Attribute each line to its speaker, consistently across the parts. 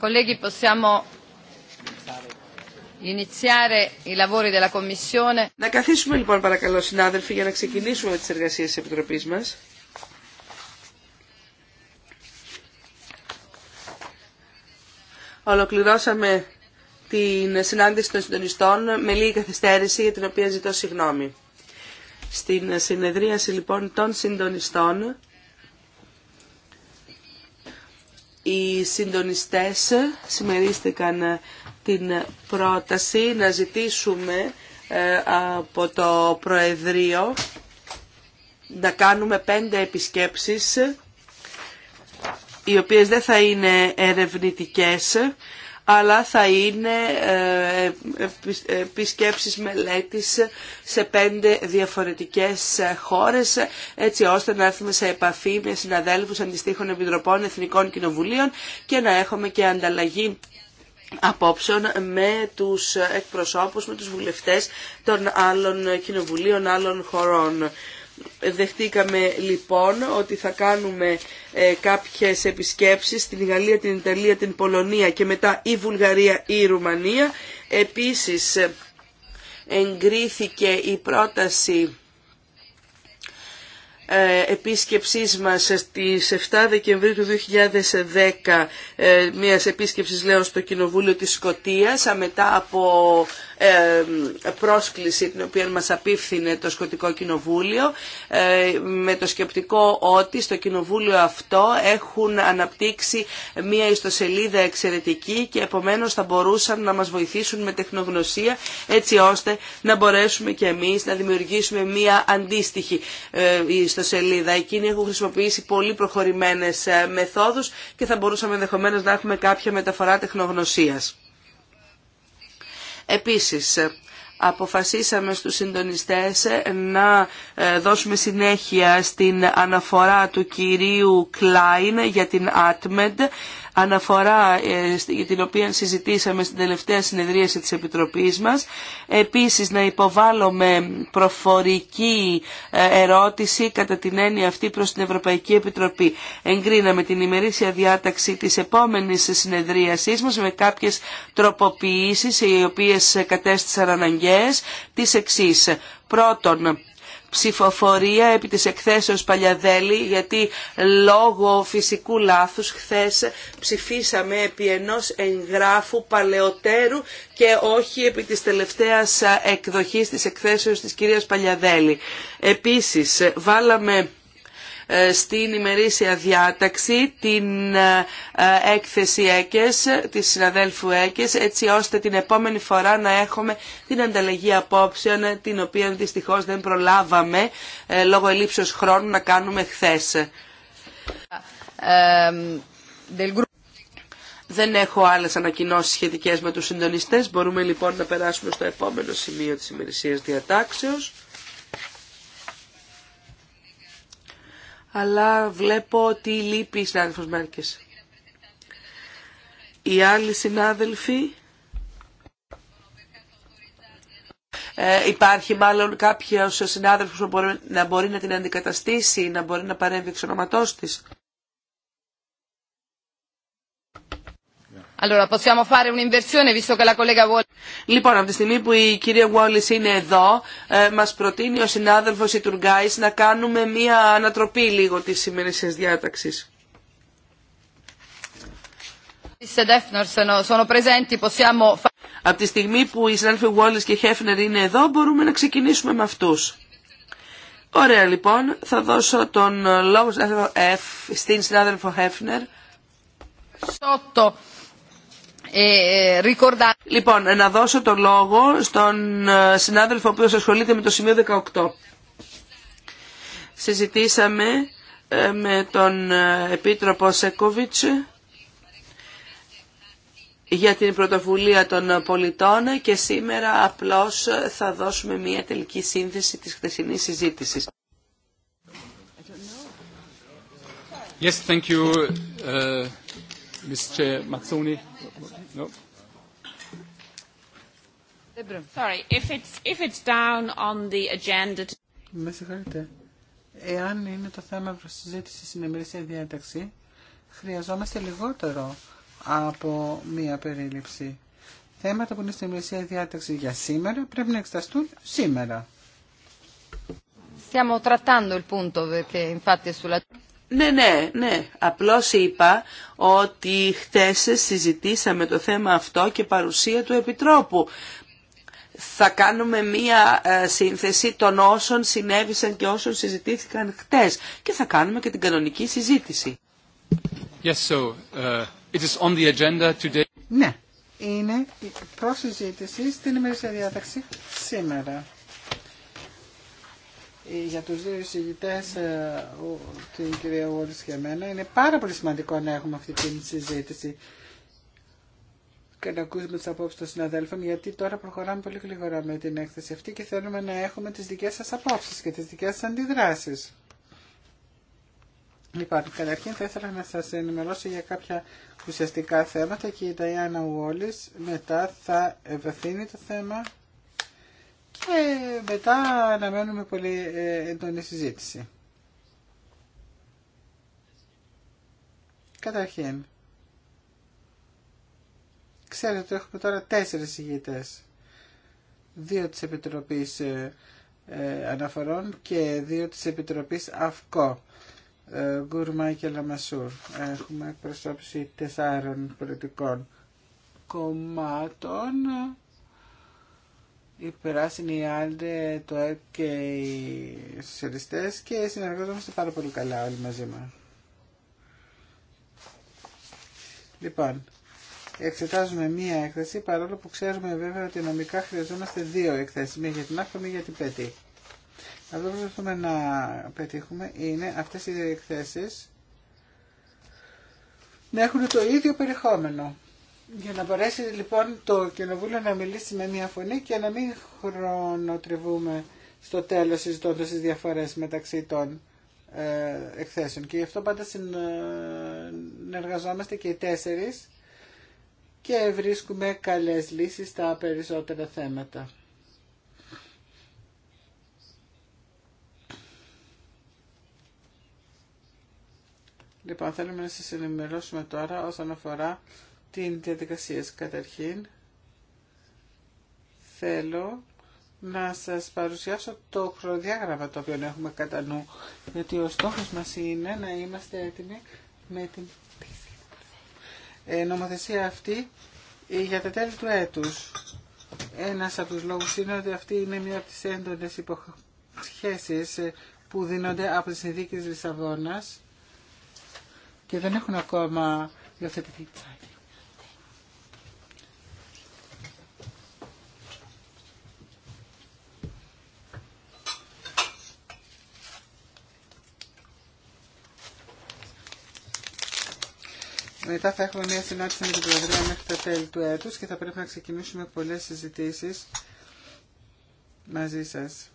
Speaker 1: Colleghi, possiamo
Speaker 2: Να καθίσουμε λοιπόν παρακαλώ συνάδελφοι για να ξεκινήσουμε τις εργασίες της Επιτροπής μας. Ολοκληρώσαμε την συνάντηση των συντονιστών με λίγη καθυστέρηση για την οποία ζητώ συγγνώμη. Στην συνεδρίαση λοιπόν των συντονιστών οι συντονιστές σημερίστηκαν ε, την πρόταση να ζητήσουμε ε, από το Προεδρείο να κάνουμε πέντε επισκέψεις οι οποίες δεν θα είναι ερευνητικές αλλά θα είναι ε, επισκέψεις μελέτης σε πέντε διαφορετικές χώρες, έτσι ώστε να έρθουμε σε επαφή με συναδέλφους αντιστοίχων επιτροπών εθνικών κοινοβουλίων και να έχουμε και ανταλλαγή απόψεων με τους εκπροσώπους, με τους βουλευτές των άλλων κοινοβουλίων, άλλων χωρών. Δεχτήκαμε λοιπόν ότι θα κάνουμε ε, κάποιες επισκέψεις στην Γαλλία, την Ιταλία, την Πολωνία και μετά η Βουλγαρία ή η Ρουμανία. Επίσης ε, εγκρίθηκε η πρόταση ε, επίσκεψής μας στις 7 Δεκεμβρίου του 2010 μιας επίσκεψης λέω στο Κοινοβούλιο της Σκοτίας μετά από ε, πρόσκληση την οποία μας απίφθινε το Σκοτικό Κοινοβούλιο ε, με το σκεπτικό ότι στο Κοινοβούλιο αυτό έχουν αναπτύξει μια ιστοσελίδα εξαιρετική και επομένως θα μπορούσαν να μας βοηθήσουν με τεχνογνωσία έτσι ώστε να μπορέσουμε και εμείς να δημιουργήσουμε μια αντίστοιχη ε, ιστοσελίδα. Εκείνοι έχουν χρησιμοποιήσει πολύ προχωρημένες μεθόδους και θα μπορούσαμε ενδεχομένω να έχουμε κάποια μεταφορά τεχνογνωσίας. Επίσης, αποφασίσαμε στους συντονιστές να ε, δώσουμε συνέχεια στην αναφορά του κυρίου Κλάιν για την ΑΤΜΕΔ αναφορά ε, την οποία συζητήσαμε στην τελευταία συνεδρίαση της Επιτροπής μας. Επίσης να υποβάλλουμε προφορική ε, ερώτηση κατά την έννοια αυτή προς την Ευρωπαϊκή Επιτροπή. Εγκρίναμε την ημερήσια διάταξη της επόμενης συνεδρίασής μας με κάποιες τροποποιήσεις οι οποίες κατέστησαν αναγκαίες τις εξής. Πρώτον, ψηφοφορία επί της εκθέσεως Παλιαδέλη, γιατί λόγω φυσικού λάθους χθες ψηφίσαμε επί ενός εγγράφου παλαιότερου και όχι επί της τελευταίας εκδοχής της εκθέσεως της κυρίας Παλιαδέλη. Επίσης, βάλαμε ε, στην ημερήσια διάταξη την ε, ε, έκθεση ΕΚΕΣ, της συναδέλφου ΕΚΕΣ, έτσι ώστε την επόμενη φορά να έχουμε την ανταλλαγή απόψεων, την οποία δυστυχώς δεν προλάβαμε λόγω ελήψεως χρόνου να κάνουμε χθες. Δεν έχω άλλες ανακοινώσεις σχετικές με τους συντονιστές. Μπορούμε λοιπόν να περάσουμε στο επόμενο σημείο της ημερησίας διατάξεως. αλλά βλέπω ότι λείπει η συνάδελφος Μέρκες. Οι άλλοι συνάδελφοι... Ε, υπάρχει μάλλον κάποιος συνάδελφος που μπορεί, να μπορεί να την αντικαταστήσει, να μπορεί να παρέμβει εξ ονοματός της. Λοιπόν, από τη στιγμή που η κυρία Wallis είναι εδώ, ε, μας προτείνει ο συνάδελφος Ιτουργάης να κάνουμε μία ανατροπή λίγο της σημερινής διάταξης. Από τη στιγμή που οι συνάδελφοι Wallis και Χέφνερ είναι εδώ, μπορούμε να ξεκινήσουμε με αυτούς. Ωραία λοιπόν, θα δώσω τον λόγο ε, στην συνάδελφο Χέφνερ.
Speaker 1: Ε, ε,
Speaker 2: λοιπόν, να δώσω το λόγο στον ε, συνάδελφο ο οποίος ασχολείται με το σημείο 18. Συζητήσαμε με τον Επίτροπο Σεκοβιτς για την πρωτοβουλία των πολιτών και σήμερα απλώς θα δώσουμε μια τελική σύνθεση της χθεσινής
Speaker 3: συζήτησης. Yes, thank you. Mr. Mazzoni? No?
Speaker 4: Sorry, if it's, if it's down on the agenda...
Speaker 3: Με συγχωρείτε. Εάν είναι το θέμα προς συζήτηση στην ημερήσια διάταξη, χρειαζόμαστε λιγότερο από μία περίληψη. Θέματα που είναι στην ημερήσια διάταξη για σήμερα πρέπει να εξεταστούν σήμερα.
Speaker 1: Stiamo trattando il punto perché infatti è sulla
Speaker 3: ναι, ναι, ναι. Απλώς
Speaker 2: είπα ότι χτες συζητήσαμε το θέμα αυτό και παρουσία του Επιτρόπου. Θα κάνουμε μία σύνθεση των όσων συνέβησαν και όσων συζητήθηκαν χτες και θα κάνουμε και την κανονική συζήτηση.
Speaker 1: Yes, so, it is on the agenda today.
Speaker 3: Ναι, είναι η προσυζήτηση στην ημερήσια διάταξη σήμερα για τους δύο εισηγητές, ε, την κυρία Ούλης και εμένα, είναι πάρα πολύ σημαντικό να έχουμε αυτή την συζήτηση και να ακούσουμε τις απόψεις των συναδέλφων, γιατί τώρα προχωράμε πολύ γρήγορα με την έκθεση αυτή και θέλουμε να έχουμε τις δικές σας απόψεις και τις δικές σας αντιδράσεις. Λοιπόν, καταρχήν θα ήθελα να σας ενημερώσω για κάποια ουσιαστικά θέματα και η Ταϊάννα Ουόλης μετά θα ευευθύνει το θέμα και ε, μετά αναμένουμε πολύ ε, έντονη συζήτηση. Καταρχήν, ξέρετε ότι έχουμε τώρα τέσσερις ηγητές. Δύο της Επιτροπής ε, Αναφορών και δύο της Επιτροπής ΑΦΚΟ. Γκουρμά και Λαμασούρ. Έχουμε εκπροσώπηση τεσσάρων πολιτικών κομμάτων οι περάσινοι οι το ΕΠ και οι σοσιαλιστές και συνεργαζόμαστε πάρα πολύ καλά όλοι μαζί μας. Λοιπόν, εξετάζουμε μία έκθεση παρόλο που ξέρουμε βέβαια ότι νομικά χρειαζόμαστε δύο εκθέσεις, μία για την ΑΚΤΟ, μία για την ΠΕΤΗ. Αυτό που προσπαθούμε να πετύχουμε είναι αυτές οι δύο εκθέσεις να έχουν το ίδιο περιεχόμενο. Για να μπορέσει λοιπόν το Κοινοβούλιο να μιλήσει με μία φωνή και να μην χρονοτριβούμε στο τέλος συζητώντα τις διαφορές μεταξύ των ε, εκθέσεων. Και γι' αυτό πάντα ε, συνεργαζόμαστε και οι τέσσερις και βρίσκουμε καλές λύσεις στα περισσότερα θέματα. Λοιπόν, θέλουμε να σας ενημερώσουμε τώρα όσον αφορά την διαδικασία καταρχήν θέλω να σας παρουσιάσω το χρονοδιάγραμμα το οποίο έχουμε κατά νου γιατί ο στόχος μας είναι να είμαστε έτοιμοι με την ε, νομοθεσία αυτή για τα τέλη του έτους. Ένας από τους λόγους είναι ότι αυτή είναι μία από τις έντονες υποσχέσεις που δίνονται από τις συνθήκε Λισαβόνας και δεν έχουν ακόμα υιοθετηθεί. Μετά θα έχουμε μια συνάντηση με την Προεδρία μέχρι τα τέλη του έτους και θα πρέπει να ξεκινήσουμε πολλές συζητήσεις μαζί σας.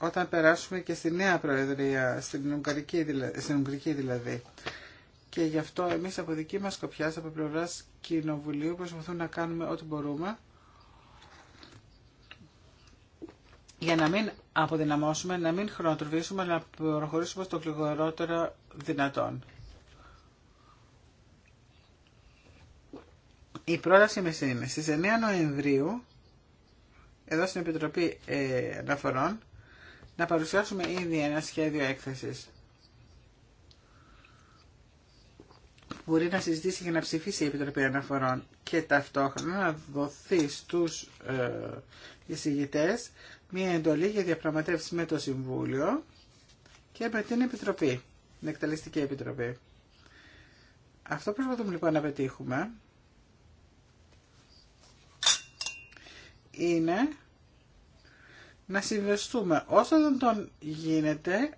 Speaker 3: Όταν περάσουμε και στη νέα Προεδρία, στην Ουγγρική, δηλαδή, Και γι' αυτό εμείς από δική μας κοπιά, από πλευρά Κοινοβουλίου, προσπαθούμε να κάνουμε ό,τι μπορούμε για να μην αποδυναμώσουμε, να μην χρονοτροβήσουμε, να προχωρήσουμε στο γρηγορότερο δυνατόν. Η πρόταση μας είναι στις 9 Νοεμβρίου, εδώ στην Επιτροπή ε, Αναφορών, να παρουσιάσουμε ήδη ένα σχέδιο έκθεσης. μπορεί να συζητήσει και να ψηφίσει η Επιτροπή Αναφορών και ταυτόχρονα να δοθεί στους ε, εισηγητές μία εντολή για διαπραγματεύσει με το Συμβούλιο και με την Επιτροπή, την Εκταλιστική Επιτροπή. Αυτό προσπαθούμε λοιπόν να πετύχουμε είναι να συμβεστούμε όσο δεν τον γίνεται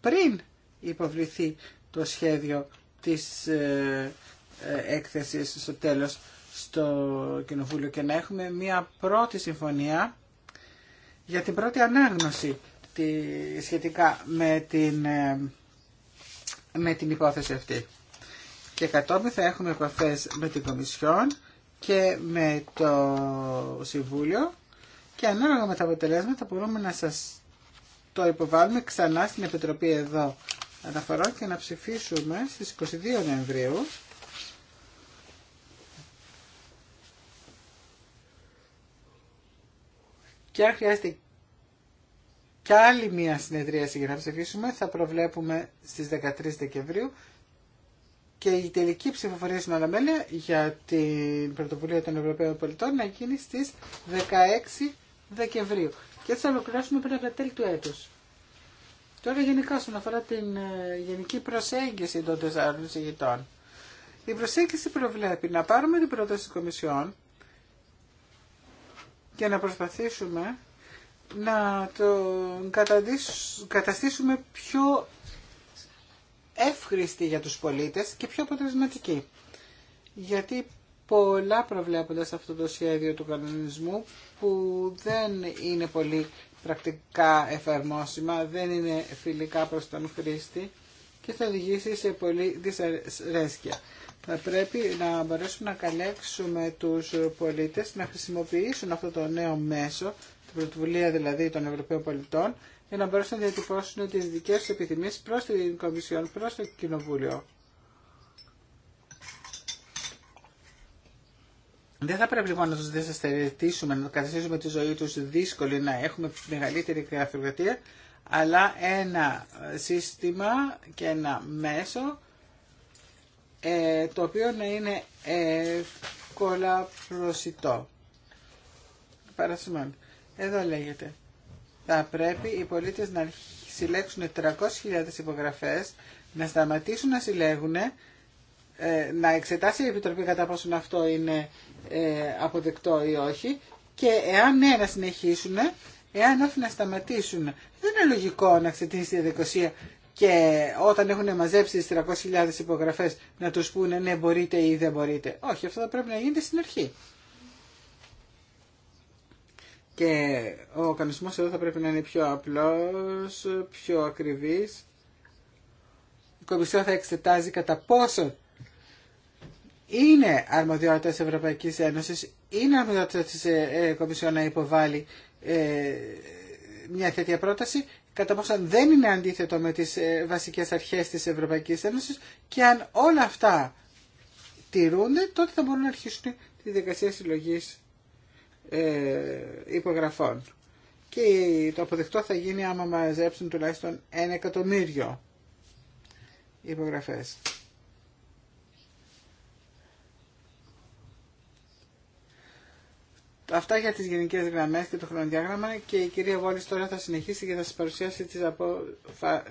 Speaker 3: πριν υποβληθεί το σχέδιο της ε, ε, έκθεσης στο τέλος στο Κοινοβούλιο και να έχουμε μία πρώτη συμφωνία για την πρώτη ανάγνωση τη, σχετικά με την, ε, με την υπόθεση αυτή. Και κατόπιν θα έχουμε επαφέ με την Κομισιόν και με το Συμβούλιο και ανάλογα με τα αποτελέσματα μπορούμε να σας το υποβάλουμε ξανά στην Επιτροπή εδώ αναφορών και να ψηφίσουμε στις 22 Νοεμβρίου Και αν χρειάζεται και άλλη μία συνεδρίαση για να ψηφίσουμε, θα προβλέπουμε στις 13 Δεκεμβρίου και η τελική ψηφοφορία στην Αλαμέλεια για την πρωτοβουλία των Ευρωπαίων πολιτών να γίνει στις 16 Δεκεμβρίου. Και έτσι θα ολοκληρώσουμε πριν από τα τέλη του έτους. Τώρα γενικά όσον αφορά την ε, γενική προσέγγιση των τεσσάρων συγητών. Η προσέγγιση προβλέπει να πάρουμε την πρόταση της Κομισιόν και να προσπαθήσουμε να το καταστήσουμε πιο εύχρηστη για τους πολίτες και πιο αποτελεσματική. Γιατί πολλά προβλέπονται αυτό το σχέδιο του κανονισμού που δεν είναι πολύ πρακτικά εφαρμόσιμα, δεν είναι φιλικά προς τον χρήστη και θα οδηγήσει σε πολύ δυσαρέσκεια θα πρέπει να μπορέσουμε να καλέξουμε τους πολίτες να χρησιμοποιήσουν αυτό το νέο μέσο, την πρωτοβουλία δηλαδή των Ευρωπαίων πολιτών, για να μπορέσουν να διατυπώσουν τις δικές τους επιθυμίες προς την Κομισιόν, προς το Κοινοβούλιο. Δεν θα πρέπει λοιπόν να τους να καταστήσουμε τη ζωή τους δύσκολη, να έχουμε μεγαλύτερη γραφειοκρατία, αλλά ένα σύστημα και ένα μέσο ε, το οποίο να είναι εύκολα προσιτό. Εδώ λέγεται. Θα πρέπει οι πολίτες να συλλέξουν 300.000 υπογραφές, να σταματήσουν να συλλέγουν, ε, να εξετάσει η Επιτροπή κατά πόσον αυτό είναι ε, αποδεκτό ή όχι και εάν ναι να συνεχίσουν, εάν όχι να σταματήσουν. Δεν είναι λογικό να ξεκινήσει η διαδικασία και όταν έχουν μαζέψει τι 300.000 υπογραφές να τους πούνε ναι μπορείτε ή δεν μπορείτε. Όχι, αυτό θα πρέπει να γίνεται στην αρχή. Και ο κανονισμός εδώ θα πρέπει να είναι πιο απλός, πιο ακριβής. Η Κομισιό θα εξετάζει κατά πόσο είναι αρμοδιότητα της Ευρωπαϊκής Ένωσης, είναι αρμοδιότητα της ε, ε, Κομισιό να υποβάλει ε, μια τέτοια πρόταση κατά πόσο δεν είναι αντίθετο με τις ε, βασικές αρχές της Ευρωπαϊκής Ένωσης και αν όλα αυτά τηρούνται, τότε θα μπορούν να αρχίσουν τη δικασία ε, υπογραφών. Και το αποδεκτό θα γίνει άμα μαζέψουν τουλάχιστον ένα εκατομμύριο υπογραφές. Αυτά για τις γενικές γραμμές και το χρονοδιάγραμμα και η κυρία Βόλης τώρα θα συνεχίσει και θα σας παρουσιάσει τις, απο...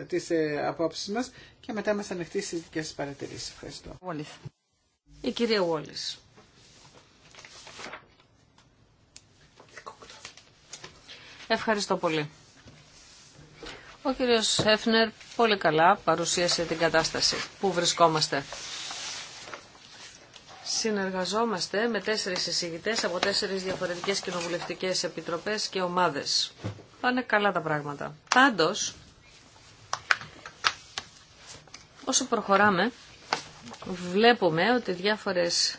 Speaker 3: τις ε, απόψεις μας και μετά μας ανοιχτεί στις δικές σας παρατηρήσεις. Ευχαριστώ. Η κυρία Βόλης.
Speaker 4: Ευχαριστώ πολύ. Ο κύριος Έφνερ πολύ καλά παρουσίασε την κατάσταση που βρισκόμαστε. Συνεργαζόμαστε με τέσσερις εισηγητές από τέσσερις διαφορετικές κοινοβουλευτικές επιτροπές και ομάδες. Πάνε καλά τα πράγματα. Πάντως, όσο προχωράμε, βλέπουμε ότι διάφορες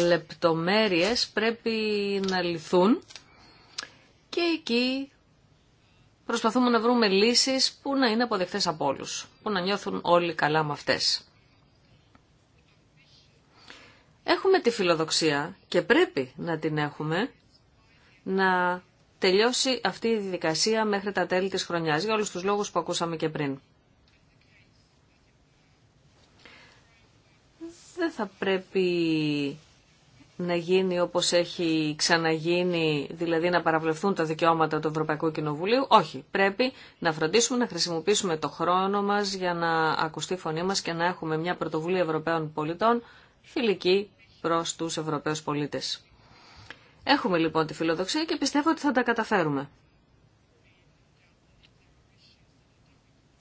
Speaker 4: λεπτομέρειες πρέπει να λυθούν και εκεί προσπαθούμε να βρούμε λύσεις που να είναι αποδεκτές από όλους, που να νιώθουν όλοι καλά με αυτές. Έχουμε τη φιλοδοξία και πρέπει να την έχουμε να τελειώσει αυτή η διαδικασία μέχρι τα τέλη της χρονιάς για όλους τους λόγους που ακούσαμε και πριν. Δεν θα πρέπει να γίνει όπως έχει ξαναγίνει, δηλαδή να παραβλεφθούν τα δικαιώματα του Ευρωπαϊκού Κοινοβουλίου. Όχι, πρέπει να φροντίσουμε να χρησιμοποιήσουμε το χρόνο μας για να ακουστεί η φωνή μας και να έχουμε μια πρωτοβουλία Ευρωπαίων πολιτών φιλική προς τους Ευρωπαίους πολίτες. Έχουμε λοιπόν τη φιλοδοξία και πιστεύω ότι θα τα καταφέρουμε.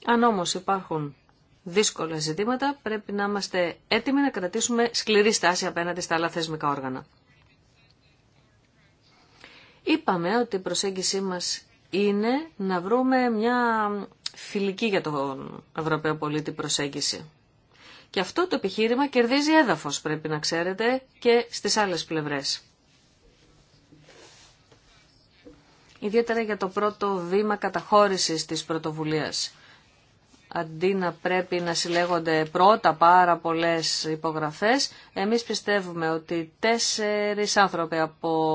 Speaker 4: Αν όμως υπάρχουν δύσκολα ζητήματα, πρέπει να είμαστε έτοιμοι να κρατήσουμε σκληρή στάση απέναντι στα άλλα θεσμικά όργανα. Είπαμε ότι η προσέγγιση μας είναι να βρούμε μια φιλική για τον Ευρωπαίο πολίτη προσέγγιση. Και αυτό το επιχείρημα κερδίζει έδαφος, πρέπει να ξέρετε, και στις άλλες πλευρές. Ιδιαίτερα για το πρώτο βήμα καταχώρησης της πρωτοβουλίας. Αντί να πρέπει να συλλέγονται πρώτα πάρα πολλές υπογραφές, εμείς πιστεύουμε ότι τέσσερις άνθρωποι από...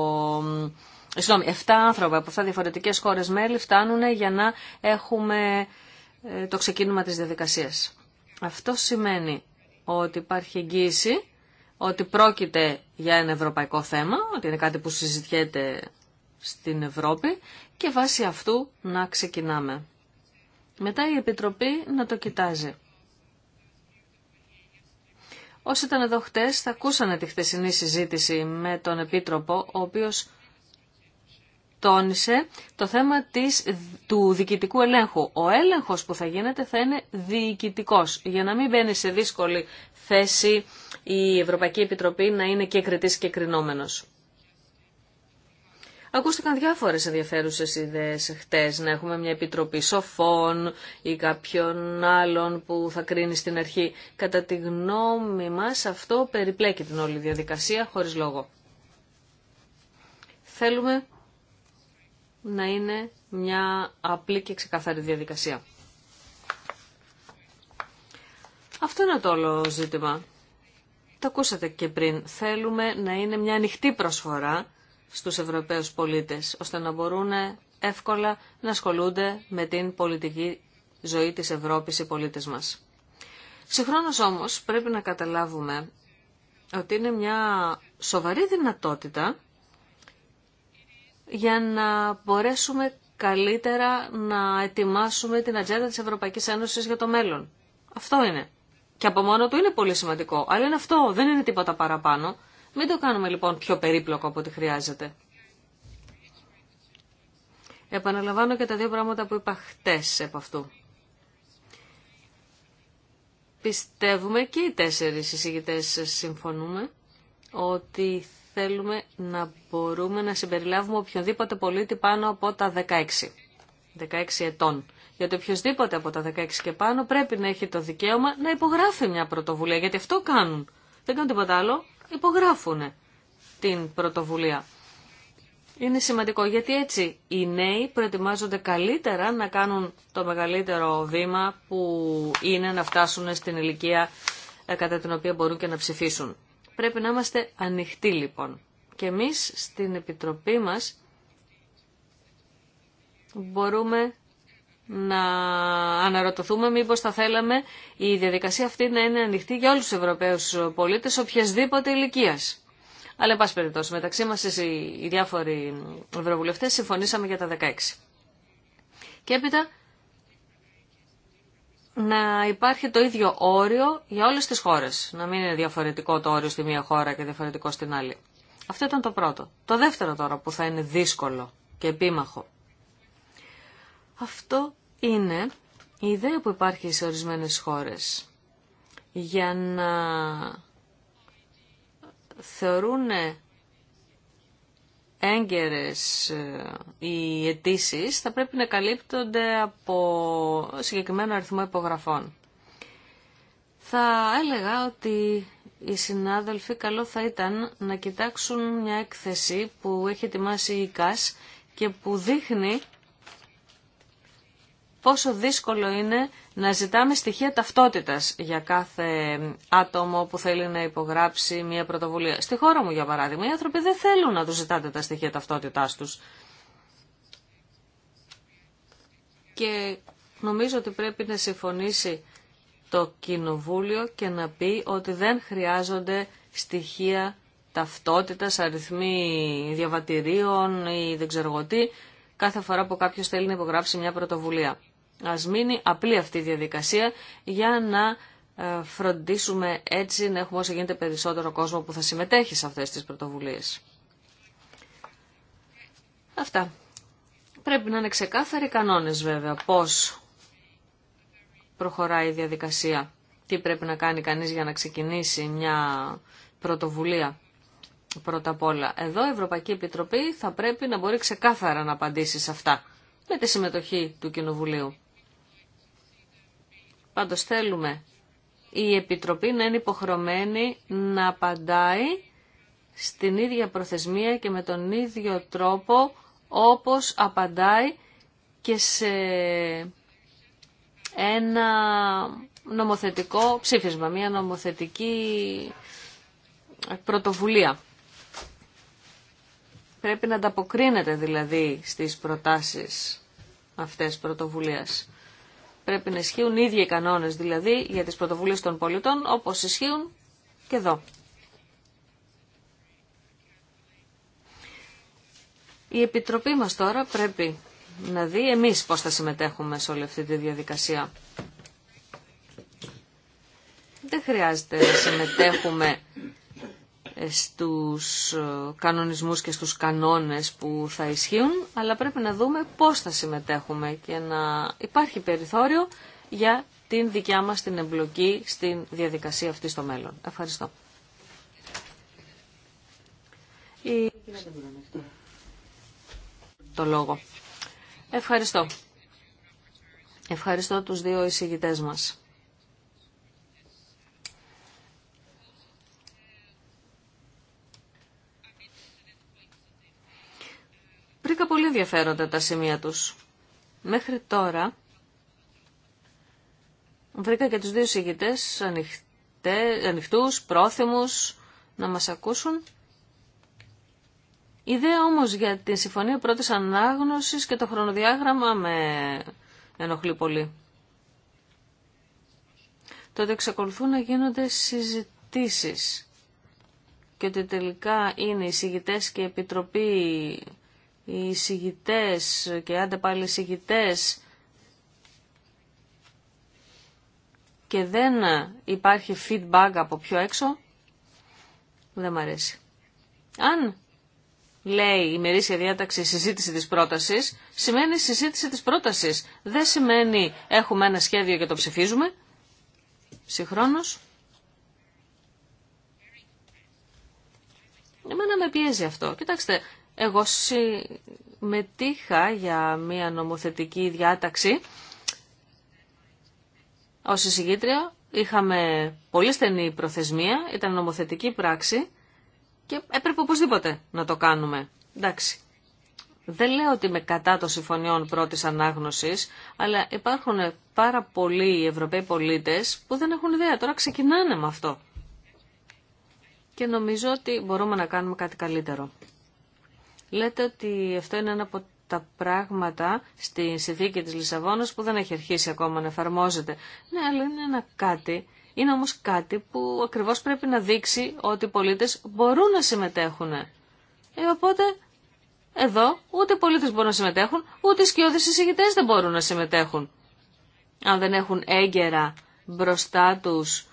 Speaker 4: Συγγνώμη, 7 άνθρωποι από 7 διαφορετικές χώρες μέλη φτάνουν για να έχουμε ε, το ξεκίνημα της διαδικασίας. Αυτό σημαίνει ότι υπάρχει εγγύηση ότι πρόκειται για ένα ευρωπαϊκό θέμα, ότι είναι κάτι που συζητιέται στην Ευρώπη και βάσει αυτού να ξεκινάμε. Μετά η Επιτροπή να το κοιτάζει. Όσοι ήταν εδώ χτες θα ακούσανε τη χτεσινή συζήτηση με τον Επίτροπο, ο οποίος τόνισε το θέμα της, του διοικητικού ελέγχου. Ο έλεγχος που θα γίνεται θα είναι διοικητικό, για να μην μπαίνει σε δύσκολη θέση η Ευρωπαϊκή Επιτροπή να είναι και κριτής και κρινόμενος. Ακούστηκαν διάφορες ενδιαφέρουσες ιδέες χτες, να έχουμε μια επιτροπή σοφών ή κάποιον άλλον που θα κρίνει στην αρχή. Κατά τη γνώμη μας αυτό περιπλέκει την όλη διαδικασία χωρίς λόγο. Θέλουμε να είναι μια απλή και ξεκαθαρή διαδικασία. Αυτό είναι το όλο ζήτημα. Το ακούσατε και πριν. Θέλουμε να είναι μια ανοιχτή προσφορά στους Ευρωπαίους πολίτες, ώστε να μπορούν εύκολα να ασχολούνται με την πολιτική ζωή της Ευρώπης οι πολίτες μας. Συγχρόνως όμως πρέπει να καταλάβουμε ότι είναι μια σοβαρή δυνατότητα για να μπορέσουμε καλύτερα να ετοιμάσουμε την ατζέντα της Ευρωπαϊκής Ένωσης για το μέλλον. Αυτό είναι. Και από μόνο του είναι πολύ σημαντικό. Αλλά είναι αυτό, δεν είναι τίποτα παραπάνω. Μην το κάνουμε λοιπόν πιο περίπλοκο από ό,τι χρειάζεται. Επαναλαμβάνω και τα δύο πράγματα που είπα χτες από αυτού. Πιστεύουμε και οι τέσσερις εισηγητές συμφωνούμε ότι θέλουμε να μπορούμε να συμπεριλάβουμε οποιοδήποτε πολίτη πάνω από τα 16, 16 ετών. Γιατί οποιοδήποτε από τα 16 και πάνω πρέπει να έχει το δικαίωμα να υπογράφει μια πρωτοβουλία. Γιατί αυτό κάνουν. Δεν κάνουν τίποτα άλλο. Υπογράφουν την πρωτοβουλία. Είναι σημαντικό γιατί έτσι οι νέοι προετοιμάζονται καλύτερα να κάνουν το μεγαλύτερο βήμα που είναι να φτάσουν στην ηλικία ε, κατά την οποία μπορούν και να ψηφίσουν. Πρέπει να είμαστε ανοιχτοί λοιπόν. Και εμείς στην Επιτροπή μας μπορούμε να αναρωτηθούμε μήπως θα θέλαμε η διαδικασία αυτή να είναι ανοιχτή για όλους τους Ευρωπαίους πολίτες οποιασδήποτε ηλικία. Αλλά εν πάση περιπτώσει, μεταξύ μας οι διάφοροι ευρωβουλευτές συμφωνήσαμε για τα 16. Και έπειτα να υπάρχει το ίδιο όριο για όλες τις χώρες. Να μην είναι διαφορετικό το όριο στη μία χώρα και διαφορετικό στην άλλη. Αυτό ήταν το πρώτο. Το δεύτερο τώρα που θα είναι δύσκολο και επίμαχο. Αυτό είναι η ιδέα που υπάρχει σε ορισμένες χώρες για να θεωρούν έγκαιρες ε, οι αιτήσει θα πρέπει να καλύπτονται από συγκεκριμένο αριθμό υπογραφών. Θα έλεγα ότι οι συνάδελφοι καλό θα ήταν να κοιτάξουν μια έκθεση που έχει ετοιμάσει η ΚΑΣ και που δείχνει πόσο δύσκολο είναι να ζητάμε στοιχεία ταυτότητας για κάθε άτομο που θέλει να υπογράψει μια πρωτοβουλία. Στη χώρα μου, για παράδειγμα, οι άνθρωποι δεν θέλουν να τους ζητάτε τα στοιχεία ταυτότητάς τους. Και νομίζω ότι πρέπει να συμφωνήσει το Κοινοβούλιο και να πει ότι δεν χρειάζονται στοιχεία ταυτότητας, αριθμοί διαβατηρίων ή δεν ξέρω τι, κάθε φορά που κάποιος θέλει να υπογράψει μια πρωτοβουλία. Ας μείνει απλή αυτή η διαδικασία για να ε, φροντίσουμε έτσι να έχουμε όσο γίνεται περισσότερο κόσμο που θα συμμετέχει σε αυτές τις πρωτοβουλίες. Αυτά. Πρέπει να είναι ξεκάθαροι κανόνες βέβαια πώς προχωράει η διαδικασία. Τι πρέπει να κάνει κανείς για να ξεκινήσει μια πρωτοβουλία. Πρώτα απ' όλα, εδώ η Ευρωπαϊκή Επιτροπή θα πρέπει να μπορεί ξεκάθαρα να απαντήσει σε αυτά με τη συμμετοχή του Κοινοβουλίου. Πάντως θέλουμε η Επιτροπή να είναι υποχρεωμένη να απαντάει στην ίδια προθεσμία και με τον ίδιο τρόπο όπως απαντάει και σε ένα νομοθετικό ψήφισμα, μια νομοθετική πρωτοβουλία. Πρέπει να ανταποκρίνεται δηλαδή στις προτάσεις αυτές πρωτοβουλίας πρέπει να ισχύουν οι ίδιοι κανόνε κανόνες δηλαδή για τις πρωτοβουλίε των πολιτών όπως ισχύουν και εδώ. Η Επιτροπή μας τώρα πρέπει να δει εμείς πώς θα συμμετέχουμε σε όλη αυτή τη διαδικασία. Δεν χρειάζεται να συμμετέχουμε στους ε, κανονισμούς και στους κανόνες που θα ισχύουν, αλλά πρέπει να δούμε πώς θα συμμετέχουμε και να υπάρχει περιθώριο για την δικιά μας την εμπλοκή στην διαδικασία αυτή στο μέλλον. Ευχαριστώ. Το λόγο. Ευχαριστώ. Ευχαριστώ τους δύο εισηγητές μας. πολύ ενδιαφέροντα τα σημεία τους. Μέχρι τώρα βρήκα και τους δύο συγγητές ανοιχτούς, πρόθυμους να μας ακούσουν. ιδέα όμως για τη συμφωνία πρώτης ανάγνωσης και το χρονοδιάγραμμα με ενοχλεί πολύ. Τότε εξακολουθούν να γίνονται συζητήσεις και ότι τελικά είναι οι συγητές και η Επιτροπή οι συγητές και άντε πάλι συγητές και δεν υπάρχει feedback από πιο έξω, δεν μ' αρέσει. Αν λέει η μερίσια διάταξη συζήτηση της πρότασης, σημαίνει συζήτηση της πρότασης. Δεν σημαίνει έχουμε ένα σχέδιο και το ψηφίζουμε. Συγχρόνως. Εμένα με πιέζει αυτό. Κοιτάξτε, εγώ συμμετείχα για μια νομοθετική διάταξη ως εισηγήτρια. Είχαμε πολύ στενή προθεσμία, ήταν νομοθετική πράξη και έπρεπε οπωσδήποτε να το κάνουμε. Εντάξει. Δεν λέω ότι με κατά των συμφωνιών πρώτης ανάγνωσης, αλλά υπάρχουν πάρα πολλοί Ευρωπαίοι πολίτες που δεν έχουν ιδέα. Τώρα ξεκινάνε με αυτό. Και νομίζω ότι μπορούμε να κάνουμε κάτι καλύτερο. Λέτε ότι αυτό είναι ένα από τα πράγματα στη συνθήκη της Λισαβόνας που δεν έχει αρχίσει ακόμα να εφαρμόζεται. Ναι, αλλά είναι ένα κάτι. Είναι όμως κάτι που ακριβώς πρέπει να δείξει ότι οι πολίτες μπορούν να συμμετέχουν. Ε, οπότε εδώ ούτε οι πολίτες μπορούν να συμμετέχουν, ούτε οι σκιώδεις εισηγητές δεν μπορούν να συμμετέχουν. Αν δεν έχουν έγκαιρα μπροστά τους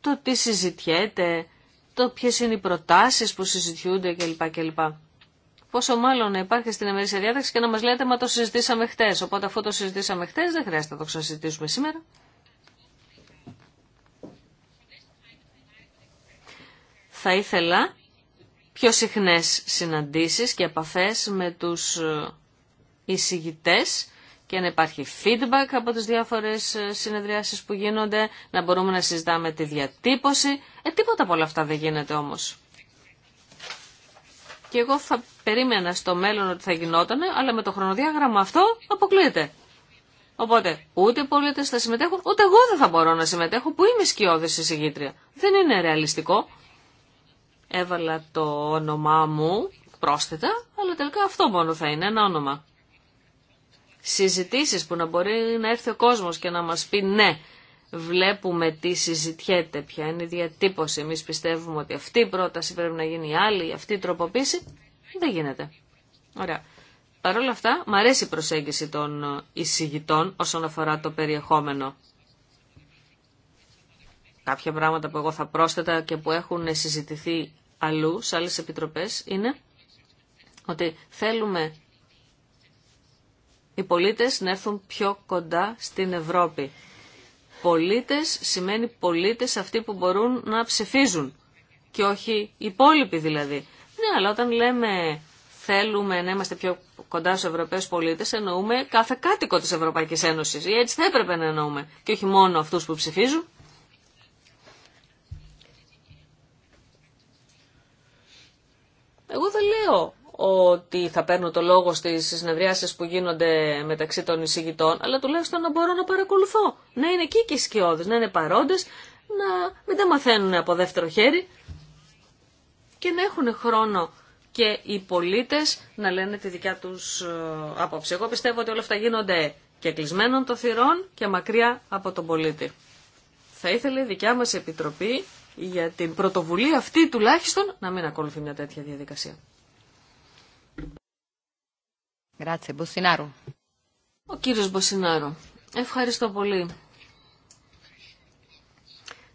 Speaker 4: το τι συζητιέται, το ποιες είναι οι προτάσεις που συζητιούνται κλπ. Πόσο μάλλον να υπάρχει στην ημερήσια διάταξη και να μας λέτε «Μα το συζητήσαμε χτε. Οπότε αφού το συζητήσαμε χτε, δεν χρειάζεται να το ξανασυζητήσουμε σήμερα. Θα ήθελα πιο συχνές συναντήσεις και επαφές με τους ε, εισηγητές και να υπάρχει feedback από τις διάφορες ε, συνεδριάσεις που γίνονται, να μπορούμε να συζητάμε τη διατύπωση. Ε, τίποτα από όλα αυτά δεν γίνεται όμως. Και εγώ θα περίμενα στο μέλλον ότι θα γινόταν, αλλά με το χρονοδιάγραμμα αυτό αποκλείεται. Οπότε ούτε οι πολίτε θα συμμετέχουν, ούτε εγώ δεν θα μπορώ να συμμετέχω που είμαι σκιώδη εισηγήτρια. Δεν είναι ρεαλιστικό. Έβαλα το όνομά μου πρόσθετα, αλλά τελικά αυτό μόνο θα είναι, ένα όνομα. Συζητήσεις που να μπορεί να έρθει ο κόσμος και να μας πει ναι, βλέπουμε τι συζητιέται, ποια είναι η διατύπωση. Εμεί πιστεύουμε ότι αυτή η πρόταση πρέπει να γίνει η άλλη, αυτή η τροποποίηση. Δεν γίνεται. Ωραία. Παρ' όλα αυτά, μου αρέσει η προσέγγιση των εισηγητών όσον αφορά το περιεχόμενο. Κάποια πράγματα που εγώ θα πρόσθετα και που έχουν συζητηθεί αλλού, σε άλλες επιτροπές, είναι ότι θέλουμε οι πολίτες να έρθουν πιο κοντά στην Ευρώπη. Πολίτες σημαίνει πολίτες αυτοί που μπορούν να ψηφίζουν και όχι οι υπόλοιποι δηλαδή. Ναι, αλλά όταν λέμε θέλουμε να είμαστε πιο κοντά στους Ευρωπαίους πολίτες, εννοούμε κάθε κάτοικο της Ευρωπαϊκής Ένωσης. Ή έτσι θα έπρεπε να εννοούμε. Και όχι μόνο αυτούς που ψηφίζουν. Εγώ δεν λέω ότι θα παίρνω το λόγο στις συνεδριάσεις που γίνονται μεταξύ των εισηγητών, αλλά τουλάχιστον να μπορώ να παρακολουθώ. Να είναι εκεί και οι σκιώδες, να είναι παρόντες, να μην τα μαθαίνουν από δεύτερο χέρι και να έχουν χρόνο και οι πολίτες να λένε τη δικιά τους ε, άποψη. Εγώ πιστεύω ότι όλα αυτά γίνονται και κλεισμένων των θυρών και μακριά από τον πολίτη. Θα ήθελε η δικιά μας Επιτροπή για την πρωτοβουλία αυτή τουλάχιστον να μην ακολουθεί μια τέτοια διαδικασία. Ο κύριος Μποσινάρου, ευχαριστώ πολύ.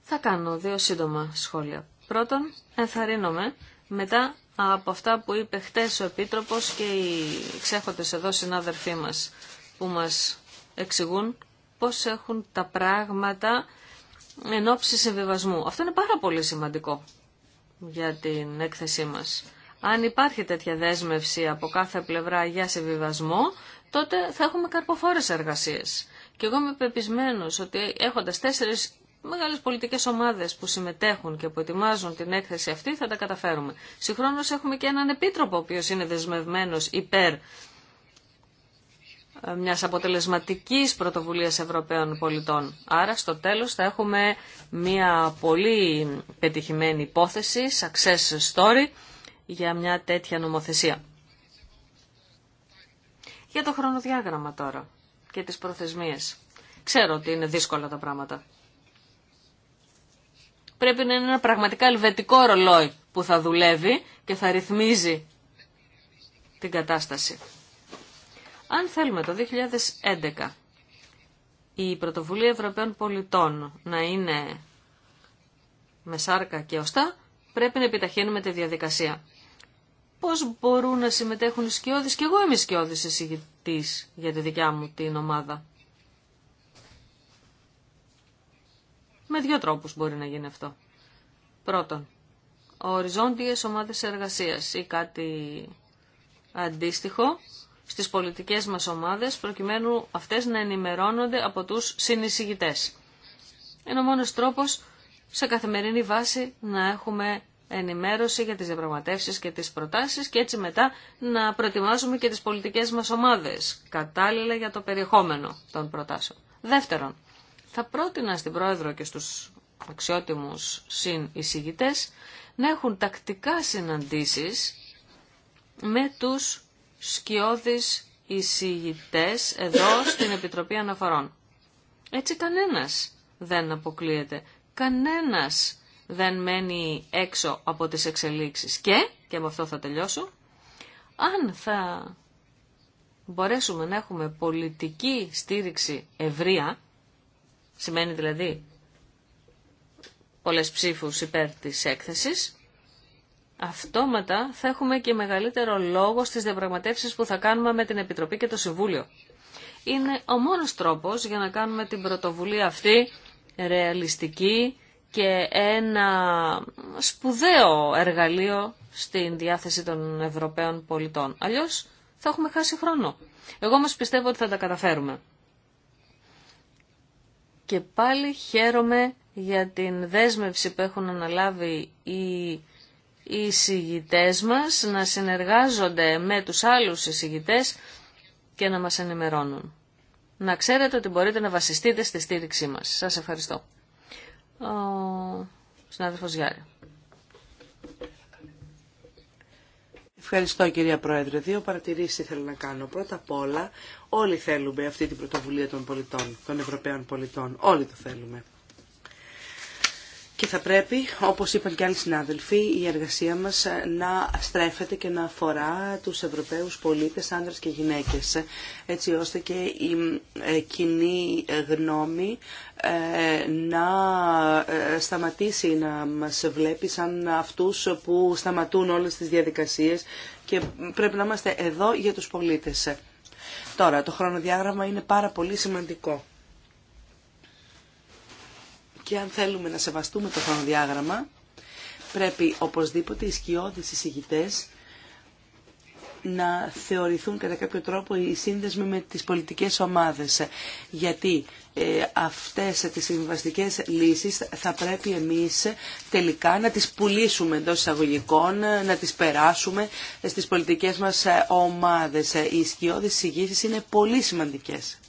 Speaker 4: Θα κάνω δύο σύντομα σχόλια. Πρώτον, ενθαρρύνομαι μετά από αυτά που είπε χτες ο Επίτροπος και οι ξέχοντες εδώ συνάδελφοί μας που μας εξηγούν πώς έχουν τα πράγματα εν ώψη συμβιβασμού. Αυτό είναι πάρα πολύ σημαντικό για την έκθεσή μας. Αν υπάρχει τέτοια δέσμευση από κάθε πλευρά για συμβιβασμό, τότε θα έχουμε καρποφόρες εργασίες. Και εγώ είμαι ότι έχοντας τέσσερις μεγάλες πολιτικές ομάδες που συμμετέχουν και που ετοιμάζουν την έκθεση αυτή θα τα καταφέρουμε. Συγχρόνως έχουμε και έναν επίτροπο ο οποίος είναι δεσμευμένος υπέρ ε, μιας αποτελεσματικής πρωτοβουλίας Ευρωπαίων πολιτών. Άρα στο τέλος θα έχουμε μια πολύ πετυχημένη υπόθεση, success story, για μια τέτοια νομοθεσία. Για το χρονοδιάγραμμα τώρα και τις προθεσμίες. Ξέρω ότι είναι δύσκολα τα πράγματα πρέπει να είναι ένα πραγματικά ελβετικό ρολόι που θα δουλεύει και θα ρυθμίζει την κατάσταση. Αν θέλουμε το 2011 η πρωτοβουλία Ευρωπαίων πολιτών να είναι με σάρκα και οστά, πρέπει να επιταχύνουμε τη διαδικασία. Πώς μπορούν να συμμετέχουν οι σκιώδεις και εγώ είμαι σκιώδης εισηγητής για τη δικιά μου την ομάδα. Με δύο τρόπους μπορεί να γίνει αυτό. Πρώτον, οριζόντιες ομάδες εργασίας ή κάτι αντίστοιχο στις πολιτικές μας ομάδες προκειμένου αυτές να ενημερώνονται από τους συνεισηγητές. Είναι ο μόνος τρόπος σε καθημερινή βάση να έχουμε ενημέρωση για τις διαπραγματεύσει και τις προτάσεις και έτσι μετά να προετοιμάζουμε και τις πολιτικές μας ομάδες κατάλληλα για το περιεχόμενο των προτάσεων. Δεύτερον, θα πρότεινα στην Πρόεδρο και στους αξιότιμους συν να έχουν τακτικά συναντήσεις με τους σκιώδεις εισηγητές εδώ στην Επιτροπή Αναφορών. Έτσι κανένας δεν αποκλείεται. Κανένας δεν μένει έξω από τις εξελίξεις. Και, και με αυτό θα τελειώσω, αν θα μπορέσουμε να έχουμε πολιτική στήριξη ευρεία, Σημαίνει δηλαδή πολλές ψήφους υπέρ της έκθεσης. Αυτόματα θα έχουμε και μεγαλύτερο λόγο στις διαπραγματεύσεις που θα κάνουμε με την Επιτροπή και το Συμβούλιο. Είναι ο μόνος τρόπος για να κάνουμε την πρωτοβουλία αυτή ρεαλιστική και ένα σπουδαίο εργαλείο στην διάθεση των Ευρωπαίων πολιτών. Αλλιώς θα έχουμε χάσει χρόνο. Εγώ όμως πιστεύω ότι θα τα καταφέρουμε. Και πάλι χαίρομαι για την δέσμευση που έχουν αναλάβει οι, οι μας να συνεργάζονται με τους άλλους συγητές και να μας ενημερώνουν. Να ξέρετε ότι μπορείτε να βασιστείτε στη στήριξή μας. Σας ευχαριστώ. Ο συνάδελφος Γιάρη.
Speaker 2: Ευχαριστώ κυρία Πρόεδρε. Δύο παρατηρήσεις θέλω να κάνω. Πρώτα απ' όλα όλοι θέλουμε αυτή την πρωτοβουλία των πολιτών, των Ευρωπαίων πολιτών. Όλοι το θέλουμε. Και θα πρέπει, όπως είπαν και άλλοι συνάδελφοι, η εργασία μας να στρέφεται και να αφορά τους Ευρωπαίους πολίτες, άνδρες και γυναίκες, έτσι ώστε και η ε, κοινή γνώμη ε, να ε, σταματήσει να μας βλέπει σαν αυτούς που σταματούν όλες τις διαδικασίες και πρέπει να είμαστε εδώ για τους πολίτες. Τώρα, το χρονοδιάγραμμα είναι πάρα πολύ σημαντικό και αν θέλουμε να σεβαστούμε το χρονοδιάγραμμα, πρέπει οπωσδήποτε οι σκιώδεις εισηγητέ να θεωρηθούν κατά κάποιο τρόπο οι σύνδεσμοι με τις πολιτικές ομάδες. Γιατί ε, αυτές τις συμβαστικέ λύσεις θα πρέπει εμείς τελικά να τις πουλήσουμε εντό εισαγωγικών, να τις περάσουμε στις πολιτικές μας ομάδες. Οι σκιώδεις εισηγήσεις είναι πολύ σημαντικές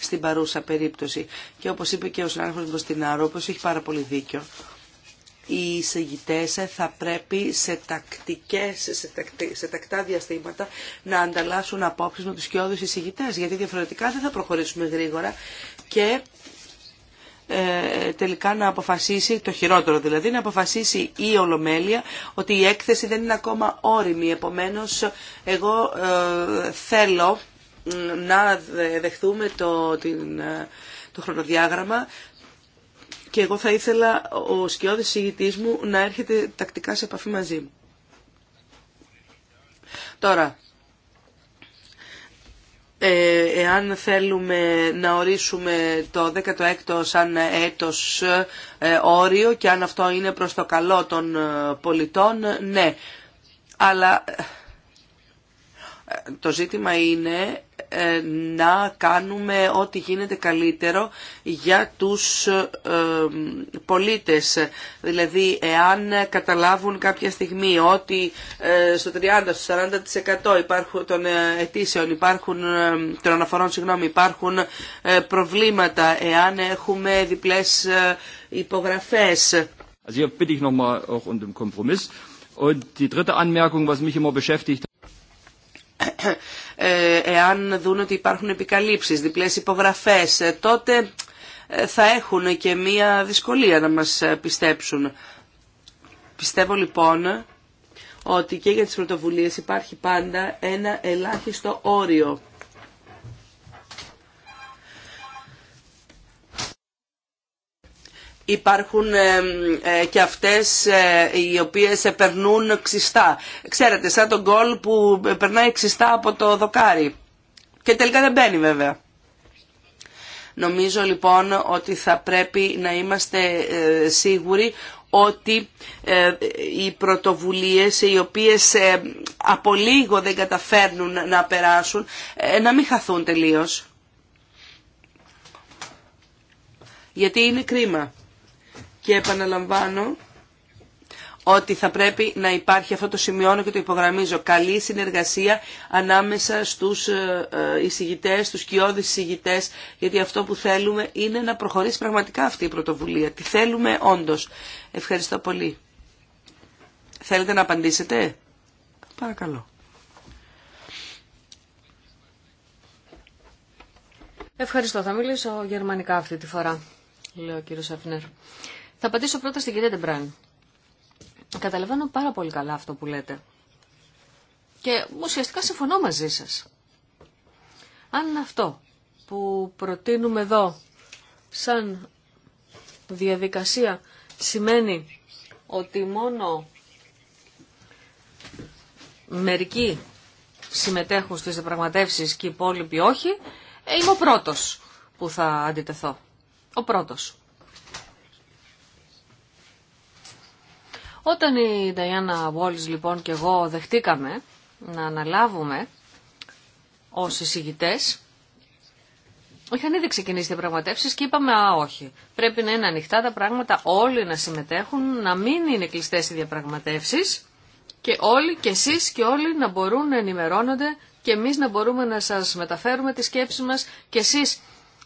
Speaker 2: στην παρούσα περίπτωση. Και όπως είπε και ο συνάδελφος Μποστινάρο, όπως έχει πάρα πολύ δίκιο, οι εισηγητές θα πρέπει σε, τακτικές, σε, σε τακτά διαστήματα να ανταλλάσσουν απόψεις με τους κοιόδους εισηγητές, γιατί διαφορετικά δεν θα προχωρήσουμε γρήγορα και ε, τελικά να αποφασίσει, το χειρότερο δηλαδή, να αποφασίσει η Ολομέλεια ότι η έκθεση δεν είναι ακόμα όριμη. Επομένως, εγώ ε, θέλω να δεχθούμε το, την, ε, το χρονοδιάγραμμα και εγώ θα ήθελα ο σκιώδης συγητής μου να έρχεται τακτικά σε επαφή μαζί μου. Τώρα, ε, εάν θέλουμε να ορίσουμε το 16ο σαν έτος ε, όριο και αν αυτό είναι προς το καλό των πολιτών, ναι. Αλλά το ζήτημα είναι ε, να κάνουμε ό,τι γίνεται καλύτερο για τους ε, πολίτες. Δηλαδή, εάν καταλάβουν κάποια στιγμή ότι ε, στο 30-40% υπάρχουν των αιτήσεων, υπάρχουν, των αναφορών συγγνώμη, υπάρχουν προβλήματα, εάν έχουμε διπλές υπογραφές. Also bitte ich auch um den Kompromiss. Und die dritte Anmerkung, was mich immer beschäftigt ε, εάν δουν ότι υπάρχουν επικαλύψεις, διπλές υπογραφές, ε, τότε ε, θα έχουν και μία δυσκολία να μας πιστέψουν. Πιστεύω λοιπόν ότι και για τις πρωτοβουλίες υπάρχει πάντα ένα ελάχιστο όριο υπάρχουν ε, και αυτές ε, οι οποίες ε, περνούν ξιστά. Ξέρετε, σαν τον κόλ που περνάει ξιστά από το δοκάρι. Και τελικά δεν μπαίνει βέβαια. Νομίζω λοιπόν ότι θα πρέπει να είμαστε σίγουροι ότι οι πρωτοβουλίες οι οποίες από λίγο δεν καταφέρνουν να περάσουν να μην χαθούν τελείως. Γιατί είναι κρίμα και επαναλαμβάνω ότι θα πρέπει να υπάρχει, αυτό το σημειώνω και το υπογραμμίζω, καλή συνεργασία ανάμεσα στους ε, ε, εισηγητές, στους κοιόδης εισηγητές, γιατί αυτό που θέλουμε είναι να προχωρήσει πραγματικά αυτή η πρωτοβουλία. Τι θέλουμε όντως. Ευχαριστώ πολύ. Θέλετε να απαντήσετε.
Speaker 3: Παρακαλώ.
Speaker 4: Ευχαριστώ. Θα μιλήσω γερμανικά αυτή τη φορά, λέει ο κύριος Αφνέρ. Θα απαντήσω πρώτα στην κυρία Ντεμπράν. Καταλαβαίνω πάρα πολύ καλά αυτό που λέτε. Και ουσιαστικά συμφωνώ μαζί σας. Αν αυτό που προτείνουμε εδώ σαν διαδικασία σημαίνει ότι μόνο μερικοί συμμετέχουν στις διαπραγματεύσεις και οι υπόλοιποι όχι, ε, είμαι ο πρώτος που θα αντιτεθώ. Ο πρώτος. Όταν η Νταϊάννα Βόλης λοιπόν και εγώ δεχτήκαμε να αναλάβουμε ως εισηγητές, είχαν ήδη ξεκινήσει διαπραγματεύσει και είπαμε «Α, όχι, πρέπει να είναι ανοιχτά τα πράγματα, όλοι να συμμετέχουν, να μην είναι κλειστές οι διαπραγματεύσεις και όλοι και εσείς και όλοι να μπορούν να ενημερώνονται και εμείς να μπορούμε να σας μεταφέρουμε τις σκέψεις μας και εσείς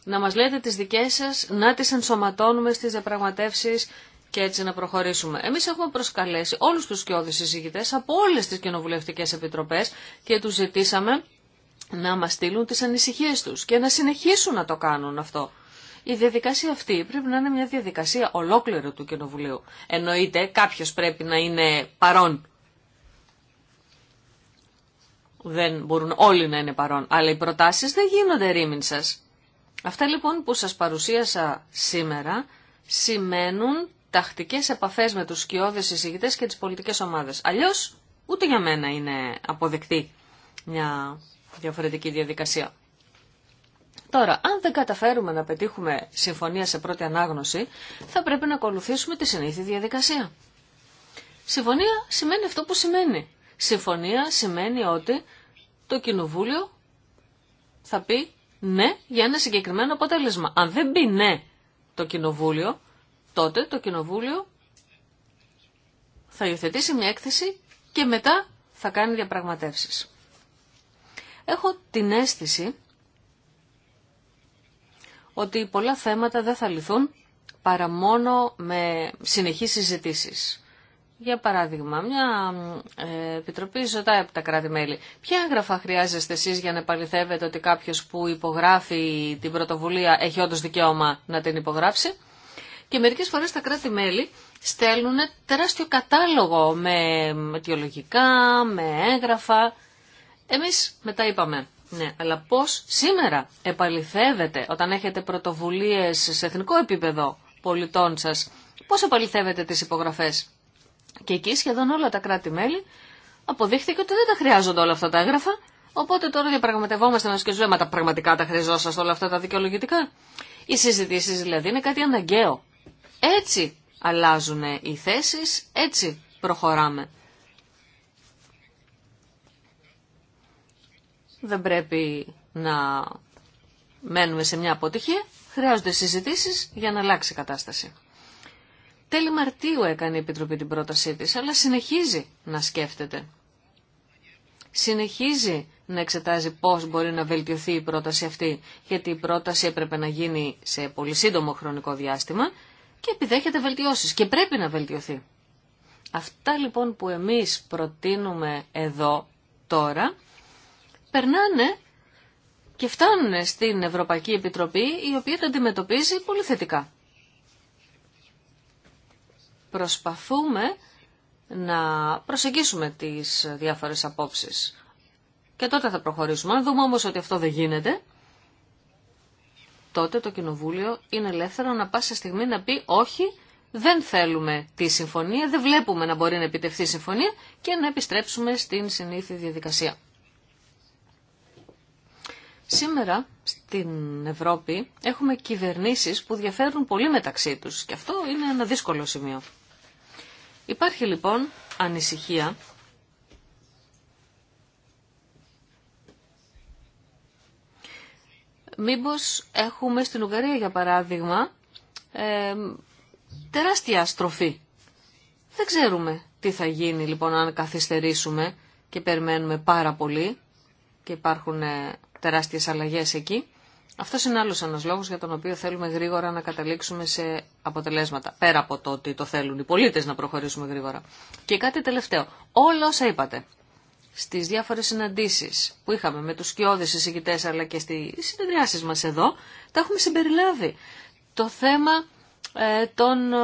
Speaker 4: να μας λέτε τις δικές σας, να τις ενσωματώνουμε στις διαπραγματεύσεις και έτσι να προχωρήσουμε. Εμείς έχουμε προσκαλέσει όλους τους σκιώδεις συζητητές από όλες τις κοινοβουλευτικές επιτροπές και τους ζητήσαμε να μας στείλουν τις ανησυχίες τους και να συνεχίσουν να το κάνουν αυτό. Η διαδικασία αυτή πρέπει να είναι μια διαδικασία ολόκληρη του Κοινοβουλίου. Εννοείται κάποιος πρέπει να είναι παρόν. Δεν μπορούν όλοι να είναι παρόν, αλλά οι προτάσεις δεν γίνονται ρήμιν σας. Αυτά λοιπόν που σας παρουσίασα σήμερα σημαίνουν τακτικές επαφέ με τους σκιώδε συζητητέ και τις πολιτικές ομάδες. Αλλιώς ούτε για μένα είναι αποδεκτή μια διαφορετική διαδικασία. Τώρα, αν δεν καταφέρουμε να πετύχουμε συμφωνία σε πρώτη ανάγνωση, θα πρέπει να ακολουθήσουμε τη συνήθη διαδικασία. Συμφωνία σημαίνει αυτό που σημαίνει. Συμφωνία σημαίνει ότι το Κοινοβούλιο θα πει ναι για ένα συγκεκριμένο αποτέλεσμα. Αν δεν πει ναι το Κοινοβούλιο, τότε το Κοινοβούλιο θα υιοθετήσει μια έκθεση και μετά θα κάνει διαπραγματεύσεις. Έχω την αίσθηση ότι πολλά θέματα δεν θα λυθούν παρά μόνο με συνεχείς συζητήσεις. Για παράδειγμα, μια ε, επιτροπή ζωτάει από τα κράτη-μέλη. Ποια έγγραφα χρειάζεστε εσείς για να επαληθεύετε ότι κάποιος που υπογράφει την πρωτοβουλία έχει όντως δικαίωμα να την υπογράψει. Και μερικές φορές τα κράτη-μέλη στέλνουν τεράστιο κατάλογο με αιτιολογικά, με έγγραφα. Εμείς μετά είπαμε, ναι, αλλά πώς σήμερα επαληθεύετε όταν έχετε πρωτοβουλίες σε εθνικό επίπεδο πολιτών σας, πώς επαληθεύετε τις υπογραφές. Και εκεί σχεδόν όλα τα κράτη-μέλη αποδείχθηκε ότι δεν τα χρειάζονται όλα αυτά τα έγγραφα, οπότε τώρα διαπραγματευόμαστε να σκεφτούμε, «Ε, τα πραγματικά τα χρειαζόσαστε όλα αυτά τα δικαιολογητικά. Οι συζητήσει, δηλαδή είναι κάτι αναγκαίο έτσι αλλάζουν οι θέσεις, έτσι προχωράμε. Δεν πρέπει να μένουμε σε μια αποτυχία, χρειάζονται συζητήσεις για να αλλάξει η κατάσταση. Τέλη Μαρτίου έκανε η Επιτροπή την πρότασή της, αλλά συνεχίζει να σκέφτεται. Συνεχίζει να εξετάζει πώς μπορεί να βελτιωθεί η πρόταση αυτή, γιατί η πρόταση έπρεπε να γίνει σε πολύ σύντομο χρονικό διάστημα και επιδέχεται βελτιώσεις και πρέπει να βελτιωθεί. Αυτά λοιπόν που εμείς προτείνουμε εδώ τώρα περνάνε και φτάνουν στην Ευρωπαϊκή Επιτροπή η οποία τα αντιμετωπίζει πολύ θετικά. Προσπαθούμε να προσεγγίσουμε τις διάφορες απόψεις. Και τότε θα προχωρήσουμε. Αν δούμε όμως ότι αυτό δεν γίνεται, τότε το Κοινοβούλιο είναι ελεύθερο να πάσα στιγμή να πει όχι, δεν θέλουμε τη συμφωνία, δεν βλέπουμε να μπορεί να επιτευχθεί η συμφωνία και να επιστρέψουμε στην συνήθη διαδικασία. Σήμερα στην Ευρώπη έχουμε κυβερνήσεις που διαφέρουν πολύ μεταξύ τους και αυτό είναι ένα δύσκολο σημείο. Υπάρχει λοιπόν ανησυχία μήπως έχουμε στην Ουγγαρία για παράδειγμα ε, τεράστια στροφή. Δεν ξέρουμε τι θα γίνει λοιπόν αν καθυστερήσουμε και περιμένουμε πάρα πολύ και υπάρχουν ε, τεράστιες αλλαγές εκεί. Αυτό είναι άλλος ένα λόγος για τον οποίο θέλουμε γρήγορα να καταλήξουμε σε αποτελέσματα. Πέρα από το ότι το θέλουν οι πολίτες να προχωρήσουμε γρήγορα. Και κάτι τελευταίο. Όλα όσα είπατε στις διάφορες συναντήσεις που είχαμε με τους σκιώδεις εισηγητές αλλά και στις συνεδριάσεις μας εδώ, τα έχουμε συμπεριλάβει. Το θέμα ε, των ε,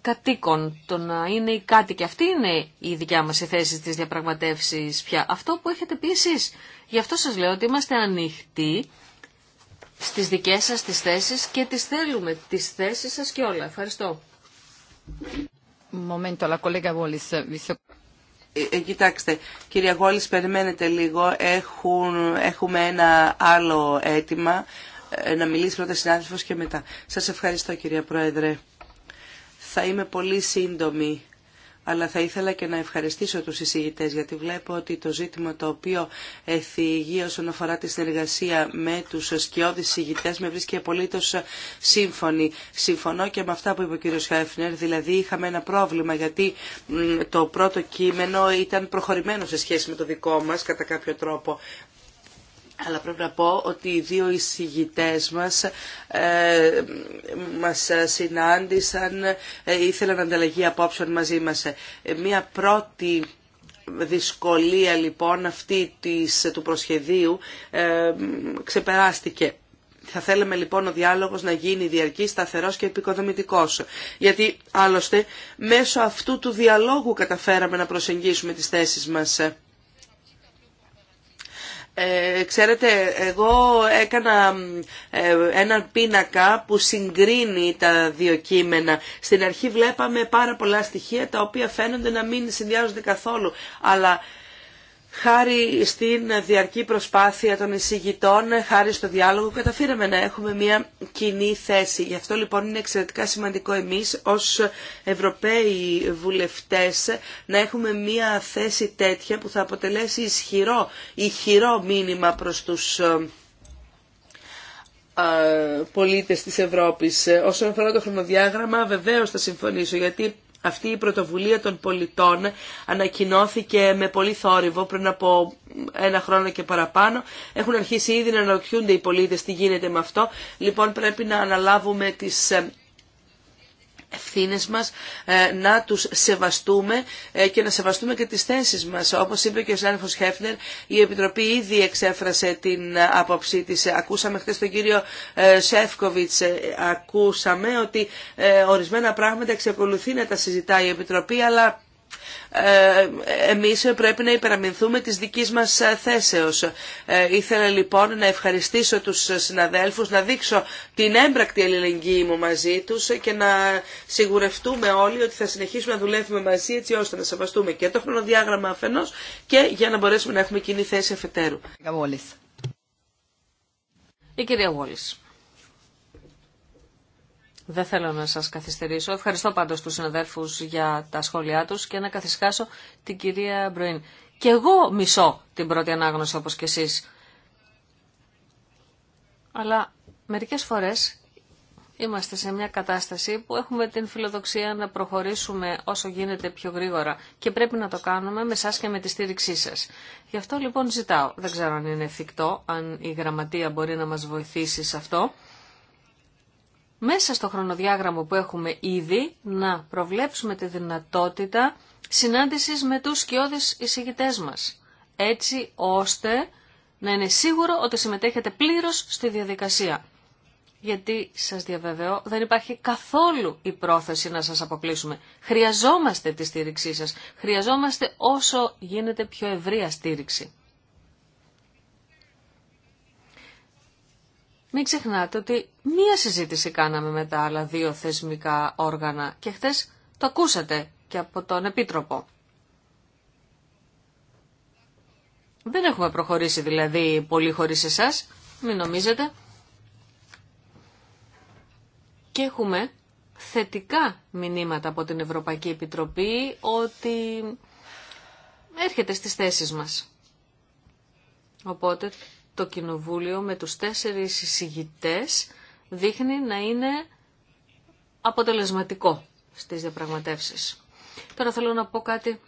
Speaker 4: κατοίκων, το να είναι οι κάτοικοι, αυτή είναι η δικιά μας η θέση στις διαπραγματεύσεις πια. Αυτό που έχετε πει εσείς. Γι' αυτό σας λέω ότι είμαστε ανοιχτοί στις δικές σας τις θέσεις και τις θέλουμε, τις θέσεις σας και όλα. Ευχαριστώ. Momento, la collega
Speaker 2: ε, ε, κοιτάξτε, κυρία Γόλης, περιμένετε λίγο. Έχουν, έχουμε ένα άλλο αίτημα ε, να μιλήσει πρώτα συνάδελφος και μετά. Σας ευχαριστώ κυρία Πρόεδρε. Θα είμαι πολύ σύντομη αλλά θα ήθελα και να ευχαριστήσω τους εισηγητές γιατί βλέπω ότι το ζήτημα το οποίο εθιγεί όσον αφορά τη συνεργασία με τους σκιώδεις εισηγητές με βρίσκει απολύτω σύμφωνη. Συμφωνώ και με αυτά που είπε ο κ. Χαεφνέρ, δηλαδή είχαμε ένα πρόβλημα γιατί το πρώτο κείμενο ήταν προχωρημένο σε σχέση με το δικό μας κατά κάποιο τρόπο αλλά πρέπει να πω ότι οι δύο εισηγητές μας ε, μας συνάντησαν, ε, ήθελαν ανταλλαγή απόψεων μαζί μας. Ε, μία πρώτη δυσκολία λοιπόν αυτή της, του προσχεδίου ε, ξεπεράστηκε. Θα θέλαμε λοιπόν ο διάλογος να γίνει διαρκή, σταθερός και επικοδομητικός. Γιατί άλλωστε μέσω αυτού του διαλόγου καταφέραμε να προσεγγίσουμε τις θέσεις μας. Ε, ξέρετε, εγώ έκανα ε, έναν πίνακα που συγκρίνει τα δύο κείμενα. Στην αρχή βλέπαμε πάρα πολλά στοιχεία τα οποία φαίνονται να μην συνδυάζονται καθόλου. Αλλά Χάρη στην διαρκή προσπάθεια των εισηγητών, χάρη στο διάλογο, καταφέραμε να έχουμε μια κοινή θέση. Γι' αυτό λοιπόν είναι εξαιρετικά σημαντικό εμείς ως Ευρωπαίοι βουλευτές να έχουμε μια θέση τέτοια που θα αποτελέσει ισχυρό, ηχηρό μήνυμα προς τους ε, ε, πολίτες της Ευρώπης. Ε, όσον αφορά το χρονοδιάγραμμα, βεβαίως θα συμφωνήσω, γιατί αυτή η πρωτοβουλία των πολιτών ανακοινώθηκε με πολύ θόρυβο πριν από ένα χρόνο και παραπάνω. Έχουν αρχίσει ήδη να αναρωτιούνται οι πολίτες τι γίνεται με αυτό. Λοιπόν πρέπει να αναλάβουμε τις ε, ευθύνες μας ε, να τους σεβαστούμε ε, και να σεβαστούμε και τις θέσεις μας. Όπως είπε και ο Σλάνφος Χέφνερ, η Επιτροπή ήδη εξέφρασε την άποψή της. Ακούσαμε χθε τον κύριο ε, Σεύκοβιτς, ακούσαμε ότι ορισμένα πράγματα εξακολουθεί να τα συζητάει η Επιτροπή, αλλά ε, εμείς πρέπει να υπεραμεινθούμε της δικής μας ε, θέσεως. Ε, ήθελα λοιπόν να ευχαριστήσω τους συναδέλφους, να δείξω την έμπρακτη ελληνική μου μαζί τους και να σιγουρευτούμε όλοι ότι θα συνεχίσουμε να δουλεύουμε μαζί έτσι ώστε να σεβαστούμε και το χρονοδιάγραμμα αφενός και για να μπορέσουμε να έχουμε κοινή θέση αφετέρου.
Speaker 4: Η κυρία δεν θέλω να σας καθυστερήσω. Ευχαριστώ πάντως τους συναδέλφους για τα σχόλιά τους και να καθισκάσω την κυρία Μπροϊν. Και εγώ μισώ την πρώτη ανάγνωση όπως και εσείς. Αλλά μερικές φορές είμαστε σε μια κατάσταση που έχουμε την φιλοδοξία να προχωρήσουμε όσο γίνεται πιο γρήγορα και πρέπει να το κάνουμε με εσά και με τη στήριξή σας. Γι' αυτό λοιπόν ζητάω, δεν ξέρω αν είναι εφικτό, αν η γραμματεία μπορεί να μας βοηθήσει σε αυτό, μέσα στο χρονοδιάγραμμα που έχουμε ήδη να προβλέψουμε τη δυνατότητα συνάντησης με τους σκιώδεις εισηγητές μας, έτσι ώστε να είναι σίγουρο ότι συμμετέχετε πλήρως στη διαδικασία. Γιατί σας διαβεβαιώ δεν υπάρχει καθόλου η πρόθεση να σας αποκλείσουμε. Χρειαζόμαστε τη στήριξή σας. Χρειαζόμαστε όσο γίνεται πιο ευρεία στήριξη. Μην ξεχνάτε ότι μία συζήτηση κάναμε με τα άλλα δύο θεσμικά όργανα και χτες το ακούσατε και από τον Επίτροπο. Δεν έχουμε προχωρήσει δηλαδή πολύ χωρίς εσάς, μην νομίζετε. Και έχουμε θετικά μηνύματα από την Ευρωπαϊκή Επιτροπή ότι έρχεται στις θέσεις μας. Οπότε το Κοινοβούλιο με τους τέσσερις εισηγητές δείχνει να είναι αποτελεσματικό στις διαπραγματεύσεις. Τώρα θέλω να πω κάτι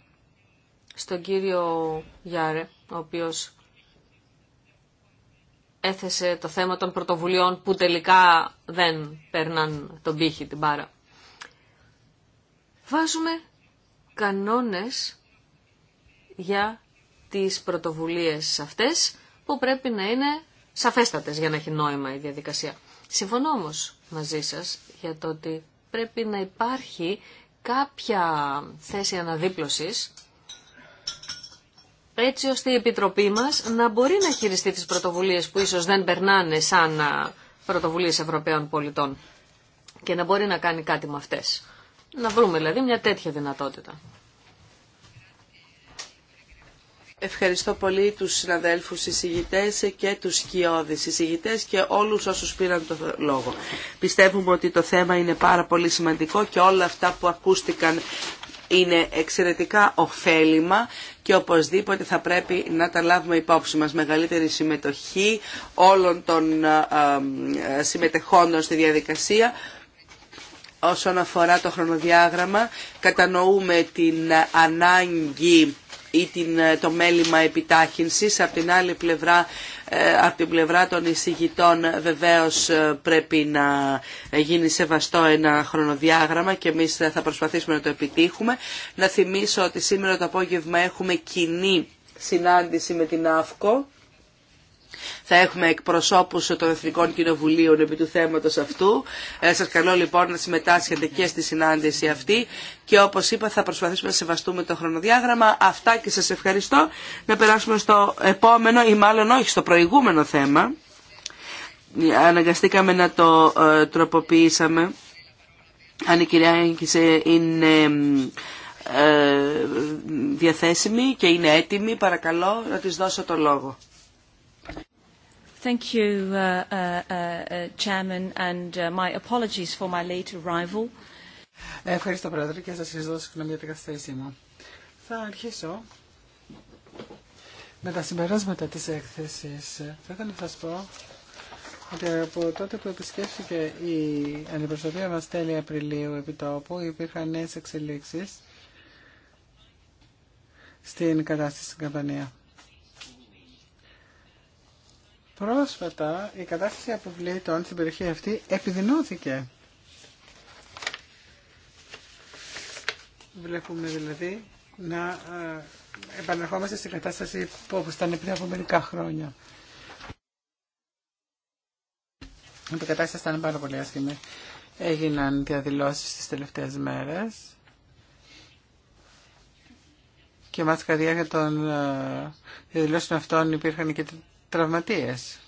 Speaker 4: στον κύριο Γιάρε, ο οποίος έθεσε το θέμα των πρωτοβουλειών που τελικά δεν περνάν τον πύχη, την πάρα. Βάζουμε κανόνες για τις πρωτοβουλίες αυτές που πρέπει να είναι σαφέστατες για να έχει νόημα η διαδικασία. Συμφωνώ όμω μαζί σας για το ότι πρέπει να υπάρχει κάποια θέση αναδίπλωσης έτσι ώστε η Επιτροπή μας να μπορεί να χειριστεί τις πρωτοβουλίες που ίσως δεν περνάνε σαν πρωτοβουλίες Ευρωπαίων πολιτών και να μπορεί να κάνει κάτι με αυτές. Να βρούμε δηλαδή μια τέτοια δυνατότητα. Ευχαριστώ πολύ τους συναδέλφους εισηγητές και τους σκιώδεις
Speaker 2: εισηγητές και όλους όσους πήραν το λόγο. Πιστεύουμε ότι το θέμα είναι πάρα πολύ σημαντικό και όλα αυτά που ακούστηκαν είναι εξαιρετικά ωφέλιμα και οπωσδήποτε θα πρέπει να τα λάβουμε υπόψη μας. Μεγαλύτερη συμμετοχή όλων των συμμετεχόντων στη διαδικασία όσον αφορά το χρονοδιάγραμμα. Κατανοούμε την ανάγκη ή την, ε, το μέλημα επιτάχυνσης. Από την άλλη πλευρά, ε, από την πλευρά των εισηγητών βεβαίως ε, πρέπει να γίνει σεβαστό ένα χρονοδιάγραμμα και εμείς θα προσπαθήσουμε να το επιτύχουμε. Να θυμίσω ότι σήμερα το απόγευμα έχουμε κοινή συνάντηση με την ΑΦΚΟ θα έχουμε εκπροσώπους των Εθνικών Κοινοβουλίων επί του θέματος αυτού. Ε, σας καλώ λοιπόν να συμμετάσχετε και στη συνάντηση αυτή και όπως είπα θα προσπαθήσουμε να σεβαστούμε το χρονοδιάγραμμα. Αυτά και σας ευχαριστώ. Να περάσουμε στο επόμενο ή μάλλον όχι στο προηγούμενο θέμα. Αναγκαστήκαμε να το ε, τροποποιήσαμε. Αν η κυρία Άγγισε είναι ε, διαθέσιμη και είναι έτοιμη, παρακαλώ να της δώσω το λόγο.
Speaker 4: Thank you, uh, uh, uh, Chairman, and my apologies for my late arrival.
Speaker 3: Ευχαριστώ, Πρόεδρε, και σας ζητώ συγγνώμη για την καθυστέρησή μου. Θα αρχίσω με τα συμπεράσματα της έκθεσης. Θα ήθελα να σας πω ότι από τότε που επισκέφθηκε η αντιπροσωπεία μας τέλη Απριλίου επί τόπου υπήρχαν νέες εξελίξεις στην κατάσταση στην Καμπανία. Πρόσφατα η κατάσταση αποβλήτων στην περιοχή αυτή επιδεινώθηκε. Βλέπουμε δηλαδή να ε, επαναρχόμαστε στην κατάσταση που όπως ήταν πριν από μερικά χρόνια. Η κατάσταση ήταν πάρα πολύ άσχημη. Έγιναν διαδηλώσεις τις τελευταίες μέρες και μάθηκα για τον των ε, διαδηλώσεων αυτών υπήρχαν και τραυματίες.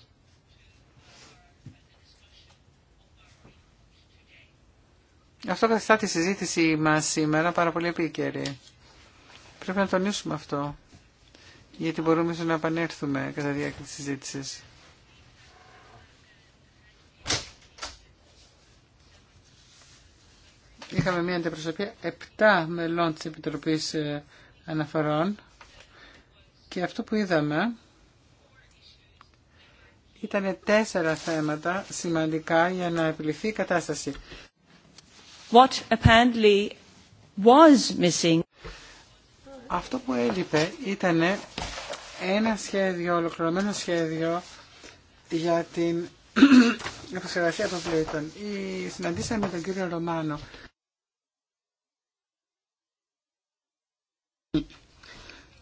Speaker 3: Αυτό καθιστά τη συζήτηση μας σήμερα πάρα πολύ επίκαιρη. Πρέπει να τονίσουμε αυτό, γιατί μπορούμε ίσως να επανέλθουμε κατά διάρκεια της συζήτησης. Είχαμε μια αντιπροσωπεία 7 μελών της Επιτροπής ε, Αναφορών και αυτό που είδαμε ήταν τέσσερα θέματα σημαντικά για να επιληθεί η κατάσταση. What apparently was missing. Αυτό που έλειπε ήταν ένα σχέδιο, ολοκληρωμένο σχέδιο για την επεξεργασία των πλήτων. Η... Συναντήσαμε τον κύριο Ρωμάνο.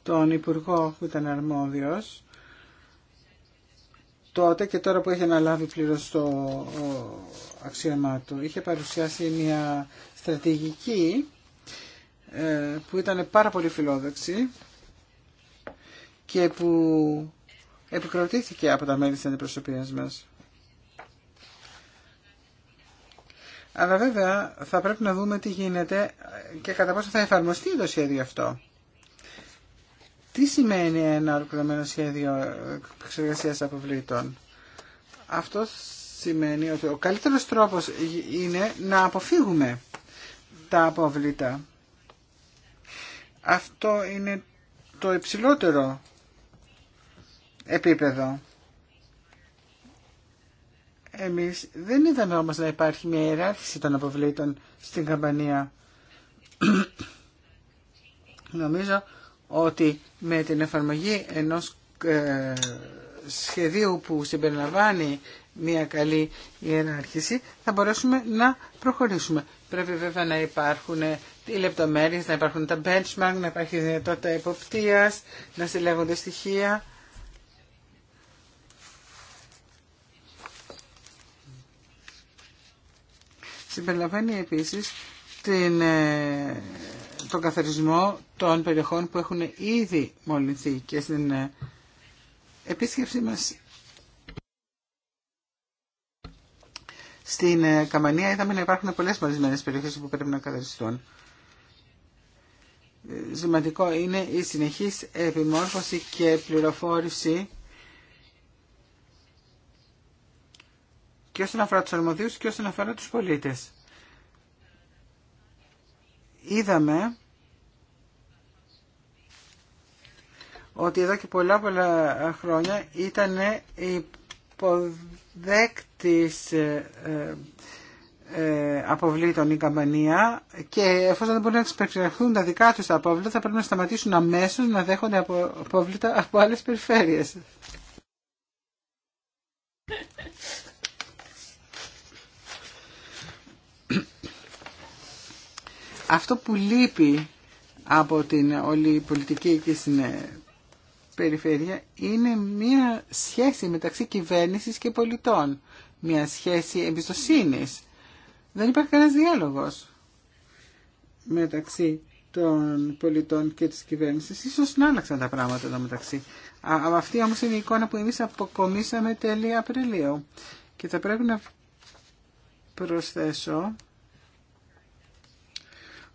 Speaker 3: τον Υπουργό που ήταν αρμόδιος τότε και τώρα που έχει αναλάβει πλήρως το αξίωμά του. Είχε παρουσιάσει μια στρατηγική ε, που ήταν πάρα πολύ φιλόδοξη και που επικροτήθηκε από τα μέλη της αντιπροσωπείας μας. Αλλά βέβαια θα πρέπει να δούμε τι γίνεται και κατά πόσο θα εφαρμοστεί το σχέδιο αυτό. Τι σημαίνει ένα ολοκληρωμένο σχέδιο εξεργασία αποβλήτων. Αυτό σημαίνει ότι ο καλύτερος τρόπος είναι να αποφύγουμε τα αποβλήτα. Αυτό είναι το υψηλότερο επίπεδο. Εμείς δεν είδαμε όμως να υπάρχει μια ιεράρχηση των αποβλήτων στην καμπανία. Νομίζω ότι με την εφαρμογή ενός ε, σχεδίου που συμπεριλαμβάνει μια καλή ιεράρχηση θα μπορέσουμε να προχωρήσουμε. Πρέπει βέβαια να υπάρχουν ε, οι λεπτομέρειες, να υπάρχουν τα benchmark, να υπάρχει δυνατότητα εποπτείας, να συλλέγονται στοιχεία. Συμπεριλαμβάνει επίσης την ε, στον καθαρισμό των περιοχών που έχουν ήδη μολυνθεί και στην ε, επίσκεψή μας στην ε, Καμανία είδαμε να υπάρχουν πολλές μολυσμένες περιοχές που πρέπει να καθαριστούν. Ε, σημαντικό είναι η συνεχής επιμόρφωση και πληροφόρηση και όσον αφορά τους αρμοδίους και όσον αφορά τους πολίτες. Είδαμε ότι εδώ και πολλά πολλά χρόνια ήταν υποδέκτης ε, ε, ε, αποβλήτων η καμπανία και εφόσον δεν μπορούν να τις τα δικά τους απόβλητα θα πρέπει να σταματήσουν αμέσως να δέχονται απόβλητα από άλλες περιφέρειες. Αυτό που λείπει από την όλη πολιτική και στην περιφέρεια είναι μια σχέση μεταξύ κυβέρνησης και πολιτών. Μια σχέση εμπιστοσύνης. Δεν υπάρχει κανένας διάλογος μεταξύ των πολιτών και της κυβέρνησης. Ίσως να άλλαξαν τα πράγματα εδώ μεταξύ. Α, αυτή όμως είναι η εικόνα που εμείς αποκομίσαμε τέλη Απριλίου. Και θα πρέπει να προσθέσω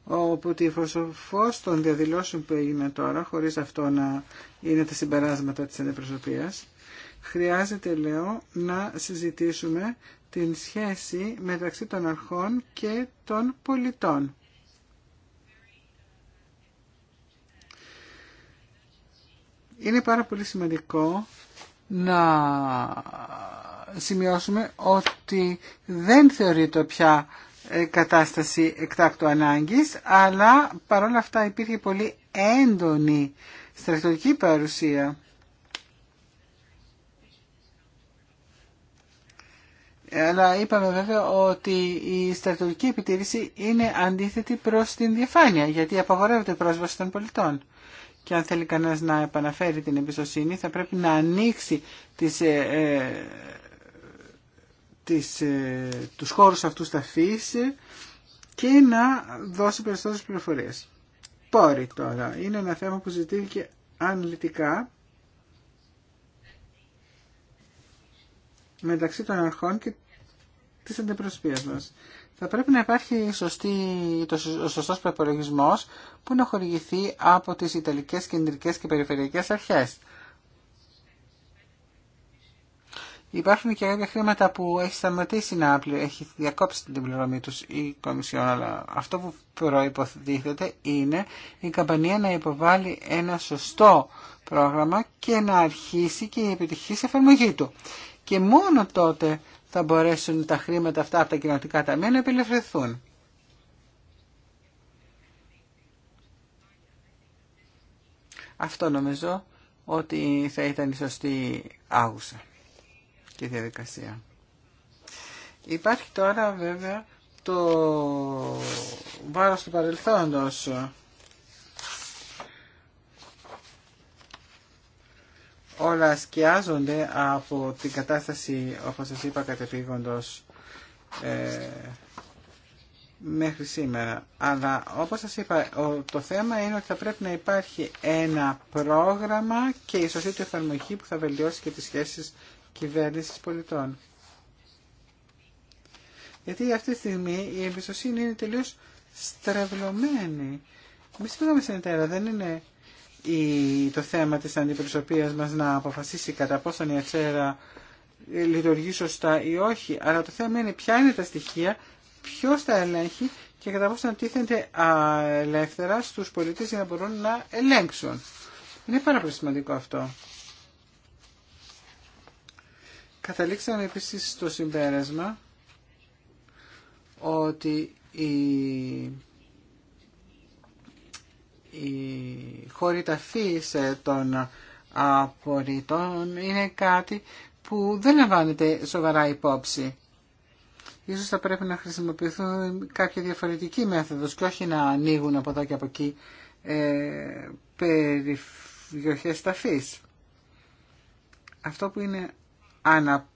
Speaker 3: όπου τη φωσοφός των διαδηλώσεων που έγινε τώρα, χωρίς αυτό να είναι τα συμπεράσματα της αντιπροσωπείας, χρειάζεται, λέω, να συζητήσουμε την σχέση μεταξύ των αρχών και των πολιτών. Είναι πάρα πολύ σημαντικό να σημειώσουμε ότι δεν θεωρείται πια ε, κατάσταση εκτάκτου ανάγκης, αλλά παρόλα αυτά υπήρχε πολύ έντονη στρατιωτική παρουσία. Αλλά είπαμε βέβαια ότι η στρατιωτική επιτήρηση είναι αντίθετη προς την διαφάνεια, γιατί απαγορεύεται η πρόσβαση των πολιτών. Και αν θέλει κανένας να επαναφέρει την εμπιστοσύνη, θα πρέπει να ανοίξει τις ε, ε, τις, ε, τους χώρους αυτούς θα αφήσει και να δώσει περισσότερες πληροφορίες. Πόρη τώρα. Είναι ένα θέμα που ζητήθηκε αναλυτικά μεταξύ των αρχών και της αντιπροσωπείας μας. Θα πρέπει να υπάρχει σωστή, το, ο σωστός προπολογισμό που να χορηγηθεί από τις Ιταλικές, Κεντρικές και Περιφερειακές Αρχές. Υπάρχουν και κάποια χρήματα που έχει σταματήσει να έχει διακόψει την πληρωμή του η Κομισιόν, αλλά αυτό που προϋποθέτεται είναι η καμπανία να υποβάλει ένα σωστό πρόγραμμα και να αρχίσει και η επιτυχής εφαρμογή του. Και μόνο τότε θα μπορέσουν τα χρήματα αυτά από τα κοινωτικά ταμεία να επιλευθεθούν. Αυτό νομίζω ότι θα ήταν η σωστή άγουσα και διαδικασία. Υπάρχει τώρα βέβαια το βάρος του παρελθόντος. Όλα σκιάζονται από την κατάσταση, όπως σας είπα, κατεπήγοντος ε, μέχρι σήμερα. Αλλά όπως σας είπα, το θέμα είναι ότι θα πρέπει να υπάρχει ένα πρόγραμμα και η σωστή του εφαρμογή που θα βελτιώσει και τις σχέσεις κυβέρνησης πολιτών. Γιατί αυτή τη στιγμή η εμπιστοσύνη είναι τελείως στρεβλωμένη. Εμείς στην εταίρα, δεν είναι η, το θέμα της αντιπροσωπείας μας να αποφασίσει κατά πόσον η ατσέρα λειτουργεί σωστά ή όχι, αλλά το θέμα είναι ποια είναι τα στοιχεία, ποιο τα ελέγχει και κατά πόσο αντίθενται ελεύθερα στους πολίτες για να μπορούν να ελέγξουν. Είναι πάρα πολύ σημαντικό αυτό. Καταλήξαμε επίσης στο συμπέρασμα ότι οι, οι χώροι των απορρίτων είναι κάτι που δεν λαμβάνεται σοβαρά υπόψη. Ίσως θα πρέπει να χρησιμοποιηθούν κάποια διαφορετική μέθοδος και όχι να ανοίγουν από εδώ και από εκεί ε, περιοχές ταφής. Αυτό που είναι ανα,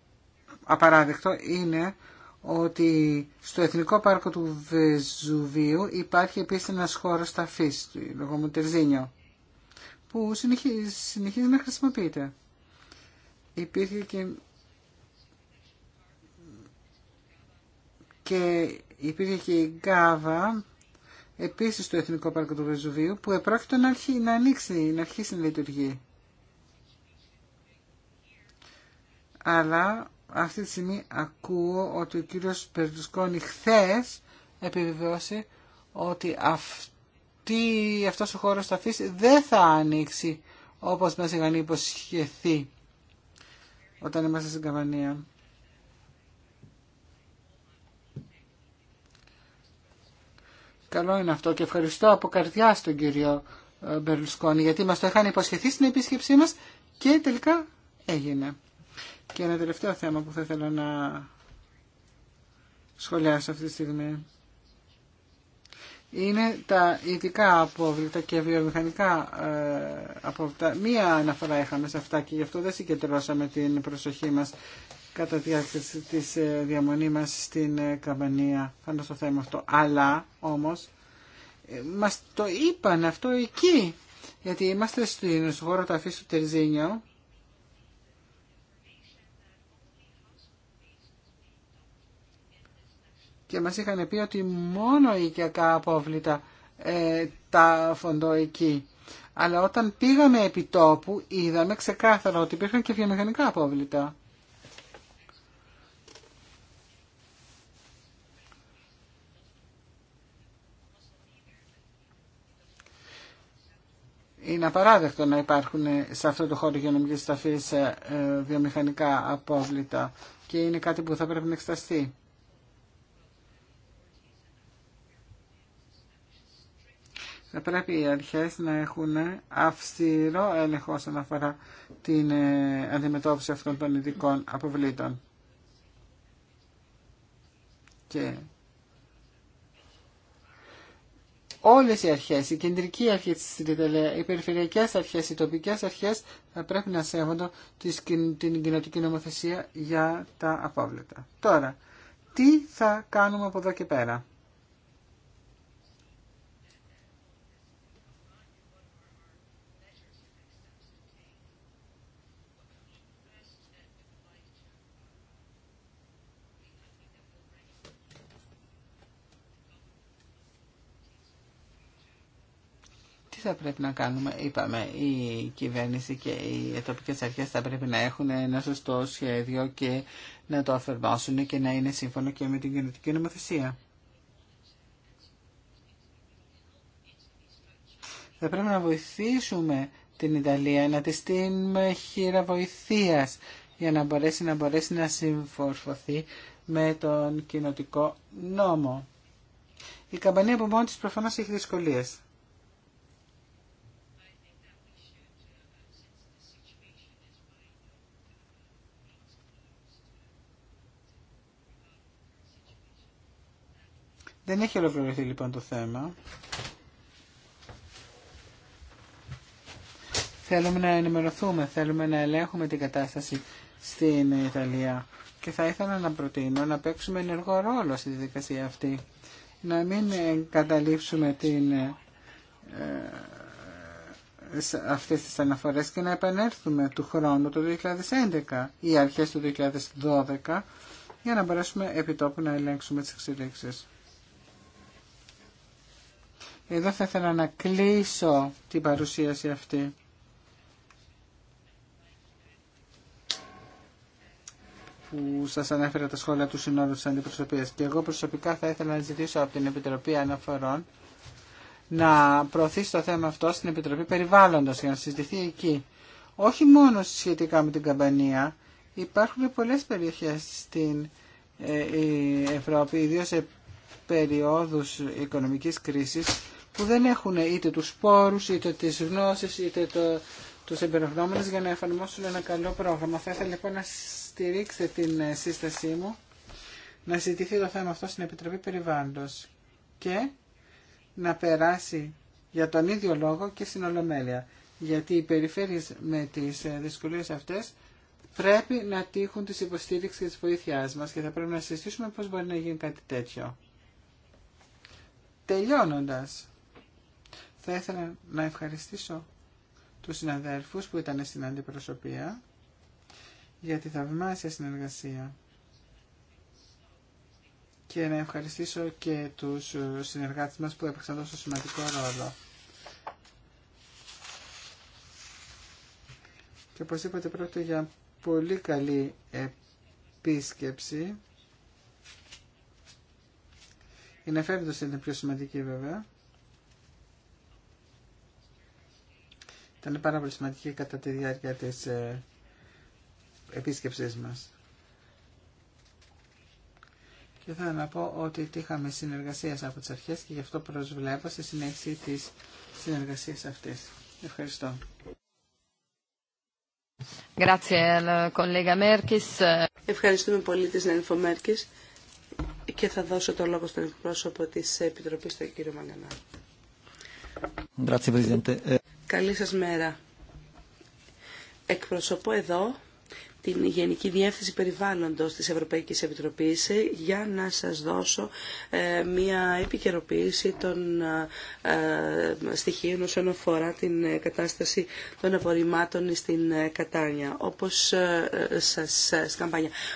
Speaker 3: απαράδεκτο είναι ότι στο Εθνικό Πάρκο του Βεζουβίου υπάρχει επίσης ένας χώρος ταφής, μου Τερζίνιο, που συνεχίζει, συνεχίζει να χρησιμοποιείται. Υπήρχε και... και υπήρχε και η Γκάβα, επίσης στο Εθνικό Πάρκο του Βεζουβίου, που επρόκειτο να, να ανοίξει, να αρχίσει να λειτουργεί. αλλά αυτή τη στιγμή ακούω ότι ο κύριος Περδουσκόνη χθε επιβεβαιώσει ότι αυτή, αυτός ο χώρος θα αφήσει δεν θα ανοίξει όπως μας είχαν υποσχεθεί όταν είμαστε στην Καβανία. Καλό είναι αυτό και ευχαριστώ από καρδιά στον κύριο ε, Μπερλουσκόνη γιατί μας το είχαν υποσχεθεί στην επίσκεψή μας και τελικά έγινε. Και ένα τελευταίο θέμα που θα ήθελα να σχολιάσω αυτή τη στιγμή είναι τα ειδικά απόβλητα και βιομηχανικά ε, απόβλητα. Μία αναφορά είχαμε σε αυτά και γι' αυτό δεν συγκεντρώσαμε την προσοχή μας κατά τη διάρκεια της ε, διαμονή μας στην ε, Καμπανία πάνω στο θέμα αυτό. Αλλά όμως ε, μας το είπαν αυτό εκεί γιατί είμαστε χώρα χώρο αφής του Τερζίνιο και μας είχαν πει ότι μόνο οικιακά απόβλητα ε, τα εκεί. Αλλά όταν πήγαμε επί τόπου είδαμε ξεκάθαρα ότι υπήρχαν και βιομηχανικά απόβλητα. Είναι απαράδεκτο να υπάρχουν σε αυτό το χώρο υγειονομικής ταφής ε, βιομηχανικά απόβλητα και είναι κάτι που θα πρέπει να εξεταστεί. Θα πρέπει οι αρχές να έχουν αυστηρό έλεγχο όσον αφορά την ε, αντιμετώπιση αυτών των ειδικών αποβλήτων. Και όλες οι αρχές, η κεντρική αρχή οι περιφερειακές αρχές, οι τοπικές αρχές θα πρέπει να σέβονται την κοινωτική νομοθεσία για τα απόβλητα. Τώρα, τι θα κάνουμε από εδώ και πέρα. θα πρέπει να κάνουμε. Είπαμε, η κυβέρνηση και οι τοπικέ αρχές θα πρέπει να έχουν ένα σωστό σχέδιο και να το αφαιρμάσουν και να είναι σύμφωνο και με την κοινωνική νομοθεσία. Θα πρέπει να βοηθήσουμε την Ιταλία, να τη στείλουμε χείρα βοηθεία για να μπορέσει να μπορέσει να συμφορφωθεί με τον κοινοτικό νόμο. Η καμπανία από μόνη της προφανώς έχει δυσκολίες. Δεν έχει ολοκληρωθεί λοιπόν το θέμα. Θέλουμε να ενημερωθούμε, θέλουμε να ελέγχουμε την κατάσταση στην Ιταλία και θα ήθελα να προτείνω να παίξουμε ενεργό ρόλο στη διαδικασία αυτή. Να μην καταλήψουμε την, ε, αυτές τις αναφορές και να επανέλθουμε του χρόνου το 2011 ή αρχές του 2012 για να μπορέσουμε επιτόπου να ελέγξουμε τις εξελίξεις. Εδώ θα ήθελα να κλείσω την παρουσίαση αυτή. που σας ανέφερα τα σχόλια του Συνόλου της Αντιπροσωπείας και εγώ προσωπικά θα ήθελα να ζητήσω από την Επιτροπή Αναφορών να προωθήσει το θέμα αυτό στην Επιτροπή Περιβάλλοντος για να συζητηθεί εκεί. Όχι μόνο σχετικά με την Καμπανία, υπάρχουν πολλές περιοχές στην ε, Ευρώπη, ιδίως σε περιόδους οικονομικής κρίσης, που δεν έχουν είτε τους σπόρους είτε τις γνώσεις, είτε το, τους για να εφαρμόσουν ένα καλό πρόγραμμα. Θα ήθελα λοιπόν να στηρίξετε την ε, σύστασή μου, να συζητηθεί το θέμα αυτό στην Επιτροπή Περιβάλλοντος και να περάσει για τον ίδιο λόγο και στην Ολομέλεια. Γιατί οι περιφέρειες με τις ε, δυσκολίες αυτές πρέπει να τύχουν της υποστήριξη και της βοήθειάς μας και θα πρέπει να συζητήσουμε πώς μπορεί να γίνει κάτι τέτοιο. Τελειώνοντας, θα ήθελα να ευχαριστήσω τους συναδέλφους που ήταν στην αντιπροσωπεία για τη θαυμάσια συνεργασία και να ευχαριστήσω και τους συνεργάτες μας που έπαιξαν τόσο σημαντικό ρόλο. Και όπως είπατε πρόκειται για πολύ καλή επίσκεψη. Είναι φεύγοντας είναι πιο σημαντική βέβαια. ήταν πάρα πολύ σημαντική κατά τη διάρκεια της ε, επίσκεψής μας. Και θα να πω ότι τύχαμε συνεργασία από τις αρχές και γι' αυτό προσβλέπω στη συνέχιση της συνεργασίας αυτής. Ευχαριστώ.
Speaker 2: Ευχαριστούμε πολύ τη Νένφο Μέρκης και θα δώσω το λόγο στον εκπρόσωπο της Επιτροπής, τον κύριο Μαγκανά. Καλή σας μέρα. Εκπροσωπώ εδώ την Γενική Διεύθυνση Περιβάλλοντος της Ευρωπαϊκής Επιτροπής ε, για να σας δώσω ε, μια επικαιροποίηση των ε, στοιχείων όσον αφορά την κατάσταση των απορριμμάτων στην Κατάνια. Όπως σας,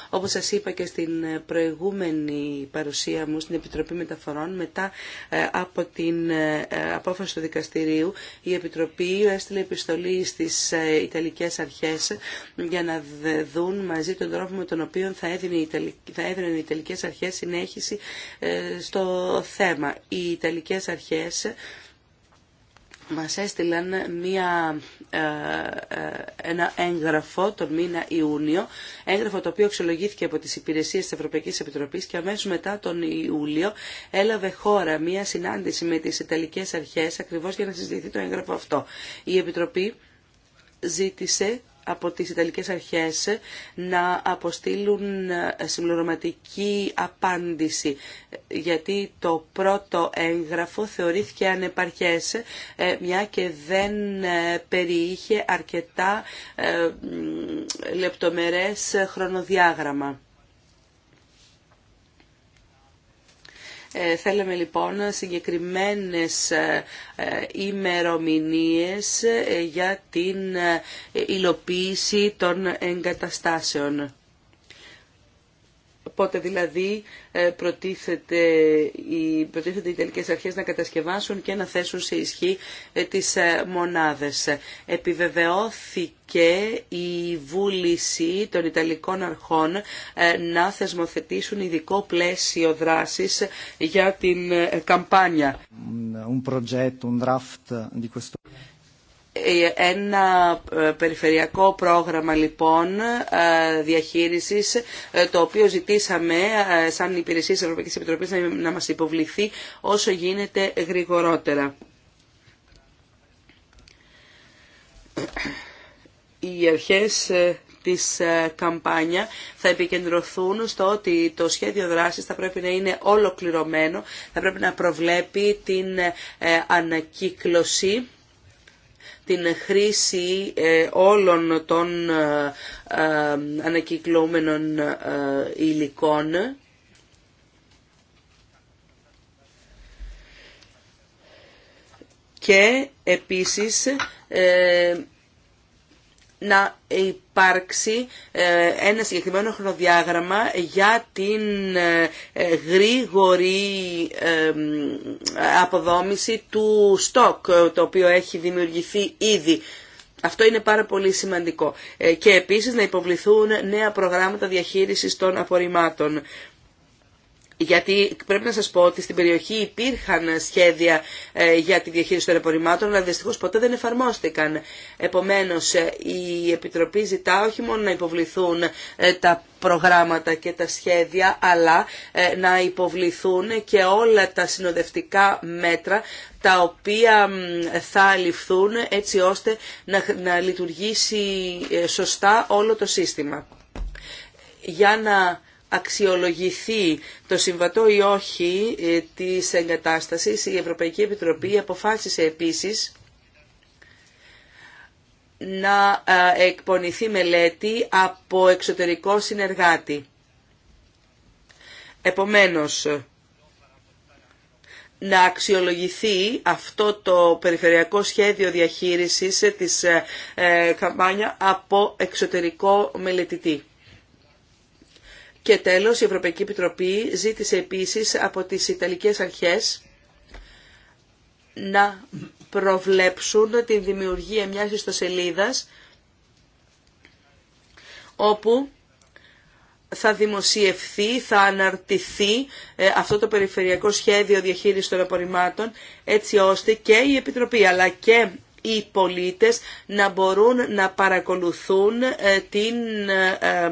Speaker 2: Όπως σας είπα και στην προηγούμενη παρουσία μου στην Επιτροπή Μεταφορών, μετά από την απόφαση του δικαστηρίου, η Επιτροπή έστειλε επιστολή στις Ιταλικές Αρχές για να δουν μαζί τον τρόπο με τον οποίο θα έδινε οι τελικές αρχές συνέχιση ε, στο θέμα. Οι τελικές αρχές μας έστειλαν μία, ε, ε, ένα έγγραφο τον μήνα Ιούνιο, έγγραφο το οποίο αξιολογήθηκε από τις υπηρεσίες της Ευρωπαϊκής Επιτροπής και αμέσως μετά τον Ιούλιο έλαβε χώρα μία συνάντηση με τις Ιταλικές Αρχές ακριβώς για να συζητηθεί το έγγραφο αυτό. Η Επιτροπή ζήτησε από τις Ιταλικές Αρχές να αποστείλουν ε, συμπληρωματική απάντηση γιατί το πρώτο έγγραφο θεωρήθηκε ανεπαρχές ε, μια και δεν ε, περιείχε αρκετά λεπτομερές χρονοδιάγραμμα. Ε, θέλαμε λοιπόν συγκεκριμένες ε, ε, ημερομηνίες για την υλοποίηση των εγκαταστάσεων. Πότε δηλαδή ε, προτίθεται οι, προτίθεται οι τελικές αρχές να κατασκευάσουν και να θέσουν σε ισχύ ε, τις ε, μονάδες. Επιβεβαιώθηκε η βούληση των Ιταλικών αρχών να θεσμοθετήσουν ειδικό πλαίσιο δράσης για την καμπάνια.
Speaker 3: Un progetto, un draft di
Speaker 2: ε, ένα ε, περιφερειακό πρόγραμμα λοιπόν ε, διαχείρισης το οποίο ζητήσαμε σαν υπηρεσίες της Ευρωπαϊκής Επιτροπής να μας υποβληθεί όσο γίνεται γρηγορότερα. Οι αρχές της καμπάνια θα επικεντρωθούν στο ότι το σχέδιο δράσης θα πρέπει να είναι ολοκληρωμένο, θα πρέπει να προβλέπει την ανακύκλωση την χρήση ε, όλων των ε, ε, ανακυκλώμενων υλικών. Και επίσης να υπάρξει ε, ένα συγκεκριμένο χρονοδιάγραμμα για την ε, ε, γρήγορη αποδόμηση του στόκ, το οποίο έχει δημιουργηθεί ήδη. Αυτό είναι πάρα πολύ σημαντικό. Και επίσης να υποβληθούν νέα προγράμματα διαχείρισης των απορριμμάτων γιατί πρέπει να σας πω ότι στην περιοχή υπήρχαν σχέδια ε, για τη διαχείριση των απορριμμάτων, αλλά δυστυχώς ποτέ δεν εφαρμόστηκαν. Επομένως, ε, η Επιτροπή ζητά όχι μόνο να υποβληθούν ε, τα προγράμματα και τα σχέδια, αλλά να υποβληθούν και όλα τα συνοδευτικά μέτρα τα οποία θα ληφθούν έτσι ώστε να λειτουργήσει σωστά όλο το σύστημα. Για να αξιολογηθεί το συμβατό ή όχι ε, της εγκατάστασης, η Ευρωπαϊκή Επιτροπή αποφάσισε επίσης να ε, εκπονηθεί μελέτη από εξωτερικό συνεργάτη. Επομένως, να αξιολογηθεί αυτό το περιφερειακό σχέδιο διαχείρισης ε, της καμπάνια από εξωτερικό μελετητή. Και τέλος, η Ευρωπαϊκή Επιτροπή ζήτησε επίσης από τις Ιταλικές Αρχές να προβλέψουν την δημιουργία μιας ιστοσελίδας όπου θα δημοσιευθεί, θα αναρτηθεί ε, αυτό το περιφερειακό σχέδιο διαχείρισης των απορριμμάτων έτσι ώστε και η Επιτροπή αλλά και οι πολίτες να μπορούν να παρακολουθούν ε, την ε,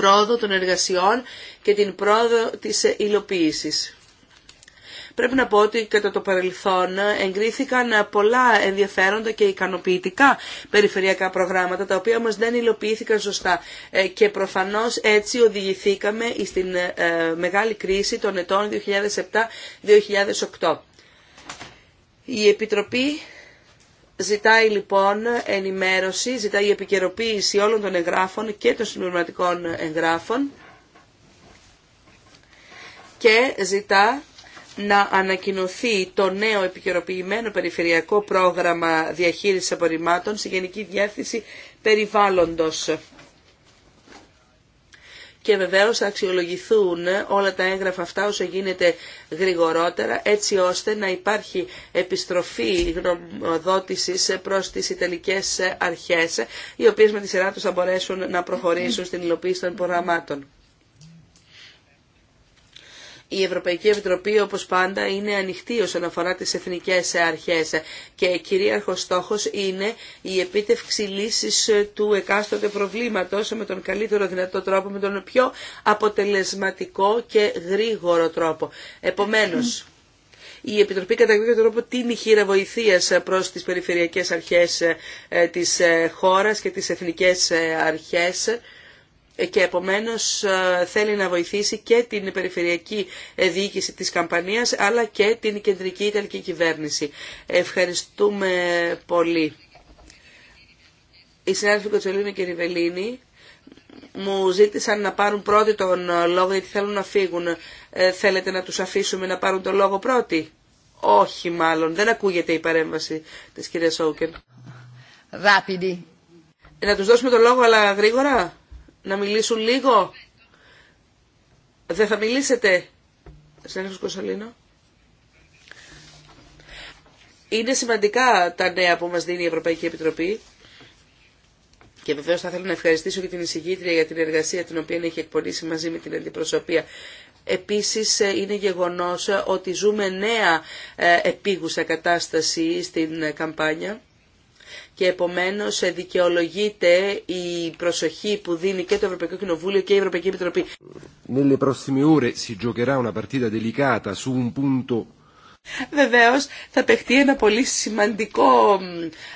Speaker 2: πρόοδο των εργασιών και την πρόοδο της υλοποίησης. Πρέπει να πω ότι κατά το παρελθόν εγκρίθηκαν πολλά ενδιαφέροντα και ικανοποιητικά περιφερειακά προγράμματα, τα οποία όμως δεν υλοποιήθηκαν σωστά. Ε, και προφανώς έτσι οδηγηθήκαμε στην ε, μεγάλη κρίση των ετών 2007-2008. Η Επιτροπή Ζητάει λοιπόν ενημέρωση, ζητάει επικαιροποίηση όλων των εγγράφων και των συμπληρωματικών εγγράφων και ζητά να ανακοινωθεί το νέο επικαιροποιημένο περιφερειακό πρόγραμμα διαχείρισης απορριμμάτων στη Γενική Διεύθυνση Περιβάλλοντος και βεβαίως θα αξιολογηθούν όλα τα έγγραφα αυτά όσο γίνεται γρηγορότερα έτσι ώστε να υπάρχει επιστροφή γνωμοδότησης προς τις Ιταλικές αρχές οι οποίες με τη σειρά τους θα μπορέσουν να προχωρήσουν στην υλοποίηση των προγραμμάτων. Η Ευρωπαϊκή Επιτροπή, όπως πάντα, είναι ανοιχτή όσον αφορά τι εθνικέ αρχέ και κυρίαρχο στόχος είναι η επίτευξη λύση του εκάστοτε προβλήματος με τον καλύτερο δυνατό τρόπο, με τον πιο αποτελεσματικό και γρήγορο τρόπο. Επομένως, η Επιτροπή κατά κάποιο τρόπο τίνει χείρα βοηθείας προς τις περιφερειακές αρχές ε, της ε, χώρας και τι εθνικέ ε, αρχέ και επομένως ε, θέλει να βοηθήσει και την περιφερειακή διοίκηση της Καμπανίας αλλά και την κεντρική Ιταλική κυβέρνηση. Ευχαριστούμε πολύ. Η συνάδελφοι Κοτσολίνη και Ριβελίνη μου ζήτησαν να πάρουν πρώτοι τον λόγο γιατί θέλουν να φύγουν. Ε, θέλετε να τους αφήσουμε να πάρουν τον λόγο πρώτοι. Όχι μάλλον, δεν ακούγεται η παρέμβαση της κυρίας Όκεν. Ε, να τους δώσουμε τον λόγο αλλά γρήγορα να μιλήσουν λίγο. Δεν θα μιλήσετε, ένα Κωνσταντίνο. Είναι σημαντικά τα νέα που μας δίνει η Ευρωπαϊκή Επιτροπή και βεβαίως θα ήθελα να ευχαριστήσω και την εισηγήτρια για την εργασία την οποία έχει εκπονήσει μαζί με την αντιπροσωπεία. Επίσης είναι γεγονός ότι ζούμε νέα ε, επίγουσα κατάσταση στην καμπάνια και επομένως ε, δικαιολογείται η προσοχή που δίνει και το Ευρωπαϊκό Κοινοβούλιο και η Ευρωπαϊκή Επιτροπή. Nelle prossime ore si giocherà una partita delicata θα παιχτεί ένα πολύ σημαντικό,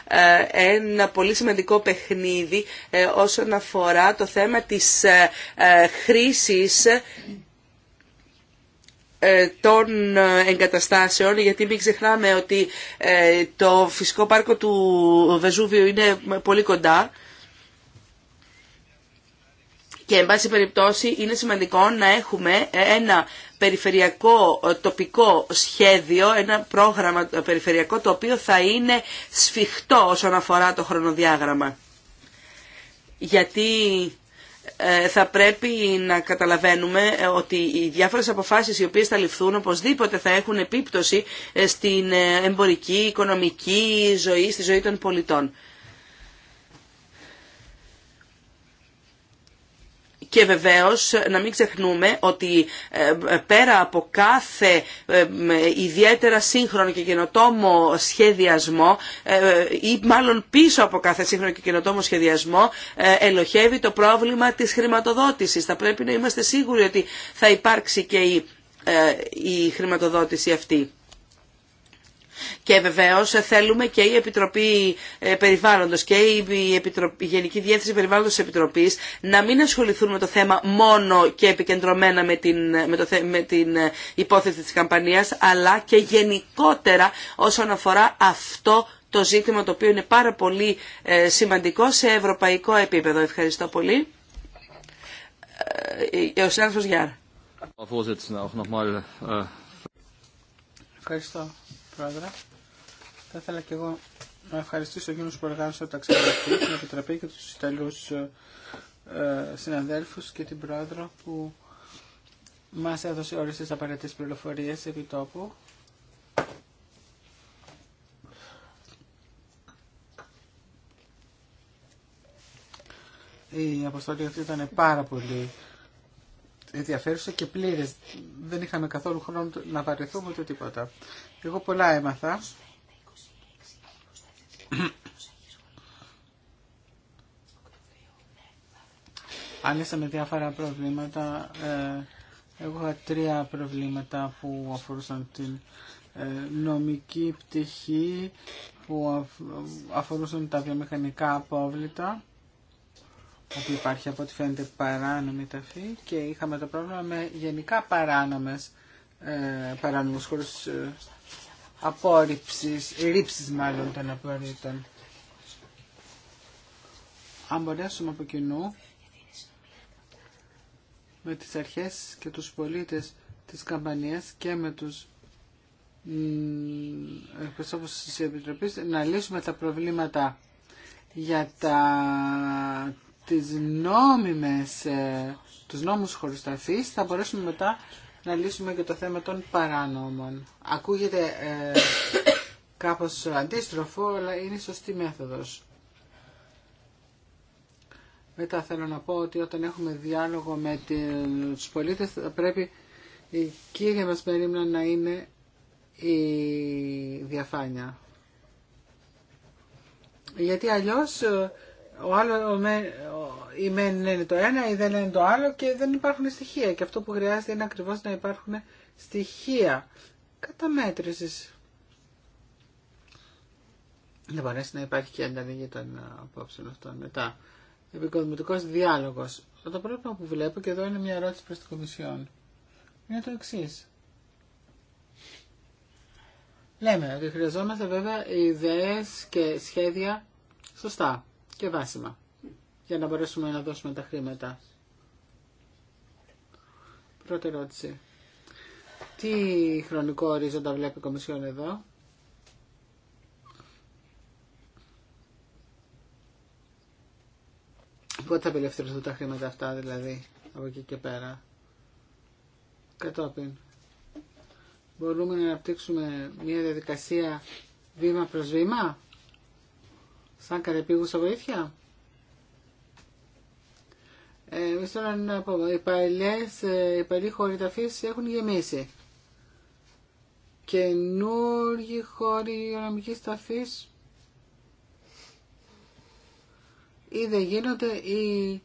Speaker 2: ε, ένα πολύ σημαντικό παιχνίδι ε, όσον αφορά το θέμα της χρήσης ε, των ε, εγκαταστάσεων γιατί μην ξεχνάμε ότι ε, το φυσικό πάρκο του Βεζούβιου είναι πολύ κοντά και εν πάση περιπτώσει είναι σημαντικό να έχουμε ένα περιφερειακό τοπικό σχέδιο, ένα πρόγραμμα περιφερειακό το οποίο θα είναι σφιχτό όσον αφορά το χρονοδιάγραμμα. Γιατί ε, θα πρέπει να καταλαβαίνουμε ε, ότι οι διάφορες αποφάσεις οι οποίες θα ληφθούν οπωσδήποτε θα έχουν επίπτωση ε, στην εμπορική, οικονομική ζωή, στη ζωή των πολιτών. Και βεβαίως να μην ξεχνούμε ότι ε, πέρα από κάθε ε, ιδιαίτερα σύγχρονο και καινοτόμο σχεδιασμό ε, ή μάλλον πίσω από κάθε σύγχρονο και καινοτόμο σχεδιασμό ελοχεύει το πρόβλημα της χρηματοδότησης. Θα πρέπει να είμαστε σίγουροι ότι θα υπάρξει και η, η χρηματοδότηση αυτή. Και βεβαίω θέλουμε και η Επιτροπή ε, Περιβάλλοντος και η, Επιτροπή, η Γενική Διεύθυνση Περιβάλλοντος Επιτροπής να μην ασχοληθούν με το θέμα μόνο και επικεντρωμένα με την, με το, με την ε, υπόθεση της καμπανία, αλλά και γενικότερα όσον αφορά αυτό το ζήτημα το οποίο είναι πάρα πολύ ε, σημαντικό σε ευρωπαϊκό επίπεδο. Ευχαριστώ πολύ.
Speaker 3: Ο συνάδελφος Πρόεδρε. Θα ήθελα και εγώ να ευχαριστήσω εκείνους που οργάνωσαν τα ταξίδι την Επιτροπή και τους Ιταλούς ε, ε, συναδέλφους και την Πρόεδρο που μας έδωσε όλες τις απαραίτητες πληροφορίες επί τόπου. Η αποστολή αυτή ήταν πάρα πολύ ενδιαφέρουσα και πλήρες. Δεν είχαμε καθόλου χρόνο να βαρεθούμε ούτε τίποτα. Εγώ πολλά έμαθα. με διάφορα προβλήματα. Ε, εγώ είχα τρία προβλήματα που αφορούσαν την ε, νομική πτυχή, που αφορούσαν τα βιομηχανικά απόβλητα όπου υπάρχει από ό,τι φαίνεται παράνομη ταφή και είχαμε το πρόβλημα με γενικά παράνομες, ε, παράνομους χώρους ε, μάλλον των απορρίτων. Αν μπορέσουμε από κοινού με τις αρχές και τους πολίτες της καμπανίας και με τους εκπροσώπους της Επιτροπής να λύσουμε τα προβλήματα για τα τις νόμιμες, ε, τους νόμους χωροσταφείς θα μπορέσουμε μετά να λύσουμε και το θέμα των παράνομων. Ακούγεται ε, κάπως αντίστροφο, αλλά είναι σωστή μέθοδος. Μετά θέλω να πω ότι όταν έχουμε διάλογο με τους πολίτες θα πρέπει η κύρια μας περίμενα να είναι η διαφάνεια. Γιατί αλλιώς ε, ο άλλο, η μεν λένε το ένα, η δεν λένε το άλλο και δεν υπάρχουν στοιχεία. Και αυτό που χρειάζεται είναι ακριβώς να υπάρχουν στοιχεία καταμέτρησης. Δεν μπορέσει να υπάρχει και ανταλλαγή των απόψεων αυτών μετά. Επικοδομητικό διάλογο. Το πρόβλημα που βλέπω και εδώ είναι μια ερώτηση προ την Κομισιόν. Είναι το εξή. Λέμε ότι χρειαζόμαστε βέβαια ιδέε και σχέδια σωστά και βάσιμα για να μπορέσουμε να δώσουμε τα χρήματα. Πρώτη ερώτηση. Τι χρονικό ορίζοντα βλέπει η Κομισιόν εδώ. Πότε θα απελευθερωθούν τα χρήματα αυτά δηλαδή από εκεί και πέρα. Κατόπιν. Μπορούμε να αναπτύξουμε μια διαδικασία βήμα προς βήμα σαν κατεπίγουσα βοήθεια. Ε, τώρα να πω, οι παλιές, ε, οι παλιοί χώροι ταφής έχουν γεμίσει. Καινούργοι χώροι υγειονομικής ταφής ή δεν γίνονται ή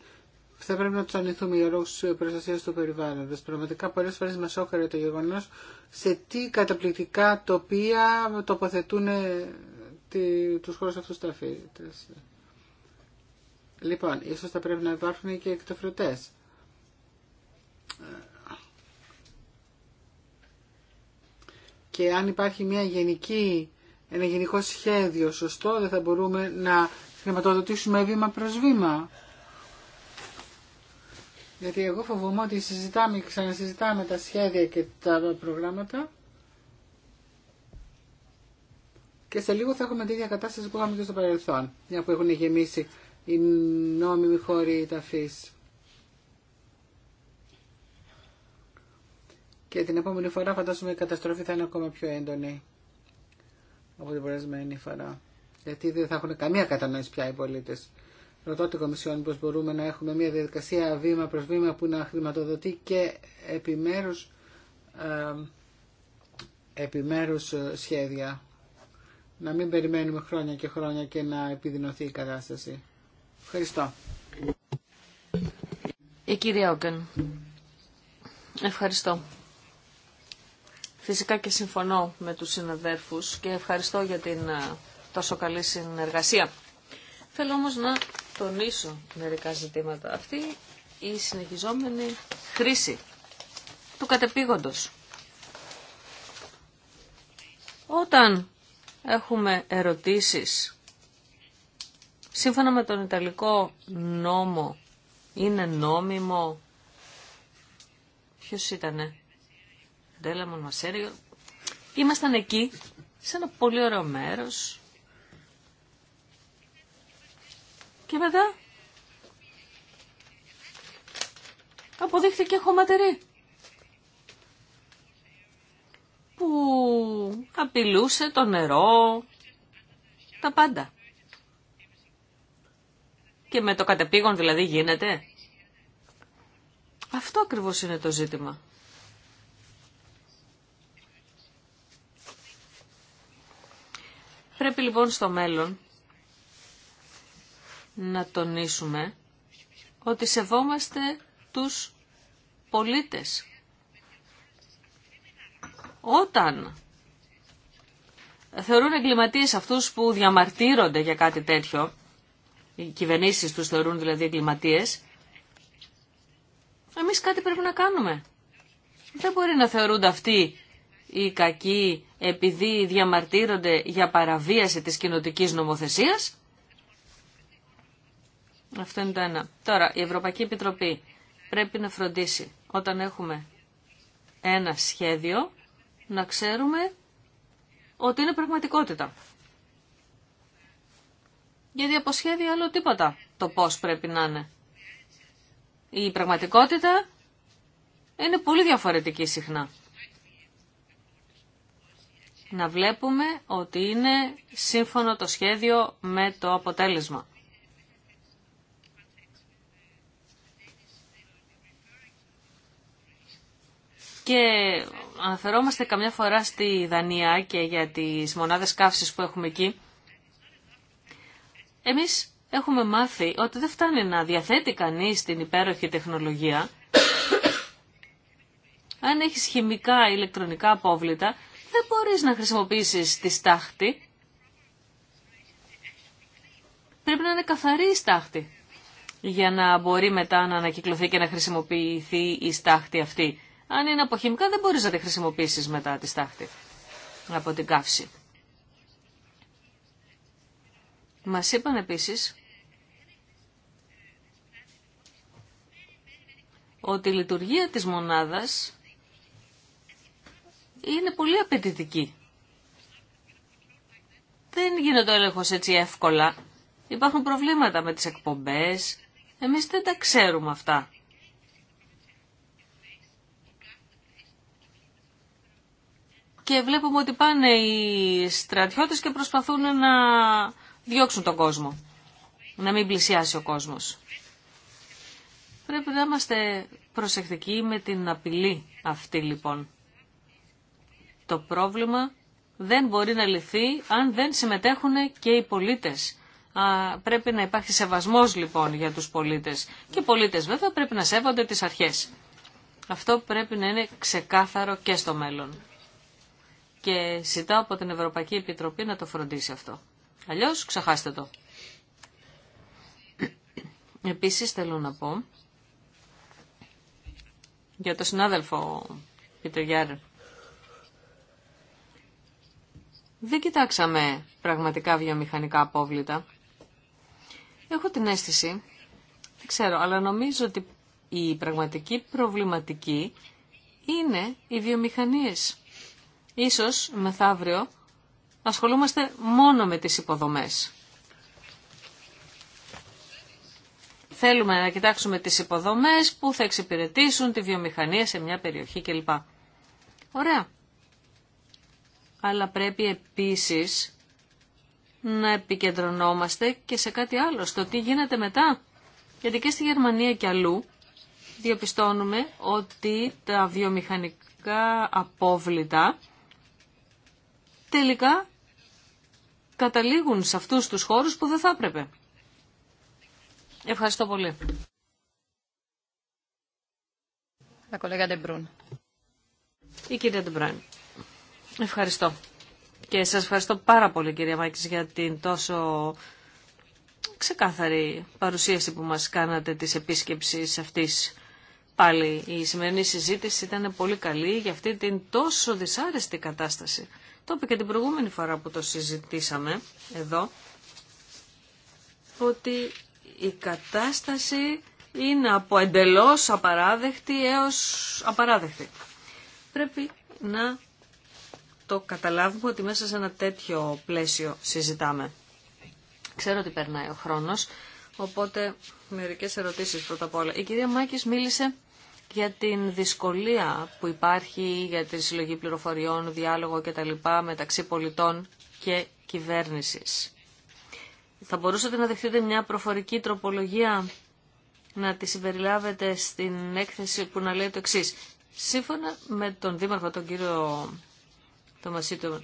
Speaker 3: θα πρέπει να του ανηθούμε για λόγου προστασία του περιβάλλοντο. Πραγματικά πολλέ φορέ μα όκαρε το γεγονό σε τι καταπληκτικά τοπία τοποθετούν τη, τους χώρους αυτούς Λοιπόν, ίσως θα πρέπει να υπάρχουν και εκτεφρωτές. Και αν υπάρχει μια γενική, ένα γενικό σχέδιο σωστό, δεν θα μπορούμε να χρηματοδοτήσουμε βήμα προς βήμα. Γιατί εγώ φοβούμαι ότι συζητάμε και ξανασυζητάμε τα σχέδια και τα προγράμματα και σε λίγο θα έχουμε την ίδια κατάσταση που είχαμε και στο παρελθόν, μια που έχουν γεμίσει οι νόμιμοι χώροι ταφή. Και την επόμενη φορά φαντάζομαι η καταστροφή θα είναι ακόμα πιο έντονη από την προηγούμενη φορά. Γιατί δεν θα έχουν καμία κατανόηση πια οι πολίτε. Ρωτώ την Κομισιόν πώ μπορούμε να έχουμε μια διαδικασία βήμα προ βήμα που να χρηματοδοτεί και επιμέρου ε, επιμέρους ε, σχέδια να μην περιμένουμε χρόνια και χρόνια και να επιδεινωθεί η κατάσταση. Ευχαριστώ.
Speaker 4: Η κυρία Ευχαριστώ. Φυσικά και συμφωνώ με τους συναδέρφους και ευχαριστώ για την ε, τόσο καλή συνεργασία. Θέλω όμως να τονίσω μερικά ζητήματα. Αυτή η συνεχιζόμενη χρήση του κατεπήγοντος. Όταν έχουμε ερωτήσεις. Σύμφωνα με τον Ιταλικό νόμο, είναι νόμιμο. Ποιος ήτανε. Ντέλα Μασέριο. Ήμασταν εκεί, σε ένα πολύ ωραίο μέρος. Και μετά αποδείχθηκε χωματερή. που απειλούσε το νερό, τα πάντα. Και με το κατεπήγον δηλαδή γίνεται. Αυτό ακριβώς είναι το ζήτημα. Πρέπει λοιπόν στο μέλλον να τονίσουμε ότι σεβόμαστε τους πολίτες όταν θεωρούν εγκληματίες αυτούς που διαμαρτύρονται για κάτι τέτοιο, οι κυβερνήσεις τους θεωρούν δηλαδή εγκληματίες, εμείς κάτι πρέπει να κάνουμε. Δεν μπορεί να θεωρούνται αυτοί οι κακοί επειδή διαμαρτύρονται για παραβίαση της κοινοτικής νομοθεσίας. Αυτό είναι το ένα. Τώρα, η Ευρωπαϊκή Επιτροπή πρέπει να φροντίσει όταν έχουμε ένα σχέδιο να ξέρουμε ότι είναι πραγματικότητα. Γιατί από σχέδιο άλλο τίποτα το πώς πρέπει να είναι. Η πραγματικότητα είναι πολύ διαφορετική συχνά. Να βλέπουμε ότι είναι σύμφωνο το σχέδιο με το αποτέλεσμα. Και αναφερόμαστε καμιά φορά στη Δανία και για τις μονάδες καύσης που έχουμε εκεί. Εμείς έχουμε μάθει ότι δεν φτάνει να διαθέτει κανείς την υπέροχη τεχνολογία. Αν έχεις χημικά, ηλεκτρονικά απόβλητα, δεν μπορείς να χρησιμοποιήσεις τη στάχτη. Πρέπει να είναι καθαρή η στάχτη για να μπορεί μετά να ανακυκλωθεί και να χρησιμοποιηθεί η στάχτη αυτή. Αν είναι από χημικά δεν μπορείς να τη χρησιμοποιήσεις μετά τη στάχτη από την καύση. Μας είπαν επίσης ότι η λειτουργία της μονάδας είναι πολύ απαιτητική. Δεν γίνεται ο έλεγχος έτσι εύκολα. Υπάρχουν προβλήματα με τις εκπομπές. Εμείς δεν τα ξέρουμε αυτά. και βλέπουμε ότι πάνε οι στρατιώτες και προσπαθούν να διώξουν τον κόσμο, να μην πλησιάσει ο κόσμος. Πρέπει να είμαστε προσεκτικοί με την απειλή αυτή λοιπόν. Το πρόβλημα δεν μπορεί να λυθεί αν δεν συμμετέχουν και οι πολίτες. πρέπει να υπάρχει σεβασμός λοιπόν για τους πολίτες. Και οι πολίτες βέβαια πρέπει να σέβονται τις αρχές. Αυτό πρέπει να είναι ξεκάθαρο και στο μέλλον και ζητάω από την Ευρωπαϊκή Επιτροπή να το φροντίσει αυτό. Αλλιώς ξεχάστε το. Επίσης θέλω να πω για τον συνάδελφο Πίτερ Γιάρ. Δεν κοιτάξαμε πραγματικά βιομηχανικά απόβλητα. Έχω την αίσθηση, δεν ξέρω, αλλά νομίζω ότι η πραγματική προβληματική είναι οι βιομηχανίες. Ίσως μεθαύριο ασχολούμαστε μόνο με τις υποδομές. Θέλουμε να κοιτάξουμε τις υποδομές που θα εξυπηρετήσουν τη βιομηχανία σε μια περιοχή κλπ. Ωραία. Αλλά πρέπει επίσης να επικεντρωνόμαστε και σε κάτι άλλο, στο τι γίνεται μετά. Γιατί και στη Γερμανία και αλλού διαπιστώνουμε ότι τα βιομηχανικά απόβλητα τελικά καταλήγουν σε αυτούς τους χώρους που δεν θα έπρεπε. Ευχαριστώ πολύ. Η κυρία Ντεμπρούν. Ευχαριστώ. Και σας ευχαριστώ πάρα πολύ κυρία Μάκης για την τόσο ξεκάθαρη παρουσίαση που μας κάνατε της επίσκεψης αυτής. Πάλι η σημερινή συζήτηση ήταν πολύ καλή για αυτή την τόσο δυσάρεστη κατάσταση. Το είπε και την προηγούμενη φορά που το συζητήσαμε εδώ, ότι η κατάσταση είναι από εντελώς απαράδεκτη έως απαράδεκτη. Πρέπει να το καταλάβουμε ότι μέσα σε ένα τέτοιο πλαίσιο συζητάμε. Ξέρω ότι περνάει ο χρόνος, οπότε μερικές ερωτήσεις πρώτα απ' όλα. Η κυρία Μάκης μίλησε για την δυσκολία που υπάρχει για τη συλλογή πληροφοριών, διάλογο κτλ. μεταξύ πολιτών και κυβέρνησης. Θα μπορούσατε να δεχτείτε μια προφορική τροπολογία να τη συμπεριλάβετε στην έκθεση που να λέει το εξή. Σύμφωνα με τον Δήμαρχο, τον κύριο Τομασίτου,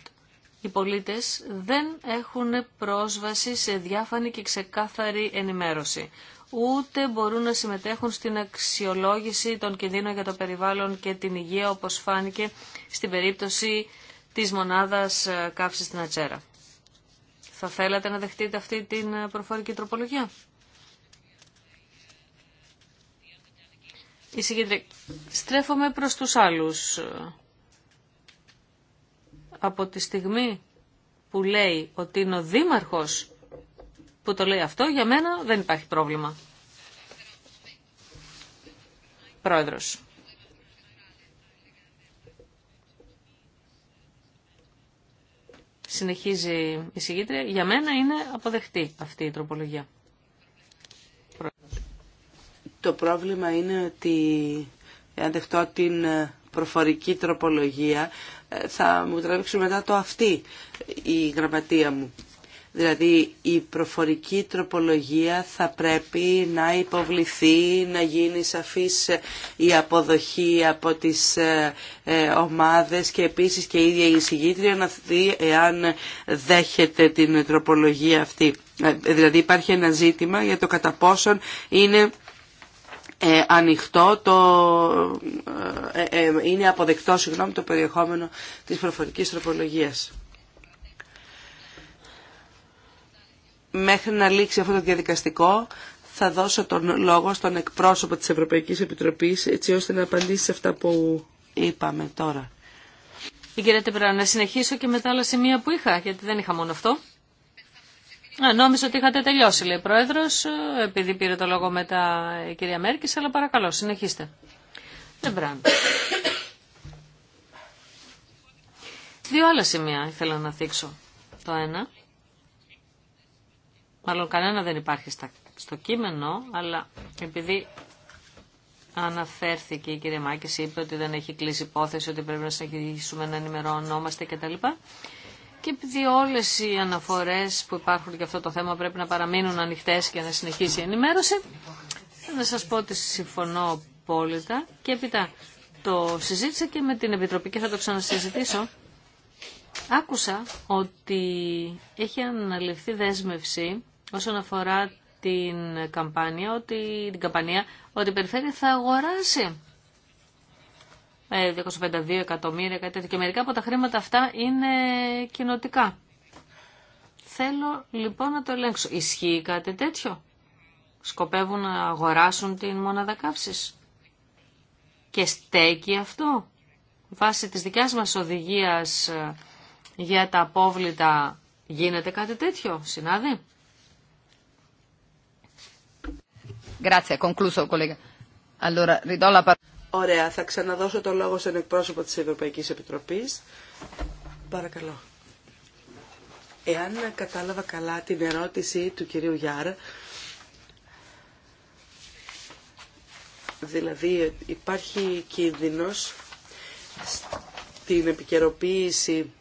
Speaker 4: οι πολίτες δεν έχουν πρόσβαση σε διάφανη και ξεκάθαρη ενημέρωση ούτε μπορούν να συμμετέχουν στην αξιολόγηση των κινδύνων για το περιβάλλον και την υγεία, όπως φάνηκε στην περίπτωση της μονάδας ε, καύσης στην Ατσέρα. Θα θέλατε να δεχτείτε αυτή την ε, προφορική τροπολογία. Εισηγήτρια, στρέφομαι προς τους άλλους. Από τη στιγμή που λέει ότι είναι ο δήμαρχος που το λέει αυτό, για μένα δεν υπάρχει πρόβλημα. Πρόεδρος. Συνεχίζει η συγκήτρια. Για μένα είναι αποδεχτή αυτή η τροπολογία.
Speaker 2: Το πρόβλημα είναι ότι αν δεχτώ την ε, προφορική τροπολογία ε, θα μου τραβήξει μετά το αυτή η γραμματεία μου. Δηλαδή η προφορική τροπολογία θα πρέπει να υποβληθεί, να γίνει σαφής ε, η αποδοχή από τις ε, ε, ομάδες και επίσης και η ίδια η εισηγήτρια να δει εάν δέχεται την τροπολογία αυτή. Δηλαδή υπάρχει ένα ζήτημα για το κατά πόσον είναι ανοιχτό το, είναι αποδεκτό συγγνώμη, το περιεχόμενο της προφορικής τροπολογίας. μέχρι να λήξει αυτό το διαδικαστικό θα δώσω τον λόγο στον εκπρόσωπο της Ευρωπαϊκής Επιτροπής έτσι ώστε να απαντήσει σε αυτά που είπαμε τώρα.
Speaker 4: Η κυρία Τεπρά, να συνεχίσω και με τα άλλα σημεία που είχα, γιατί δεν είχα μόνο αυτό. Α, νόμιζα ότι είχατε τελειώσει, λέει ο Πρόεδρος, επειδή πήρε το λόγο μετά η κυρία Μέρκης, αλλά παρακαλώ, συνεχίστε. Τεπρά. Δύο άλλα σημεία ήθελα να θίξω. Το ένα Μάλλον κανένα δεν υπάρχει στο κείμενο, αλλά επειδή αναφέρθηκε η κυρία Μάκης, είπε ότι δεν έχει κλείσει υπόθεση, ότι πρέπει να συνεχίσουμε να ενημερωνόμαστε κτλ. Και επειδή όλε οι αναφορέ που υπάρχουν για αυτό το θέμα πρέπει να παραμείνουν ανοιχτέ και να συνεχίσει η ενημέρωση, να σα πω ότι συμφωνώ απόλυτα και έπειτα το συζήτησα και με την Επιτροπή και θα το ξανασυζητήσω. Άκουσα ότι έχει αναλυφθεί δέσμευση όσον αφορά την καμπάνια, ότι, την καμπανία, ότι η περιφέρεια θα αγοράσει 252 ε, εκατομμύρια, κάτι Και μερικά από τα χρήματα αυτά είναι κοινοτικά. Θέλω λοιπόν να το ελέγξω. Ισχύει κάτι τέτοιο. Σκοπεύουν να αγοράσουν την μονάδα Και στέκει αυτό. Βάσει της δικιάς μας οδηγίας ε, για τα απόβλητα γίνεται κάτι τέτοιο, συνάδει.
Speaker 1: Grazie,
Speaker 2: Ωραία, θα ξαναδώσω το λόγο στον εκπρόσωπο της Ευρωπαϊκής Επιτροπής. Παρακαλώ. Εάν κατάλαβα καλά την ερώτηση του κυρίου Γιάρα, δηλαδή υπάρχει κίνδυνος στην επικαιροποίηση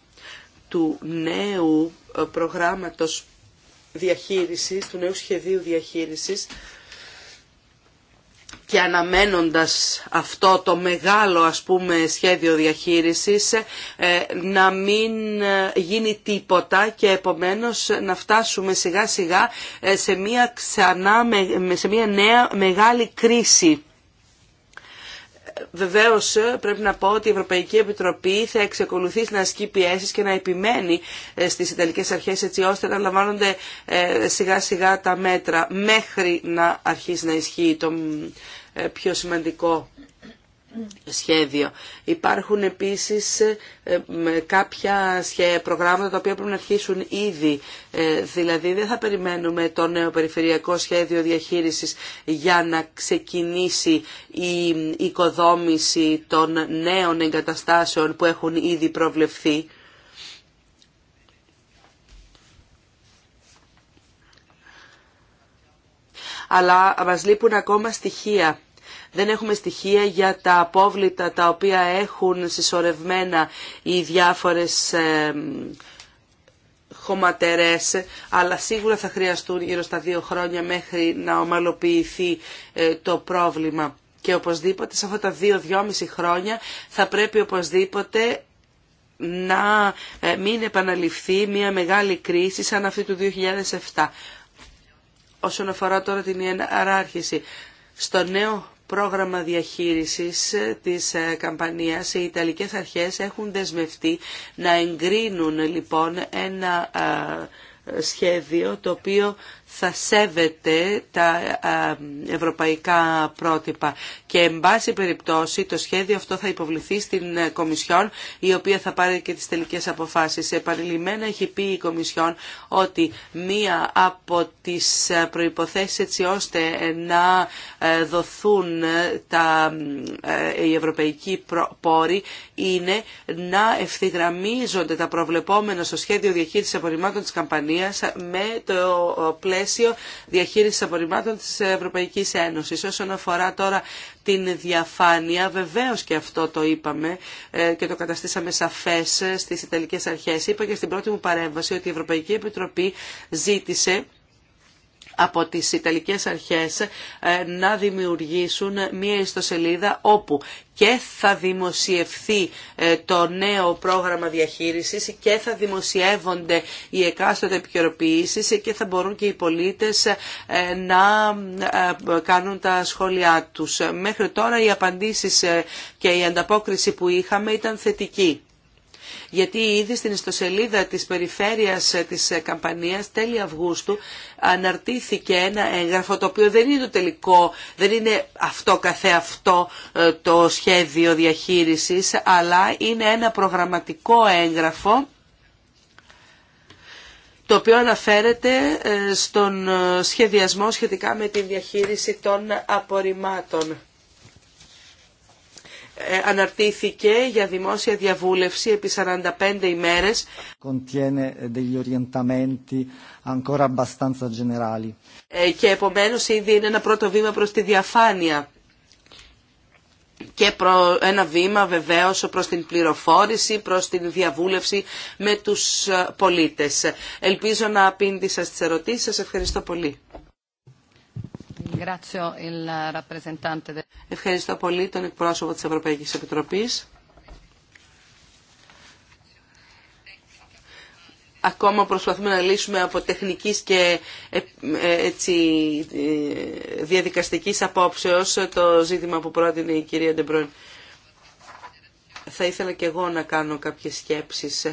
Speaker 2: του νέου ε, προγράμματος διαχείρισης, του νέου σχεδίου διαχείρισης, και αναμένοντας αυτό το μεγάλο ας πούμε σχέδιο διαχείρισης ε, να μην ε, γίνει τίποτα και επομένως να φτάσουμε σιγά σιγά ε, σε μια, ξανά, σε μια νέα μεγάλη κρίση. Βεβαίω πρέπει να πω ότι η Ευρωπαϊκή Επιτροπή θα εξεκολουθήσει να ασκεί πιέσει και να επιμένει στι Ιταλικέ Αρχέ έτσι ώστε να λαμβάνονται σιγά σιγά τα μέτρα μέχρι να αρχίσει να ισχύει το ε, πιο σημαντικό σχέδιο. Υπάρχουν επίσης ε, κάποια προγράμματα τα οποία πρέπει να αρχίσουν ήδη. Ε, δηλαδή δεν θα περιμένουμε το νέο περιφερειακό σχέδιο διαχείρισης για να ξεκινήσει η οικοδόμηση των νέων εγκαταστάσεων που έχουν ήδη προβλεφθεί. αλλά μας λείπουν ακόμα στοιχεία. Δεν έχουμε στοιχεία για τα απόβλητα τα οποία έχουν συσσωρευμένα οι διάφορες χωματερές, αλλά σίγουρα θα χρειαστούν γύρω στα δύο χρόνια μέχρι να ομαλοποιηθεί ε, το πρόβλημα. Και οπωσδήποτε σε αυτά τα δύο-δυόμιση χρόνια θα πρέπει οπωσδήποτε να ε, μην επαναληφθεί μια μεγάλη κρίση σαν αυτή του 2007 όσον αφορά τώρα την ιεράρχηση. Στο νέο πρόγραμμα διαχείρισης της ε, καμπανίας οι Ιταλικές αρχές έχουν δεσμευτεί να εγκρίνουν λοιπόν ένα ε, σχέδιο το οποίο θα σέβεται τα ευρωπαϊκά πρότυπα. Και εν πάση περιπτώσει το σχέδιο αυτό θα υποβληθεί στην ε, Κομισιόν η οποία θα πάρει και τις τελικές αποφάσεις. Επανειλημμένα έχει πει η Κομισιόν ότι μία από τις ε, προϋποθέσεις έτσι ώστε να ε, δοθούν τα, οι ευρωπαϊκοί πόροι είναι να ευθυγραμμίζονται τα προβλεπόμενα στο σχέδιο διαχείρισης απορριμμάτων της καμπανίας με το πλαίσιο πλαίσιο διαχείριση απορριμμάτων της Ευρωπαϊκής Ένωσης. Όσον αφορά τώρα την διαφάνεια, βεβαίω και αυτό το είπαμε ε, και το καταστήσαμε σαφέ ε, στι ιταλικέ αρχέ. Είπα και στην πρώτη μου παρέμβαση ότι η Ευρωπαϊκή Επιτροπή ζήτησε από τις Ιταλικές αρχές ε, να δημιουργήσουν μία ιστοσελίδα όπου και θα δημοσιευθεί ε, το νέο πρόγραμμα διαχείρισης και θα δημοσιεύονται οι εκάστοτε επικαιροποιήσεις και θα μπορούν και οι πολίτες ε, να κάνουν τα σχόλιά τους. Μέχρι τώρα οι απαντήσεις και η ανταπόκριση που είχαμε ήταν θετική γιατί ήδη στην ιστοσελίδα της περιφέρειας ε, της ε, Καμπανίας τέλη Αυγούστου αναρτήθηκε ένα έγγραφο το οποίο δεν είναι το τελικό, δεν είναι αυτό καθεαυτό ε, το σχέδιο διαχείρισης, αλλά είναι ένα προγραμματικό έγγραφο το οποίο αναφέρεται στον σχεδιασμό σχετικά με τη διαχείριση των απορριμμάτων. Ε, αναρτήθηκε για δημόσια διαβούλευση επί 45 ημέρες.
Speaker 3: Contiene degli orientamenti ancora abbastanza generali.
Speaker 2: Ε, και επομένως ήδη είναι ένα πρώτο βήμα προς τη διαφάνεια και ένα βήμα βεβαίως προς την πληροφόρηση, προς την διαβούλευση με τους ε, πολίτες. Ελπίζω να απήντησα στις ερωτήσεις σας. Ευχαριστώ πολύ.
Speaker 1: Ευχαριστώ πολύ τον
Speaker 2: εκπρόσωπο της Ευρωπαϊκής Επιτροπής. Ακόμα προσπαθούμε να λύσουμε από τεχνικής και ε, ε, έτσι, ε, διαδικαστικής απόψεως το ζήτημα που πρότεινε η κυρία Ντεμπρόν. Θα ήθελα και εγώ να κάνω κάποιες σκέψεις.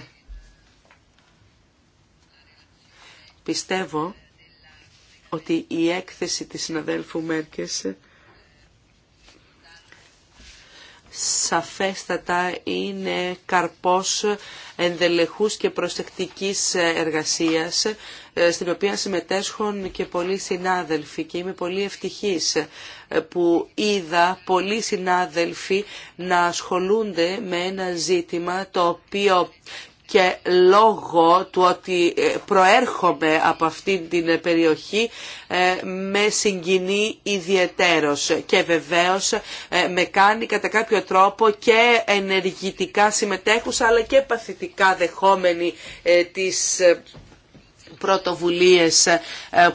Speaker 2: Πιστεύω ότι η έκθεση της συναδέλφου Μέρκες σαφέστατα είναι καρπός ενδελεχούς και προσεκτικής εργασίας ε, στην οποία συμμετέσχουν και πολλοί συνάδελφοι και είμαι πολύ ευτυχής ε, που είδα πολλοί συνάδελφοι να ασχολούνται με ένα ζήτημα το οποίο και λόγω του ότι ε, προέρχομαι από αυτήν την ε, περιοχή ε, με συγκινεί ιδιαιτέρως και βεβαίως με κάνει κατά κάποιο τρόπο και ενεργητικά συμμετέχουσα αλλά και παθητικά δεχόμενη της πρωτοβουλίες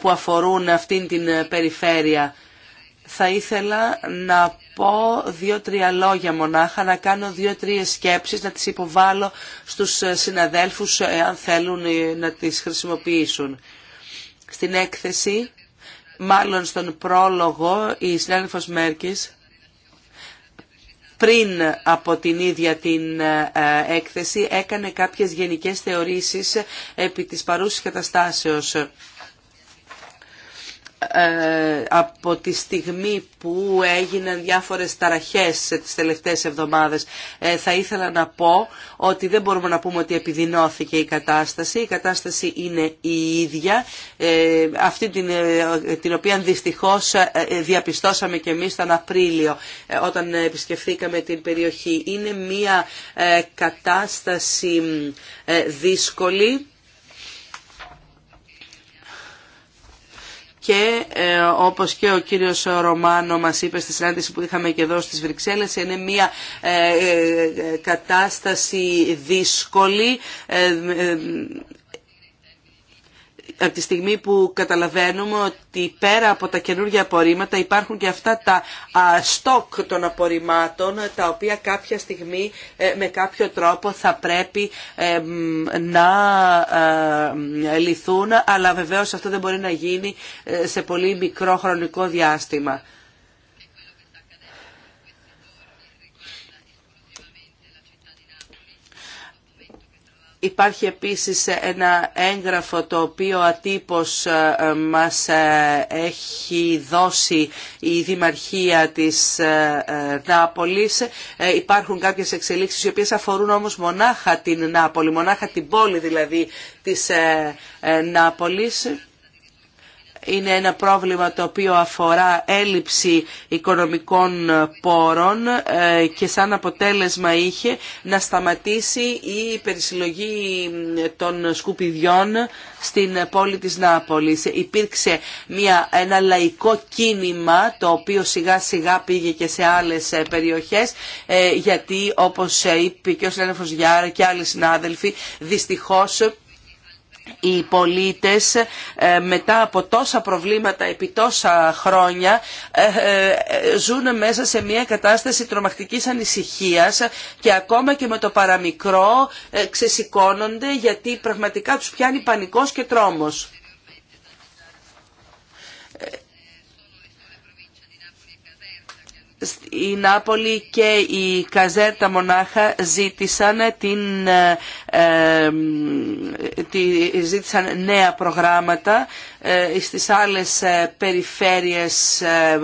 Speaker 2: που αφορούν αυτήν την περιφέρεια θα ήθελα να πω δύο-τρία λόγια μονάχα, να κάνω δύο-τρία σκέψεις, να τις υποβάλω στους ε, συναδέλφους εάν θέλουν ε, να τις χρησιμοποιήσουν. Στην έκθεση, μάλλον στον πρόλογο, η συνάδελφος Μέρκης, πριν από την ίδια την ε, έκθεση, έκανε κάποιες γενικές θεωρήσεις επί της παρούσης καταστάσεως. Ε, από τη στιγμή που έγιναν διάφορες ταραχές τις τελευταίες εβδομάδες ε, θα ήθελα να πω ότι δεν μπορούμε να πούμε ότι επιδεινώθηκε η κατάσταση. Η κατάσταση είναι η ίδια, ε, αυτή την, την οποία δυστυχώς διαπιστώσαμε και εμείς τον Απρίλιο όταν επισκεφθήκαμε την περιοχή. Είναι μια κατάσταση δύσκολη και ε, όπως και ο κύριος Ρωμάνο μας είπε στη συνάντηση που είχαμε και εδώ στις Βρυξέλλες είναι μια ε, ε, κατάσταση δύσκολη από τη στιγμή που καταλαβαίνουμε ότι πέρα από τα καινούργια απορρίμματα υπάρχουν και αυτά τα στόκ των απορριμμάτων τα οποία κάποια στιγμή ε, με κάποιο τρόπο θα πρέπει ε, να ε, λυθούν αλλά βεβαίως αυτό δεν μπορεί να γίνει σε πολύ μικρό χρονικό διάστημα. Υπάρχει επίσης ένα έγγραφο το οποίο ατύπως ε, ε, μας ε, έχει δώσει η Δημαρχία της Νάπολης. Υπάρχουν κάποιες εξελίξεις οι οποίες αφορούν όμως μονάχα την Νάπολη, μονάχα την πόλη δηλαδή της Νάπολης είναι ένα πρόβλημα το οποίο αφορά έλλειψη οικονομικών πόρων ε, και σαν αποτέλεσμα είχε να σταματήσει η περισυλλογή των σκουπιδιών στην πόλη της Νάπολης. Υπήρξε μια, ένα λαϊκό κίνημα το οποίο σιγά σιγά πήγε και σε άλλες ε, περιοχές ε, γιατί όπως είπε και ο συνάδελφος Γιάρα και άλλοι συνάδελφοι δυστυχώς οι πολίτες ε, μετά από τόσα προβλήματα επί τόσα χρόνια ε, ε, ζουν μέσα σε μια κατάσταση τρομακτικής ανησυχίας και ακόμα και με το παραμικρό ξεσηκώνονται γιατί πραγματικά τους πιάνει πανικός και τρόμος. η Νάπολη και η Καζέρτα μονάχα ζήτησαν, την, ε, ε, τη, ζήτησαν νέα προγράμματα ε, στις άλλες ε, περιφέρειες ε,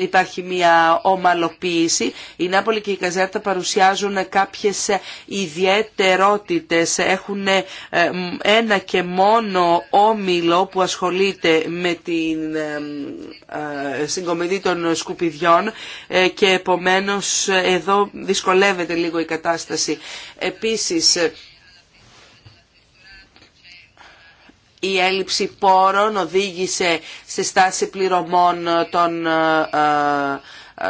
Speaker 2: υπάρχει μια ομαλοποίηση. Η Νάπολη και η Καζέρτα παρουσιάζουν κάποιες ιδιαιτερότητες. Έχουν ένα και μόνο όμιλο που ασχολείται με την συγκομιδή των σκουπιδιών και επομένως εδώ δυσκολεύεται λίγο η κατάσταση. Επίσης, η έλλειψη πόρων οδήγησε σε στάση πληρωμών των ε, ε, ε,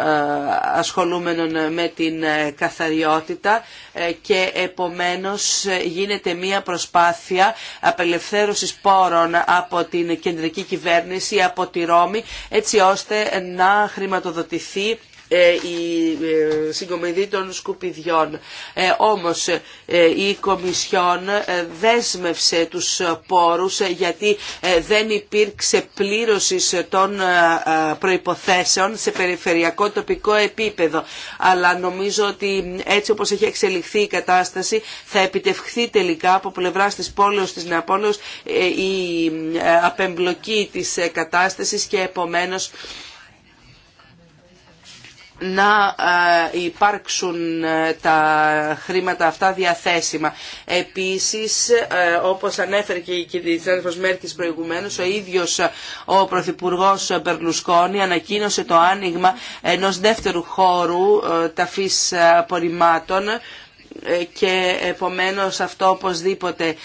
Speaker 2: ασχολούμενων με την καθαριότητα και επομένως γίνεται μία προσπάθεια απελευθέρωσης πόρων από την κεντρική κυβέρνηση, από τη Ρώμη, έτσι ώστε να χρηματοδοτηθεί ε, η ε, συγκομιδή των σκουπιδιών. Ε, όμως η Κομισιόν δέσμευσε τους πόρους γιατί δεν υπήρξε πλήρωση των προϋποθέσεων σε περιφερειακό τοπικό επίπεδο. Αλλά νομίζω ότι έτσι όπως έχει εξελιχθεί η κατάσταση θα επιτευχθεί τελικά από πλευράς της πόλεως της Νεαπόλεως η απεμπλοκή της κατάστασης και επομένως να ε, υπάρξουν ε, τα χρήματα αυτά διαθέσιμα. Επίσης, ε, όπως ανέφερε και η κυρία Μέρκης προηγουμένως, ο ίδιος ο Πρωθυπουργός Μπερλουσκόνη ανακοίνωσε το άνοιγμα ενός δεύτερου χώρου ταφής απορριμμάτων και επομένως αυτό οπωσδήποτε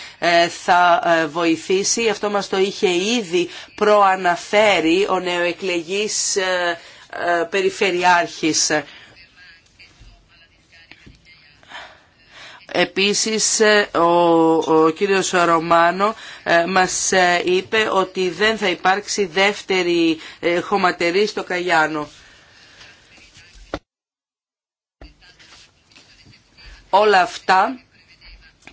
Speaker 2: θα βοηθήσει. Αυτό μας το είχε ήδη προαναφέρει ο νεοεκλεγής ε, περιφερειάρχης. Επίσης ε, ο, ο κύριος Ρωμάνο ε, μας είπε ότι δεν θα υπάρξει δεύτερη χωματερή στο Καγιάνο. Όλα αυτά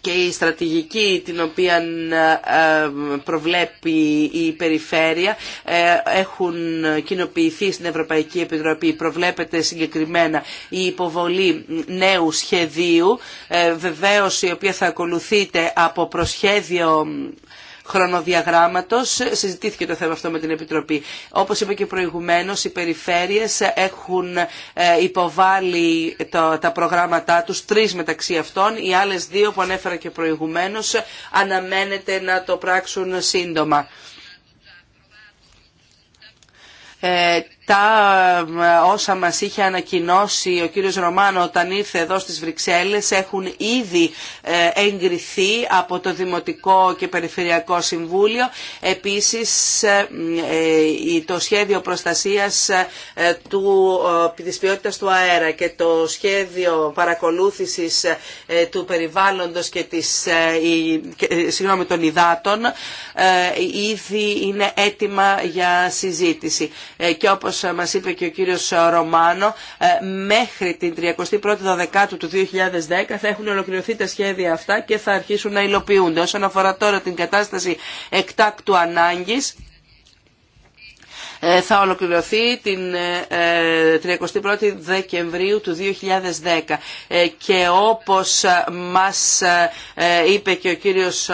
Speaker 2: και η στρατηγική την οποία ε, ε, προβλέπει η περιφέρεια ε, έχουν κοινοποιηθεί στην Ευρωπαϊκή Επιτροπή. Προβλέπεται συγκεκριμένα η υποβολή νέου σχεδίου, βεβαίως η οποία θα ακολουθείται από προσχέδιο χρονοδιαγράμματος. Συζητήθηκε το θέμα αυτό με την Επιτροπή. Όπως είπα και προηγουμένως, οι περιφέρειες έχουν ε, υποβάλει τα προγράμματά τους, τρεις μεταξύ αυτών. Οι άλλες δύο που ανέφερα και προηγουμένως αναμένεται να το πράξουν σύντομα. Ε, τα ε, όσα μας είχε ανακοινώσει ο κύριος Ρωμάνο όταν ήρθε εδώ στις Βρυξέλλες έχουν ήδη ε, εγκριθεί από το Δημοτικό και Περιφερειακό Συμβούλιο. Επίσης ε, το σχέδιο προστασίας του, της ποιότητας του αέρα και το σχέδιο παρακολούθησης του περιβάλλοντος και, της, συγγνώμη, των υδάτων ήδη είναι έτοιμα για συζήτηση. Και όπως όπως ε, μας είπε και ο κύριος ε, Ρωμάνο, ε, μέχρι την 31η Δεκάτου του 2010 θα έχουν ολοκληρωθεί τα σχέδια αυτά και θα αρχίσουν να υλοποιούνται. Όσον αφορά τώρα την κατάσταση εκτάκτου ανάγκης, ε, θα ολοκληρωθεί την 31η ε, ε, Δεκεμβρίου του 2010 και όπως μας είπε και ο κύριος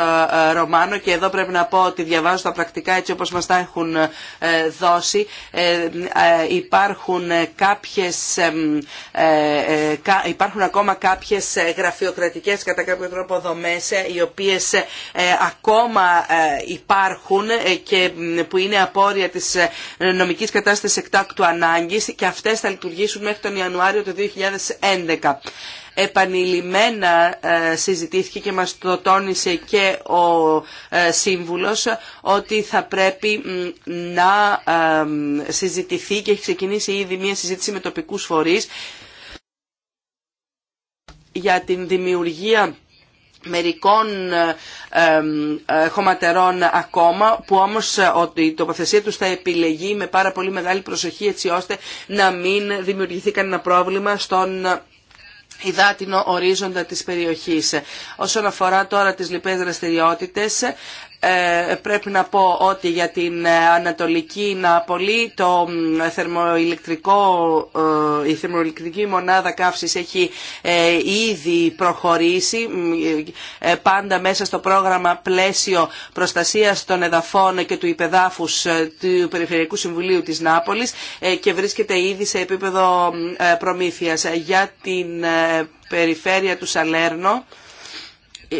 Speaker 2: Ρωμάνο και εδώ πρέπει να πω ότι διαβάζω τα πρακτικά έτσι όπως μας τα έχουν δώσει υπάρχουν κάποιες υπάρχουν ακόμα κάποιες γραφειοκρατικές κατά κάποιο τρόπο δομές οι οποίες ακόμα υπάρχουν και που είναι απόρρια της νομικής κατάστασης εκτάκτου ανάγκης και αυτές θα λειτουργήσουν μέχρι τον Ιανουάριο του 2011 επανειλημμένα ε, συζητήθηκε και μας το τόνισε και ο ε, Σύμβουλος ότι θα πρέπει να ε, συζητηθεί και έχει ξεκινήσει ήδη μία συζήτηση με τοπικούς φορείς για την δημιουργία μερικών ε, ε, χωματερών ακόμα που όμως ε, η τοποθεσία τους θα επιλεγεί με πάρα πολύ μεγάλη προσοχή έτσι ώστε να μην δημιουργηθεί κανένα πρόβλημα στον υδάτινο ορίζοντα της περιοχής. Όσον αφορά τώρα τις λοιπές δραστηριότητες, ε, πρέπει να πω ότι για την ε, Ανατολική Ναπολή το θερμοηλεκτρικό, ε, η θερμοηλεκτρική μονάδα καύσης έχει ήδη προχωρήσει πάντα μέσα στο πρόγραμμα πλαίσιο προστασίας των εδαφών και του υπεδάφους του Περιφερειακού Συμβουλίου της Νάπολης και βρίσκεται ήδη σε επίπεδο προμήθειας για την περιφέρεια του Σαλέρνο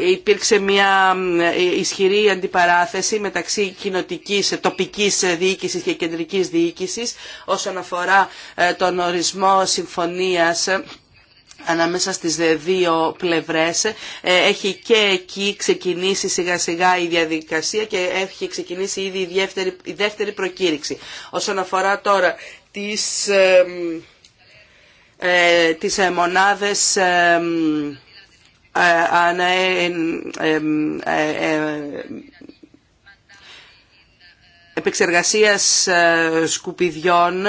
Speaker 2: υπήρξε μια ε, ισχυρή αντιπαράθεση μεταξύ κοινοτικής, τοπικής διοίκησης και κεντρικής διοίκησης όσον αφορά ε, τον ορισμό συμφωνίας ε, ανάμεσα στις δύο πλευρές. Έχει και εκεί ξεκινήσει σιγά σιγά η διαδικασία και έχει ξεκινήσει ήδη η δεύτερη, η δεύτερη προκήρυξη. Όσον αφορά τώρα τις, τις μονάδες επεξεργασίας σκουπιδιών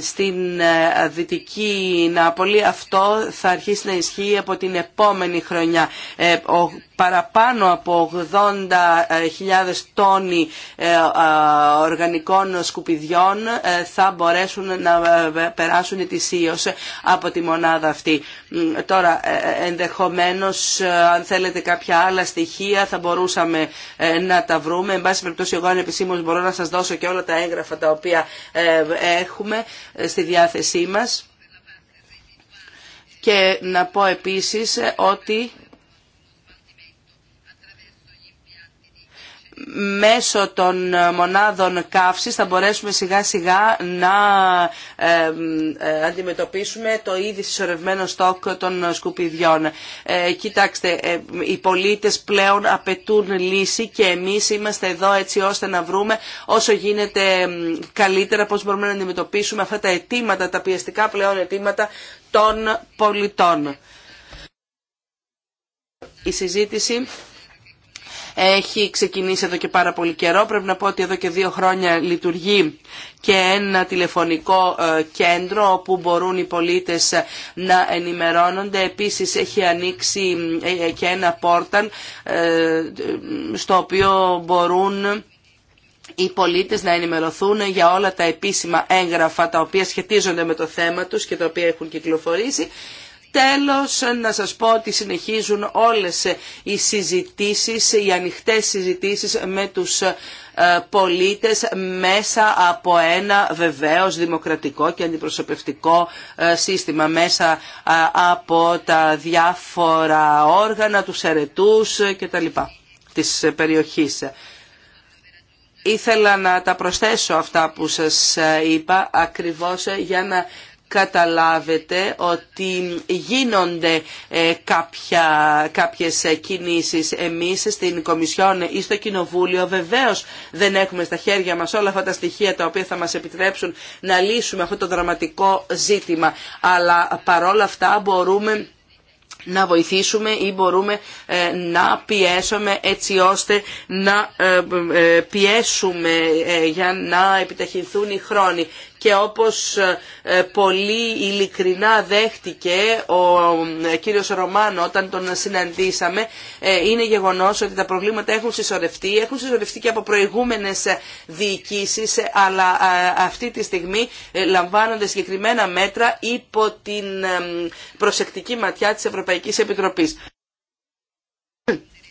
Speaker 2: στην Δυτική Νάπολη. Αυτό θα αρχίσει να ισχύει από την επόμενη χρονιά. Ε, παραπάνω από 80.000 τόνοι ε, οργανικών σκουπιδιών ε, θα μπορέσουν να ε, περάσουν ετησίως από τη μονάδα αυτή. Τώρα ενδεχομένως αν θέλετε κάποια άλλα στοιχεία θα μπορούσαμε να τα βρούμε. Εν πάση περιπτώσει εγώ ανεπισήμως μπορώ να σας δώσω και όλα τα έγγραφα τα οποία έχουμε στη διάθεσή μας. Και να πω επίσης ότι μέσω των μονάδων καύσης θα μπορέσουμε σιγά σιγά να ε, ε, αντιμετωπίσουμε το ήδη συσσωρευμένο στόκ των σκουπιδιών. Ε, κοιτάξτε, οι πολίτες πλέον απαιτούν λύση και εμείς είμαστε εδώ έτσι ώστε να βρούμε όσο γίνεται καλύτερα πώς μπορούμε να αντιμετωπίσουμε αυτά τα αιτήματα, τα πιεστικά πλέον αιτήματα των πολιτών. Η συζήτηση έχει ξεκινήσει εδώ και πάρα πολύ καιρό. Πρέπει να πω ότι εδώ και δύο χρόνια λειτουργεί και ένα τηλεφωνικό ε, κέντρο όπου μπορούν οι πολίτες ε, να ενημερώνονται. Επίσης έχει ανοίξει ε, και ένα πόρταλ στο οποίο μπορούν οι πολίτες να ενημερωθούν για όλα τα επίσημα έγγραφα τα οποία σχετίζονται με το θέμα τους και τα οποία έχουν κυκλοφορήσει Τέλος, να σας πω ότι συνεχίζουν όλες οι συζητήσεις, οι ανοιχτές συζητήσεις με τους ε, πολίτες μέσα από ένα βεβαίως δημοκρατικό και αντιπροσωπευτικό ε, σύστημα, μέσα ε, από τα διάφορα όργανα, τους αιρετούς λοιπά της περιοχής. Ήθελα να τα προσθέσω αυτά που σας είπα ακριβώς για να καταλάβετε ότι γίνονται ε, κάποια, κάποιες κινήσεις εμείς στην Κομισιόν ή στο Κοινοβούλιο. Βεβαίως δεν έχουμε στα χέρια μας όλα αυτά τα στοιχεία τα οποία θα μας επιτρέψουν να λύσουμε αυτό το δραματικό ζήτημα. Αλλά παρόλα αυτά μπορούμε να βοηθήσουμε ή μπορούμε ε, να πιέσουμε έτσι ώστε να ε, πιέσουμε για να επιταχυνθούν οι χρόνοι και όπως ε, ε, πολύ ειλικρινά δέχτηκε ο ε, κύριος Ρωμάνο όταν τον συναντήσαμε είναι γεγονός ότι τα προβλήματα έχουν συσσωρευτεί, έχουν συσσωρευτεί και από προηγούμενες διοικήσεις αλλά αυτή τη στιγμή λαμβάνονται συγκεκριμένα μέτρα υπό την προσεκτική ματιά της Ευρωπαϊκής Επιτροπής.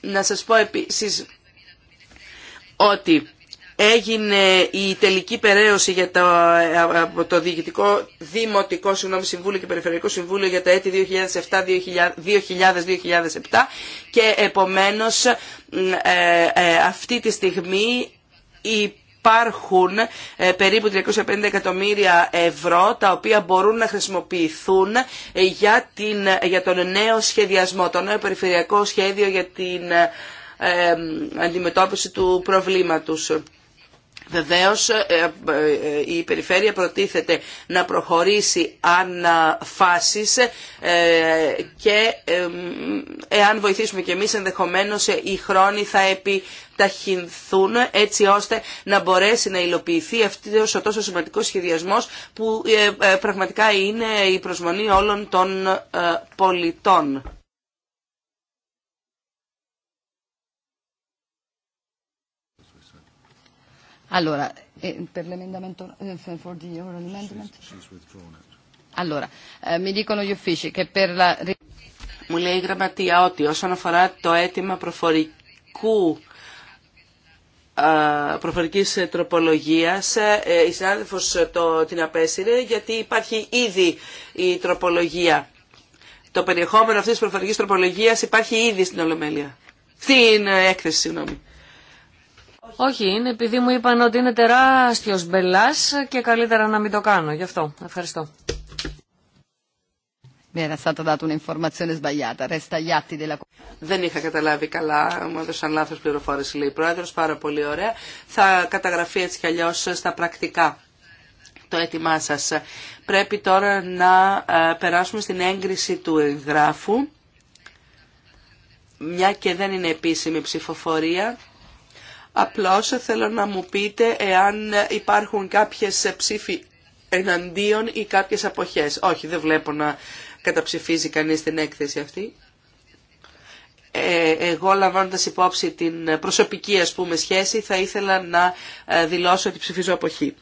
Speaker 2: Να σας πω επίσης ότι έγινε η τελική περαίωση για το, από το Διοικητικό Δημοτικό Συμβούλιο και Περιφερειακό Συμβούλιο για τα έτη 2007-2000-2007 και επομένως ε, ε, αυτή τη στιγμή υπάρχουν ε, περίπου 350 εκατομμύρια ευρώ τα οποία μπορούν να χρησιμοποιηθούν για, την, για τον νέο σχεδιασμό, το νέο περιφερειακό σχέδιο για την αντιμετώπιση του προβλήματος. Βεβαίως ε, ε, ε, η περιφέρεια προτίθεται να προχωρήσει αν και εάν βοηθήσουμε και εμείς ενδεχομένως οι χρόνοι θα επιταχυνθούν έτσι ώστε να μπορέσει να υλοποιηθεί αυτός ο τόσο σημαντικός σχεδιασμός που πραγματικά είναι η προσμονή όλων των πολιτών. Μου λέει η γραμματεία ότι όσον αφορά το αίτημα προφορικού ε, προφορικής τροπολογίας ε, ε, η συνάδελφος την απέσυρε γιατί υπάρχει ήδη η τροπολογία το περιεχόμενο αυτής της προφορικής τροπολογίας υπάρχει ήδη στην Ολομέλεια
Speaker 4: στην έκθεση συγγνώμη όχι, είναι επειδή μου είπαν ότι είναι τεράστιο μπελά και καλύτερα να μην το κάνω. Γι' αυτό. Ευχαριστώ. Δεν είχα καταλάβει καλά, μου έδωσαν
Speaker 2: λάθο πληροφόρηση, λέει η Πρόεδρο. Πάρα πολύ ωραία. Θα καταγραφεί έτσι κι αλλιώ στα πρακτικά το έτοιμά σα. Πρέπει τώρα να ε, περάσουμε στην έγκριση του εγγράφου. Μια και δεν είναι επίσημη ψηφοφορία. Απλώς θέλω να μου πείτε εάν υπάρχουν κάποιες ψήφοι εναντίον ή κάποιες αποχές. Όχι, δεν βλέπω να καταψηφίζει κανείς την έκθεση αυτή. Ε, εγώ λαμβάνοντας υπόψη την προσωπική ας πούμε σχέση θα ήθελα να ε, δηλώσω ότι ψηφίζω αποχή.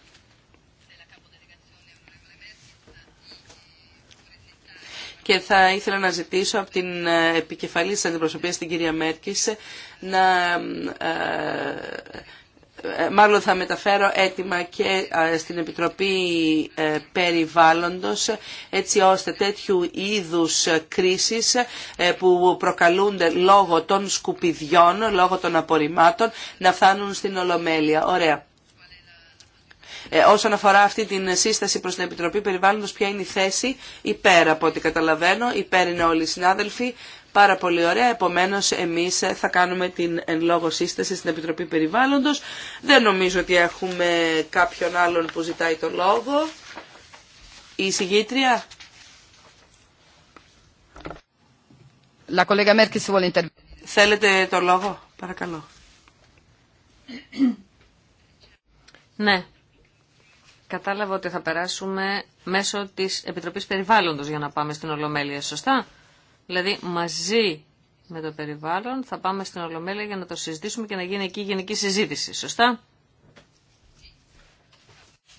Speaker 2: και θα ήθελα να ζητήσω από την ε, επικεφαλή της αντιπροσωπείας, την κυρία Μέρκης, να... Ε, ε, μάλλον θα μεταφέρω έτοιμα και στην Επιτροπή Περιβάλλοντος έτσι ώστε τέτοιου είδους κρίσεις που προκαλούνται λόγω των σκουπιδιών, λόγω των απορριμμάτων να φτάνουν στην Ολομέλεια. Ωραία. Ε, όσον αφορά αυτή την σύσταση προς την Επιτροπή Περιβάλλοντος, ποια είναι η θέση υπέρ από ό,τι καταλαβαίνω, υπέρ είναι όλοι οι συνάδελφοι. Πάρα πολύ ωραία, επομένως εμείς ε, θα κάνουμε την εν λόγω σύσταση στην Επιτροπή Περιβάλλοντος. Δεν νομίζω ότι έχουμε κάποιον άλλον που ζητάει το λόγο. Η συγγήτρια. Θέλετε το λόγο,
Speaker 4: παρακαλώ. Ναι, Κατάλαβα ότι θα περάσουμε μέσω της Επιτροπής Περιβάλλοντος για να πάμε στην Ολομέλεια, σωστά. Δηλαδή μαζί με το περιβάλλον θα πάμε στην Ολομέλεια για να το συζητήσουμε και να γίνει εκεί η γενική συζήτηση, σωστά.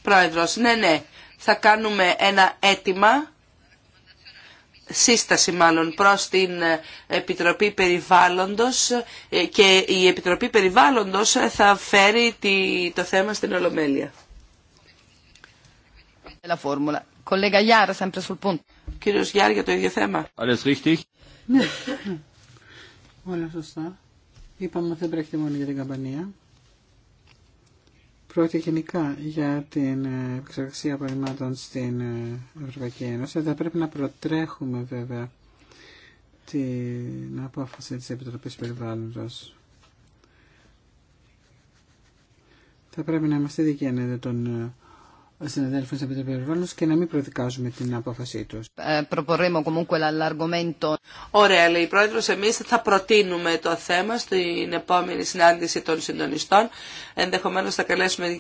Speaker 2: Πρόεδρος, ναι, ναι. Θα κάνουμε ένα αίτημα, σύσταση μάλλον, προς την Επιτροπή Περιβάλλοντος και η Επιτροπή Περιβάλλοντος θα φέρει το θέμα στην Ολομέλεια. Κύριος Γιάρ για το ίδιο θέμα.
Speaker 3: Ναι. Όλα σωστά. Είπαμε ότι δεν πρέπει μόνο για την καμπανία. Πρόκειται γενικά για την ε, εξαρτησία απορριμμάτων στην ε, Ευρωπαϊκή Ένωση. Θα πρέπει να προτρέχουμε βέβαια την απόφαση της Επιτροπής Περιβάλλοντος. Θα πρέπει να είμαστε δικαίοι των συναδέλφου τη και να μην προδικάζουμε την απόφασή του. Ε,
Speaker 2: Ωραία, λέει η Πρόεδρο. Εμεί θα προτείνουμε το θέμα στην επόμενη συνάντηση των συντονιστών. Ενδεχομένω θα καλέσουμε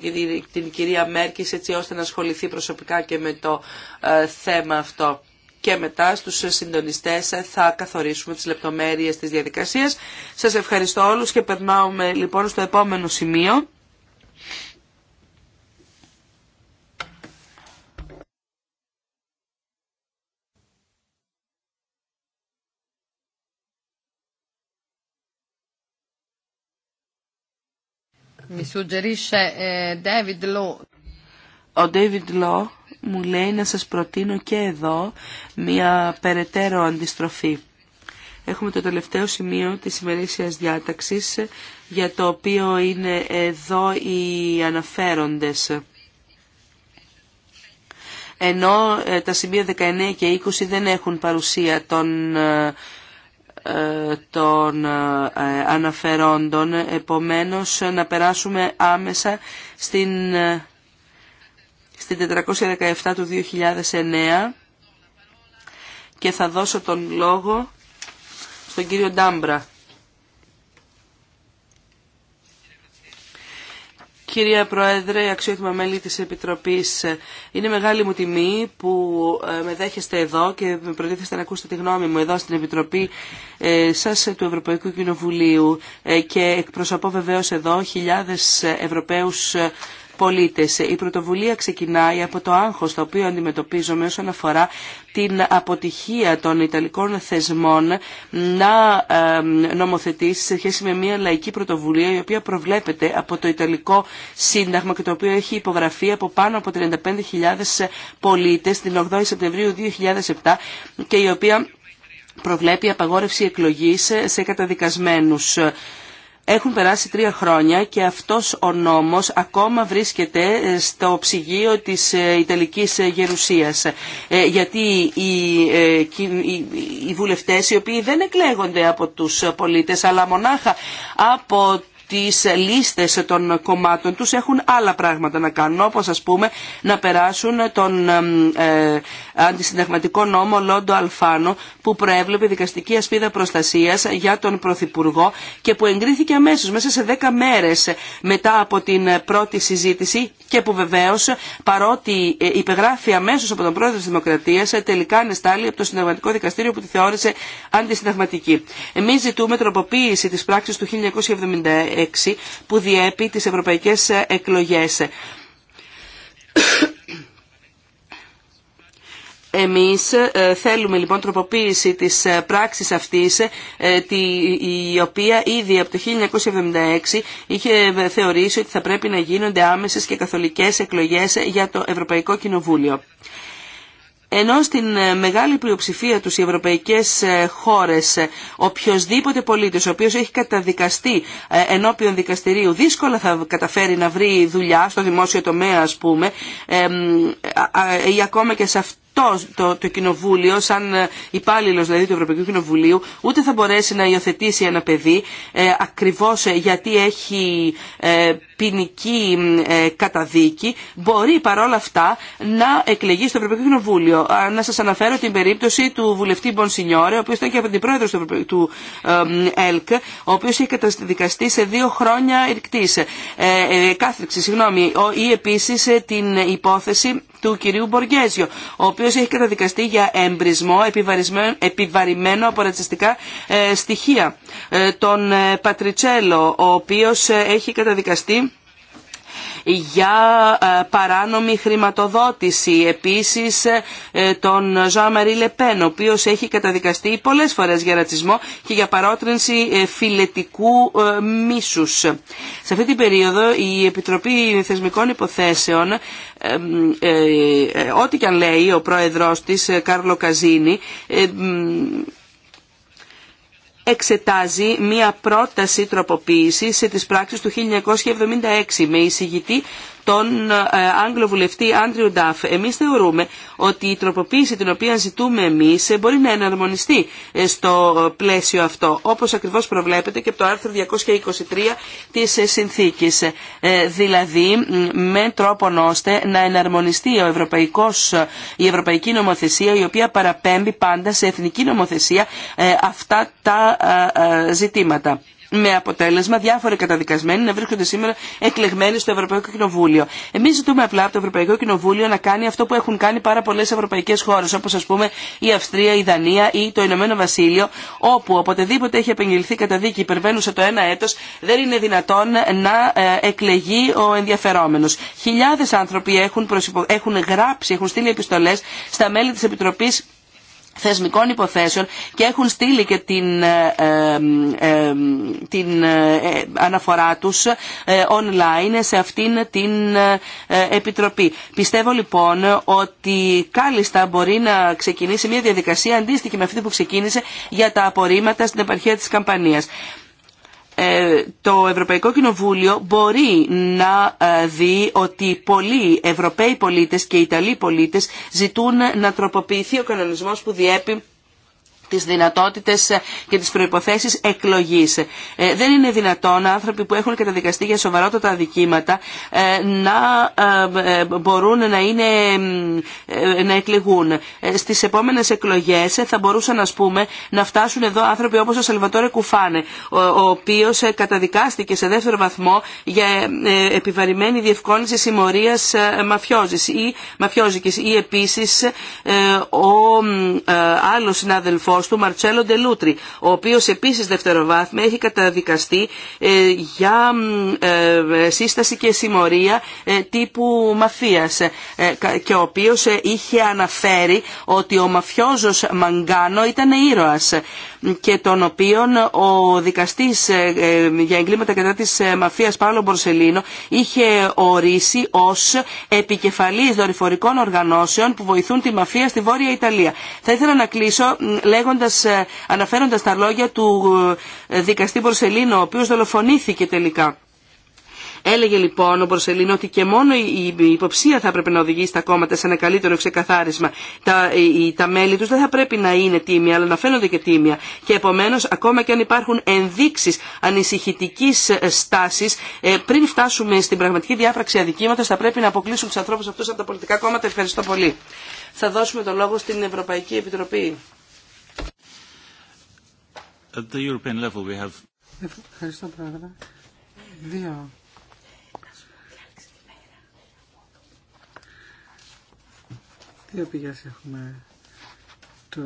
Speaker 2: την κυρία Μέρκη έτσι ώστε να ασχοληθεί προσωπικά και με το ε, θέμα αυτό. Και μετά στους συντονιστές θα καθορίσουμε τις λεπτομέρειες της διαδικασίας. Σας ευχαριστώ όλους και περνάουμε λοιπόν στο επόμενο σημείο. Eh, Ο David Law μου λέει να σας προτείνω και εδώ μία περαιτέρω αντιστροφή. Έχουμε το τελευταίο σημείο της ημερήσιας διάταξης για το οποίο είναι εδώ οι αναφέροντες. Ενώ ε, τα σημεία 19 και 20 δεν έχουν παρουσία των ε, ε, των ε, αναφερόντων, επομένως να περάσουμε άμεσα στην, ε, στην 417 του 2009 και θα δώσω τον λόγο στον κύριο Ντάμπρα. Κυρία Πρόεδρε, αξιότιμα μέλη της Επιτροπής, είναι μεγάλη μου τιμή που ε, με δέχεστε εδώ και με προτίθεστε να ακούσετε τη γνώμη μου εδώ στην Επιτροπή ε, σας ε, του Ευρωπαϊκού Κοινοβουλίου και εκπροσωπώ βεβαίως εδώ χιλιάδες Ευρωπαίους πολίτες. Η πρωτοβουλία ξεκινάει από το άγχος το οποίο αντιμετωπίζουμε όσον αφορά την αποτυχία των Ιταλικών θεσμών να νομοθετήσει σε σχέση με μια λαϊκή πρωτοβουλία η οποία προβλέπεται από το Ιταλικό Σύνταγμα και το οποίο έχει υπογραφεί από πάνω από 35.000 πολίτες την 8η Σεπτεμβρίου 2007 και η οποία προβλέπει απαγόρευση εκλογής σε καταδικασμένους. Έχουν περάσει τρία χρόνια και αυτός ο νόμος ακόμα βρίσκεται ε, στο ψυγείο της ε, Ιταλικής ε, Γερουσίας. Γιατί οι βουλευτές οι οποίοι δεν εκλέγονται από τους πολίτες αλλά μονάχα από τις λίστες των κομμάτων τους έχουν άλλα πράγματα να κάνουν, όπως ας πούμε να περάσουν τον ε, αντισυνταγματικό νόμο Λόντο Αλφάνο που προέβλεπε δικαστική ασπίδα προστασίας για τον Πρωθυπουργό και που εγκρίθηκε αμέσω μέσα σε 10 μέρες μετά από την πρώτη συζήτηση και που βεβαίως παρότι ε, υπεγράφει αμέσω από τον Πρόεδρο της Δημοκρατίας ε, τελικά ανεστάλλει από το Συνταγματικό Δικαστήριο που τη θεώρησε αντισυνταγματική. Εμείς ζητούμε τροποποίηση της πράξης του 1970 που διέπει τις ευρωπαϊκές εκλογές. Εμείς ε, θέλουμε λοιπόν τροποποίηση της ε, πράξης αυτής ε, η οποία ήδη από το 1976 είχε θεωρήσει ότι θα πρέπει να γίνονται άμεσες και καθολικές εκλογές για το Ευρωπαϊκό Κοινοβούλιο ενώ στην ε, μεγάλη πλειοψηφία τους οι ευρωπαϊκές ε, χώρες ε, οποιοδήποτε πολίτης ο οποίος έχει καταδικαστεί ενώπιον δικαστηρίου δύσκολα θα καταφέρει να βρει δουλειά στο δημόσιο τομέα ας πούμε ή ακόμα και σε αυτό το, το κοινοβούλιο, σαν ε, υπάλληλο δηλαδή του Ευρωπαϊκού Κοινοβουλίου, ούτε θα μπορέσει να υιοθετήσει ένα παιδί ε, ακριβώ ε, γιατί έχει ε, ποινική ε, καταδίκη, μπορεί παρόλα αυτά να εκλεγεί στο Ευρωπαϊκό Κοινοβούλιο. Να σα αναφέρω την περίπτωση του βουλευτή Μπονσινιόρε, ο οποίο ήταν και την του, του ΕΛΚ, ο οποίο έχει καταδικαστεί σε δύο χρόνια ερκτή. Ε, κάθριξη, συγγνώμη, ή επίση την υπόθεση του κυρίου Μποργέζιο, ο οποίος έχει καταδικαστεί για εμπρισμό επιβαρημένο από ρατσιστικά ε, στοιχεία. Ε, τον ε, Πατριτσέλο, ο οποίος έχει καταδικαστεί για ε, παράνομη χρηματοδότηση επίσης ε, ε, τον Ζωά Λεπέν ο οποίος έχει καταδικαστεί πολλές φορές για ρατσισμό και για παρότρινση φιλετικού μίσους. Σε αυτή την περίοδο η Επιτροπή Θεσμικών Υποθέσεων ό,τι και αν λέει ο πρόεδρος της Κάρλο Καζίνη εξετάζει μία πρόταση σε τις πράξεις του 1976 με εισηγητή τον ε, Άγγλο βουλευτή Άντριου Νταφ. Εμείς θεωρούμε ότι η τροποποίηση την οποία ζητούμε εμείς ε, μπορεί να εναρμονιστεί ε, στο πλαίσιο αυτό, όπως ακριβώς προβλέπεται και από το άρθρο 223 της συνθήκης. Δηλαδή, με τρόπο ώστε να εναρμονιστεί ο ευρωπαϊκός, η ευρωπαϊκή νομοθεσία, η οποία παραπέμπει πάντα σε εθνική νομοθεσία αυτά τα ζητήματα με αποτέλεσμα διάφοροι καταδικασμένοι να βρίσκονται σήμερα εκλεγμένοι στο Ευρωπαϊκό Κοινοβούλιο. Εμεί ζητούμε απλά από το Ευρωπαϊκό Κοινοβούλιο να κάνει αυτό που έχουν κάνει πάρα πολλέ ευρωπαϊκέ χώρε, όπω α πούμε η Αυστρία, η Δανία ή το Ηνωμένο Βασίλειο, όπου οποτεδήποτε έχει επεγγελθεί κατά δίκη υπερβαίνουσα το ένα έτο, δεν είναι δυνατόν να ε, εκλεγεί ο ενδιαφερόμενο. Χιλιάδε άνθρωποι έχουν, έχουν γράψει, έχουν στείλει επιστολέ στα μέλη τη Επιτροπή θεσμικών υποθέσεων και έχουν στείλει και την, ε, ε, ε, την αναφορά τους online σε αυτήν την Επιτροπή. Πιστεύω λοιπόν ότι κάλλιστα μπορεί να ξεκινήσει μια διαδικασία αντίστοιχη με αυτή που ξεκίνησε για τα απορρίμματα στην επαρχία της Καμπανίας. Ε, το Ευρωπαϊκό Κοινοβούλιο μπορεί να ε, δει ότι πολλοί Ευρωπαίοι πολίτες και Ιταλοί πολίτες ζητούν να τροποποιηθεί ο κανονισμός που διέπει τις δυνατότητες ε, και τις προϋποθέσεις εκλογής. Ε, δεν είναι δυνατόν άνθρωποι που έχουν καταδικαστεί για σοβαρότατα αδικήματα ε, να μπορούν να, είναι, να εκλεγούν. Στις επόμενες εκλογές θα μπορούσαν ας πούμε, να φτάσουν εδώ άνθρωποι όπως ο Σαλβατόρε Κουφάνε, ο οποίος καταδικάστηκε σε δεύτερο βαθμό για επιβαρημένη διευκόλυνση συμμορίας μαφιόζης ή μαφιόζικης ή επίσης ο άλλος συνάδελφός του Μαρτσέλο Ντελούτρι, ο οποίος επίσης δευτεροβάθμια έχει καταδικαστεί ε, για ε, ε, σύσταση και συμμορία τύπου μαφίας και ο οποίος είχε αναφέρει ότι ο μαφιόζος Μαγκάνο ήταν ήρωας και των οποίων ο δικαστής ε, ε, για εγκλήματα κατά της ε, μαφίας Παύλο Μπορσελίνο είχε ορίσει ως επικεφαλής δορυφορικών οργανώσεων που βοηθούν τη μαφία στη Βόρεια Ιταλία. Θα ήθελα να κλείσω λέγοντας, αναφέροντας τα λόγια του δικαστή Μπορσελίνο, ο οποίος δολοφονήθηκε τελικά. Έλεγε λοιπόν ο Μπορσελίνο ότι και μόνο η υποψία θα έπρεπε να οδηγήσει τα κόμματα σε ένα καλύτερο ξεκαθάρισμα. Τα, τα μέλη του δεν θα πρέπει να είναι τίμια, αλλά να φαίνονται και τίμια. Και επομένω, ακόμα και αν υπάρχουν ενδείξει ανησυχητική ε, στάση, ε, πριν φτάσουμε στην πραγματική διάφραξη αδικήματο, θα πρέπει να αποκλείσουν του ανθρώπου αυτού από τα πολιτικά κόμματα. Ευχαριστώ πολύ. Θα δώσουμε το λόγο στην Ευρωπαϊκή Επιτροπή.
Speaker 3: At the European level we have... Δύο πηγέ έχουμε. Το,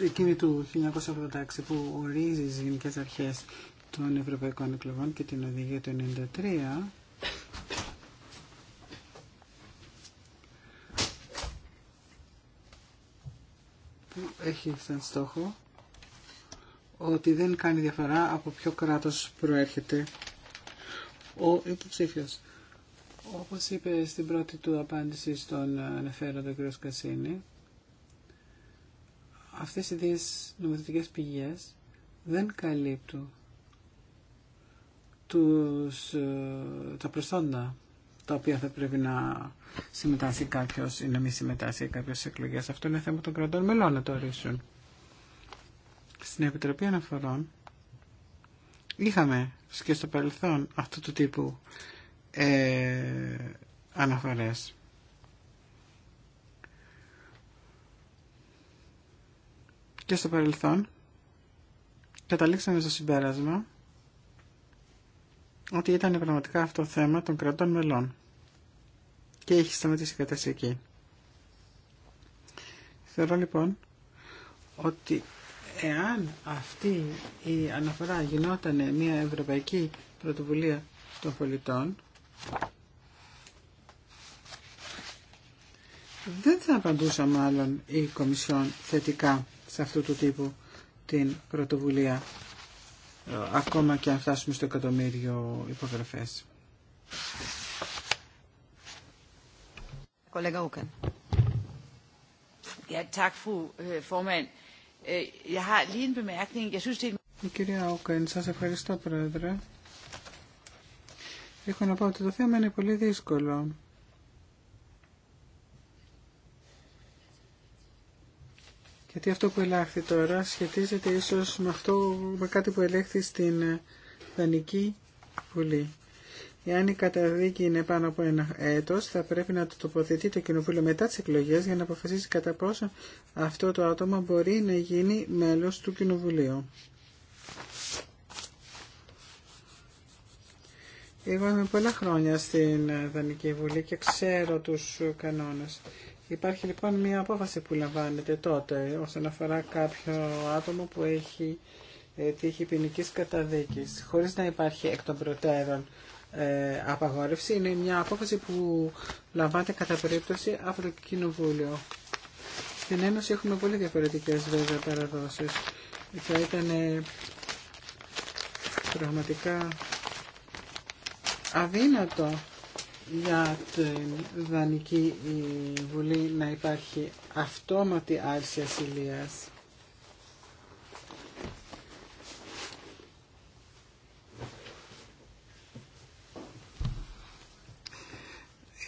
Speaker 3: εκείνη του 1986 που ορίζει τις γενικές αρχές των Ευρωπαϊκών Εκλογών και την οδηγία του 1993 που έχει σαν στόχο ότι δεν κάνει διαφορά από ποιο κράτος προέρχεται ο υποψήφιος. Όπως είπε στην πρώτη του απάντηση στον αναφέροντα κ. Κασίνη, αυτές οι δύο νομοθετικές πηγές δεν καλύπτουν τους, ε, τα προσόντα τα οποία θα πρέπει να συμμετάσχει κάποιος ή να μην συμμετάσχει κάποιος σε εκλογές. Αυτό είναι θέμα των κρατών μελών να το ορίσουν. Στην Επιτροπή Αναφορών είχαμε και στο παρελθόν αυτού του τύπου ε, αναφορές. Και στο παρελθόν καταλήξαμε στο συμπέρασμα ότι ήταν πραγματικά αυτό το θέμα των κρατών μελών και έχει σταματήσει η κατάσταση εκεί. Θεωρώ λοιπόν ότι εάν αυτή η αναφορά γινόταν μια ευρωπαϊκή πρωτοβουλία των πολιτών δεν θα απαντούσα μάλλον η Κομισιόν θετικά σε αυτού του τύπου την πρωτοβουλία ε, ακόμα και αν φτάσουμε στο εκατομμύριο υπογραφές. Η κυρία Οκεν σας ευχαριστώ πρόεδρε. Έχω να πω ότι το θέμα είναι πολύ δύσκολο. Γιατί αυτό που ελάχθη τώρα σχετίζεται ίσως με, αυτό, με κάτι που ελέγχθη στην ε, Δανική Βουλή. Εάν η καταδίκη είναι πάνω από ένα έτος, θα πρέπει να το τοποθετεί το Κοινοβούλιο μετά τις εκλογές για να αποφασίσει κατά πόσο αυτό το άτομο μπορεί να γίνει μέλος του Κοινοβουλίου. Εγώ είμαι πολλά χρόνια στην Δανική Βουλή και ξέρω τους κανόνες. Υπάρχει λοιπόν μια απόφαση που λαμβάνεται τότε όσον αφορά κάποιο άτομο που έχει ε, τύχη ποινική καταδίκη, χωρί να υπάρχει εκ των προτέρων ε, απαγόρευση. Είναι μια απόφαση που λαμβάνεται κατά περίπτωση από το Κοινοβούλιο. Στην Ένωση έχουμε πολύ διαφορετικέ βέβαια παραδόσει. Θα ήταν πραγματικά αδύνατο για την Δανική Βουλή να υπάρχει αυτόματη άρση ασυλίας.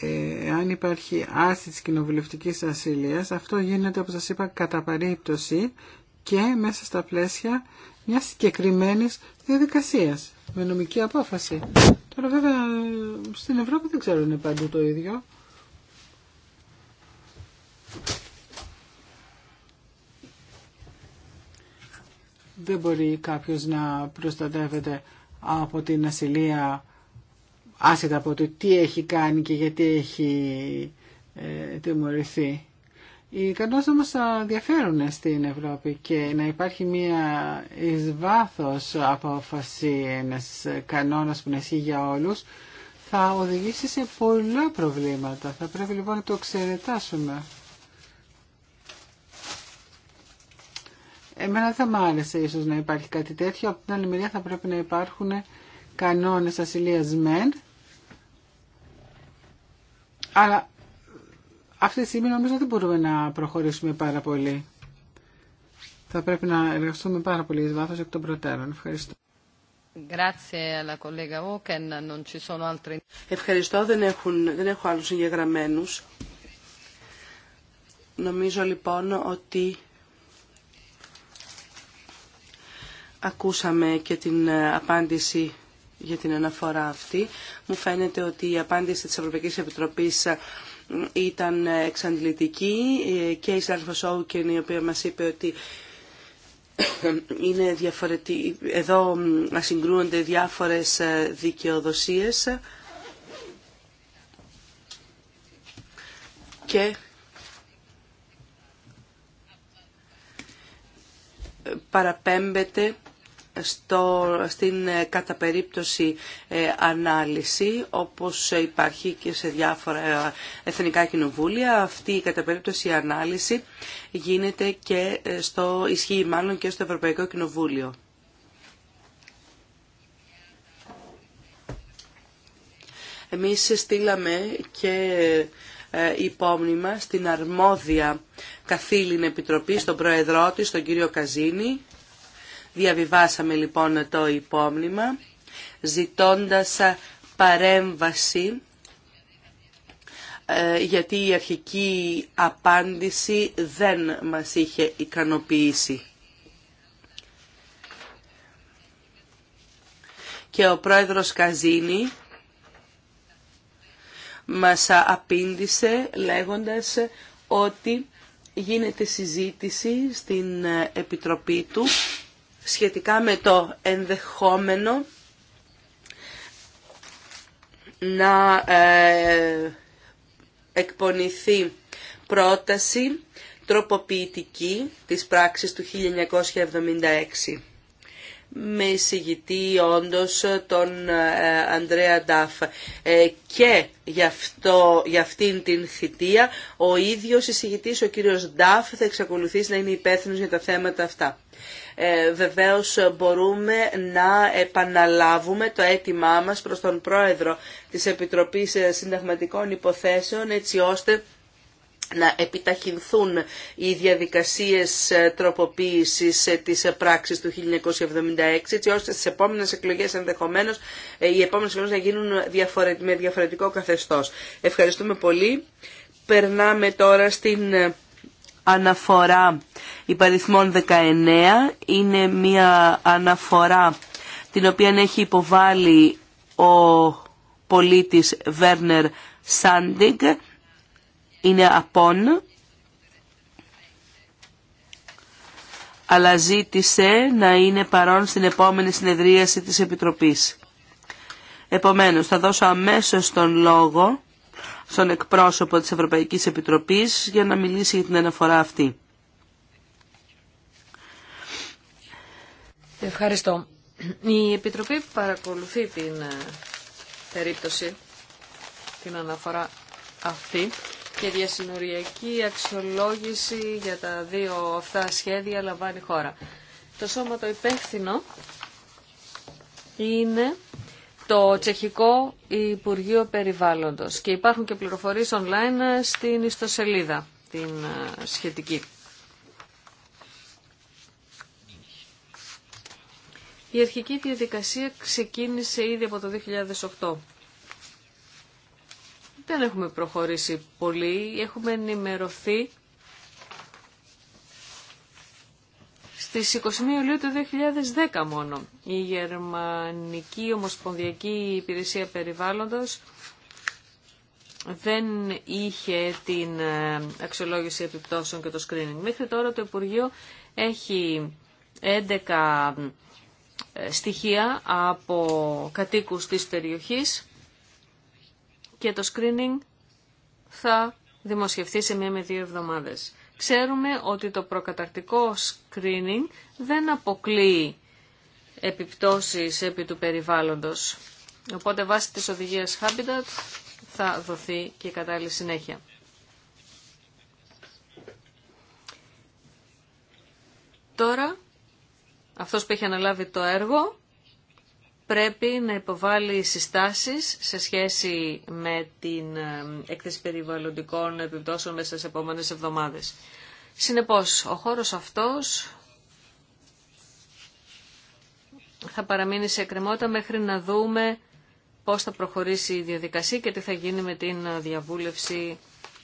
Speaker 3: Ε, αν υπάρχει άρση της κοινοβουλευτικής ασύλειας, αυτό γίνεται, όπως σας είπα, κατά παρήπτωση και μέσα στα πλαίσια μιας συγκεκριμένης διαδικασίας, με νομική απόφαση. Τώρα βέβαια στην Ευρώπη δεν ξέρω είναι παντού το ίδιο. Δεν μπορεί κάποιος να προστατεύεται από την ασυλία άσχετα από το τι έχει κάνει και γιατί έχει ε, τιμωρηθεί. Οι κανόνε όμω θα διαφέρουν στην Ευρώπη και να υπάρχει μία εις βάθος απόφαση, ένας κανόνας που να ισχύει για όλους, θα οδηγήσει σε πολλά προβλήματα. Θα πρέπει λοιπόν να το εξαιρετάσουμε. Εμένα θα μ' άρεσε ίσως να υπάρχει κάτι τέτοιο. Από την άλλη μεριά θα πρέπει να υπάρχουν κανόνες ασυλίας μεν, αλλά αυτή τη στιγμή νομίζω δεν μπορούμε να προχωρήσουμε πάρα πολύ. Θα πρέπει να εργαστούμε πάρα πολύ εις βάθος εκ των προτέρων. Ευχαριστώ.
Speaker 2: Ευχαριστώ. Δεν, έχουν, δεν έχω άλλους εγγεγραμμένους. Νομίζω λοιπόν ότι ακούσαμε και την ε, απάντηση για την αναφορά αυτή. Μου φαίνεται ότι η απάντηση της Ευρωπαϊκής Επιτροπής ε, ήταν εξαντλητική ε, και η Σάρφα Σόουκεν η οποία μας είπε ότι είναι διαφορετική. Εδώ ασυγκρούονται διάφορες ε, δικαιοδοσίες και παραπέμπεται στο, στην ε, κατά περίπτωση ε, ανάλυση όπως υπάρχει και σε διάφορα ε, εθνικά κοινοβούλια. Αυτή η κατά περίπτωση ανάλυση γίνεται και στο, ισχύει μάλλον και στο Ευρωπαϊκό Κοινοβούλιο. Εμείς στείλαμε και υπόμνημα στην αρμόδια καθήλυν επιτροπή, στον Προεδρό της, τον κύριο Καζίνη, Διαβιβάσαμε λοιπόν το υπόμνημα ζητώντας παρέμβαση ε, γιατί η αρχική απάντηση δεν μας είχε ικανοποιήσει. Και ο πρόεδρος Καζίνη μας απήντησε λέγοντας ότι γίνεται συζήτηση στην Επιτροπή του σχετικά με το ενδεχόμενο να ε, εκπονηθεί πρόταση τροποποιητική της πράξης του 1976 με εισηγητή όντως τον ε, Ανδρέα Νταφ ε, και για γι' αυτήν την θητεία ο ίδιος εισηγητής ο κύριος Νταφ θα εξακολουθήσει να είναι υπεύθυνο για τα θέματα αυτά. Ε, βεβαίως μπορούμε να επαναλάβουμε το αίτημά μας προς τον Πρόεδρο της Επιτροπής ε, Συνταγματικών Υποθέσεων έτσι ώστε να επιταχυνθούν οι διαδικασίες ε, τροποποίησης της πράξης του 1976 έτσι ώστε στις επόμενες εκλογές ενδεχομένως οι επόμενες εκλογές να γίνουν με διαφορετικό καθεστώς. Ευχαριστούμε πολύ. Περνάμε τώρα στην αναφορά υπαριθμών 19 είναι μια αναφορά την οποία έχει υποβάλει ο πολίτης Βέρνερ Σάντιγκ είναι απόν αλλά ζήτησε να είναι παρόν στην επόμενη συνεδρίαση της Επιτροπής. Επομένως, θα δώσω αμέσως τον λόγο στον εκπρόσωπο της Ευρωπαϊκής Επιτροπής για να μιλήσει για την αναφορά αυτή.
Speaker 4: Ευχαριστώ. Η Επιτροπή παρακολουθεί την ε, περίπτωση, την αναφορά αυτή και διασυνοριακή αξιολόγηση για τα δύο αυτά σχέδια λαμβάνει χώρα. Το σώμα το υπεύθυνο είναι το τσεχικό Υπουργείο Περιβάλλοντος και υπάρχουν και πληροφορίες online στην ιστοσελίδα την ε, σχετική. Η αρχική διαδικασία ξεκίνησε ήδη από το 2008. Δεν έχουμε προχωρήσει πολύ, έχουμε ενημερωθεί στις 21 Ιουλίου του 2010 μόνο. Η Γερμανική Ομοσπονδιακή Υπηρεσία Περιβάλλοντος δεν είχε την ε, αξιολόγηση επιπτώσεων και το screening. Μέχρι τώρα το Υπουργείο έχει 11 ε, στοιχεία από κατοίκους της περιοχής και το screening θα δημοσιευθεί σε μία με δύο εβδομάδες. Ξέρουμε ότι το προκαταρκτικό screening δεν αποκλείει επιπτώσεις επί του περιβάλλοντος. Οπότε βάσει της οδηγίας Habitat θα δοθεί και η κατάλληλη συνέχεια. Τώρα, αυτός που έχει αναλάβει το έργο πρέπει να υποβάλει συστάσεις σε σχέση με την ε, έκθεση περιβαλλοντικών επιπτώσεων μέσα στις επόμενες εβδομάδες. Συνεπώς, ο χώρος αυτός θα παραμείνει σε εκκρεμότητα μέχρι να δούμε πώς θα προχωρήσει η διαδικασία και τι θα γίνει με την διαβούλευση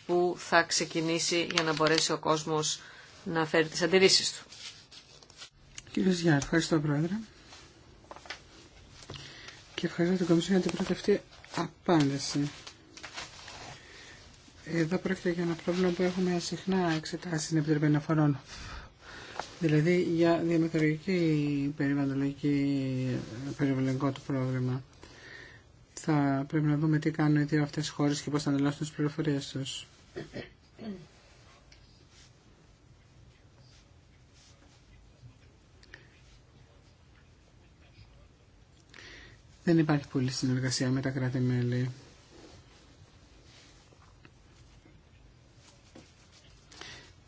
Speaker 4: που θα ξεκινήσει για να μπορέσει ο κόσμος να φέρει τις αντιρρήσεις του.
Speaker 3: Κύριε Ζιά, ευχαριστώ Πρόεδρε και ευχαριστώ την Κομισιόν για την πρώτη αυτή απάντηση. Εδώ πρόκειται για ένα πρόβλημα που έχουμε συχνά εξετάσει στην Επιτροπή Αναφορών. Δηλαδή για διαμετρολογική περιβαλλοντική περιβαλλοντικό του πρόβλημα. Θα πρέπει να δούμε τι κάνουν οι δύο αυτές χώρες και πώς θα ανταλλάσσουν τις πληροφορίες τους. Δεν υπάρχει πολλή συνεργασία με τα κράτη-μέλη.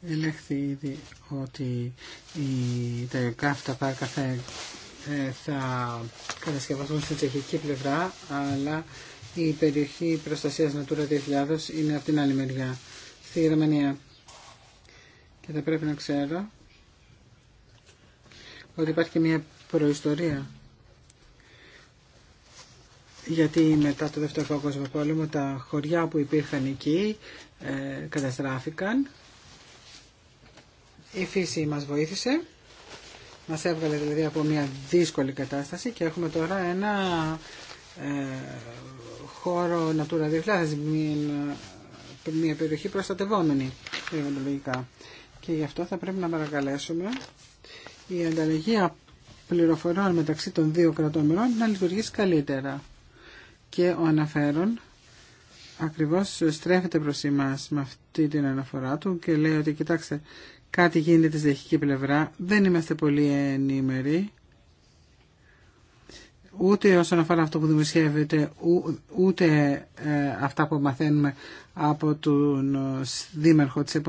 Speaker 3: Ελέγχθη ήδη ότι η, τα αυτά πάρκα θα, θα κατασκευαστούν στην τσεχική πλευρά, αλλά η περιοχή προστασίας Natura 2000 είναι από την άλλη μεριά, στη Γερμανία. Και θα πρέπει να ξέρω ότι υπάρχει και μια προϊστορία γιατί μετά το Δεύτερο Παγκόσμιο Πόλεμο τα χωριά που υπήρχαν εκεί ε, καταστράφηκαν. Η φύση μας βοήθησε, μας έβγαλε δηλαδή από μια δύσκολη κατάσταση και έχουμε τώρα ένα ε, χώρο Natura 2000, μια, περιοχή προστατευόμενη περιβαλλοντολογικά. Και γι' αυτό θα πρέπει να παρακαλέσουμε η ανταλλαγή πληροφοριών μεταξύ των δύο κρατών να λειτουργήσει καλύτερα και ο αναφέρον ακριβώς στρέφεται προς εμάς με αυτή την αναφορά του και λέει ότι κοιτάξτε κάτι γίνεται στη δεχική πλευρά, δεν είμαστε πολύ ενήμεροι ούτε όσον αφορά αυτό που δημοσιεύεται, ούτε ε, αυτά που μαθαίνουμε από τον δήμαρχο της, ε,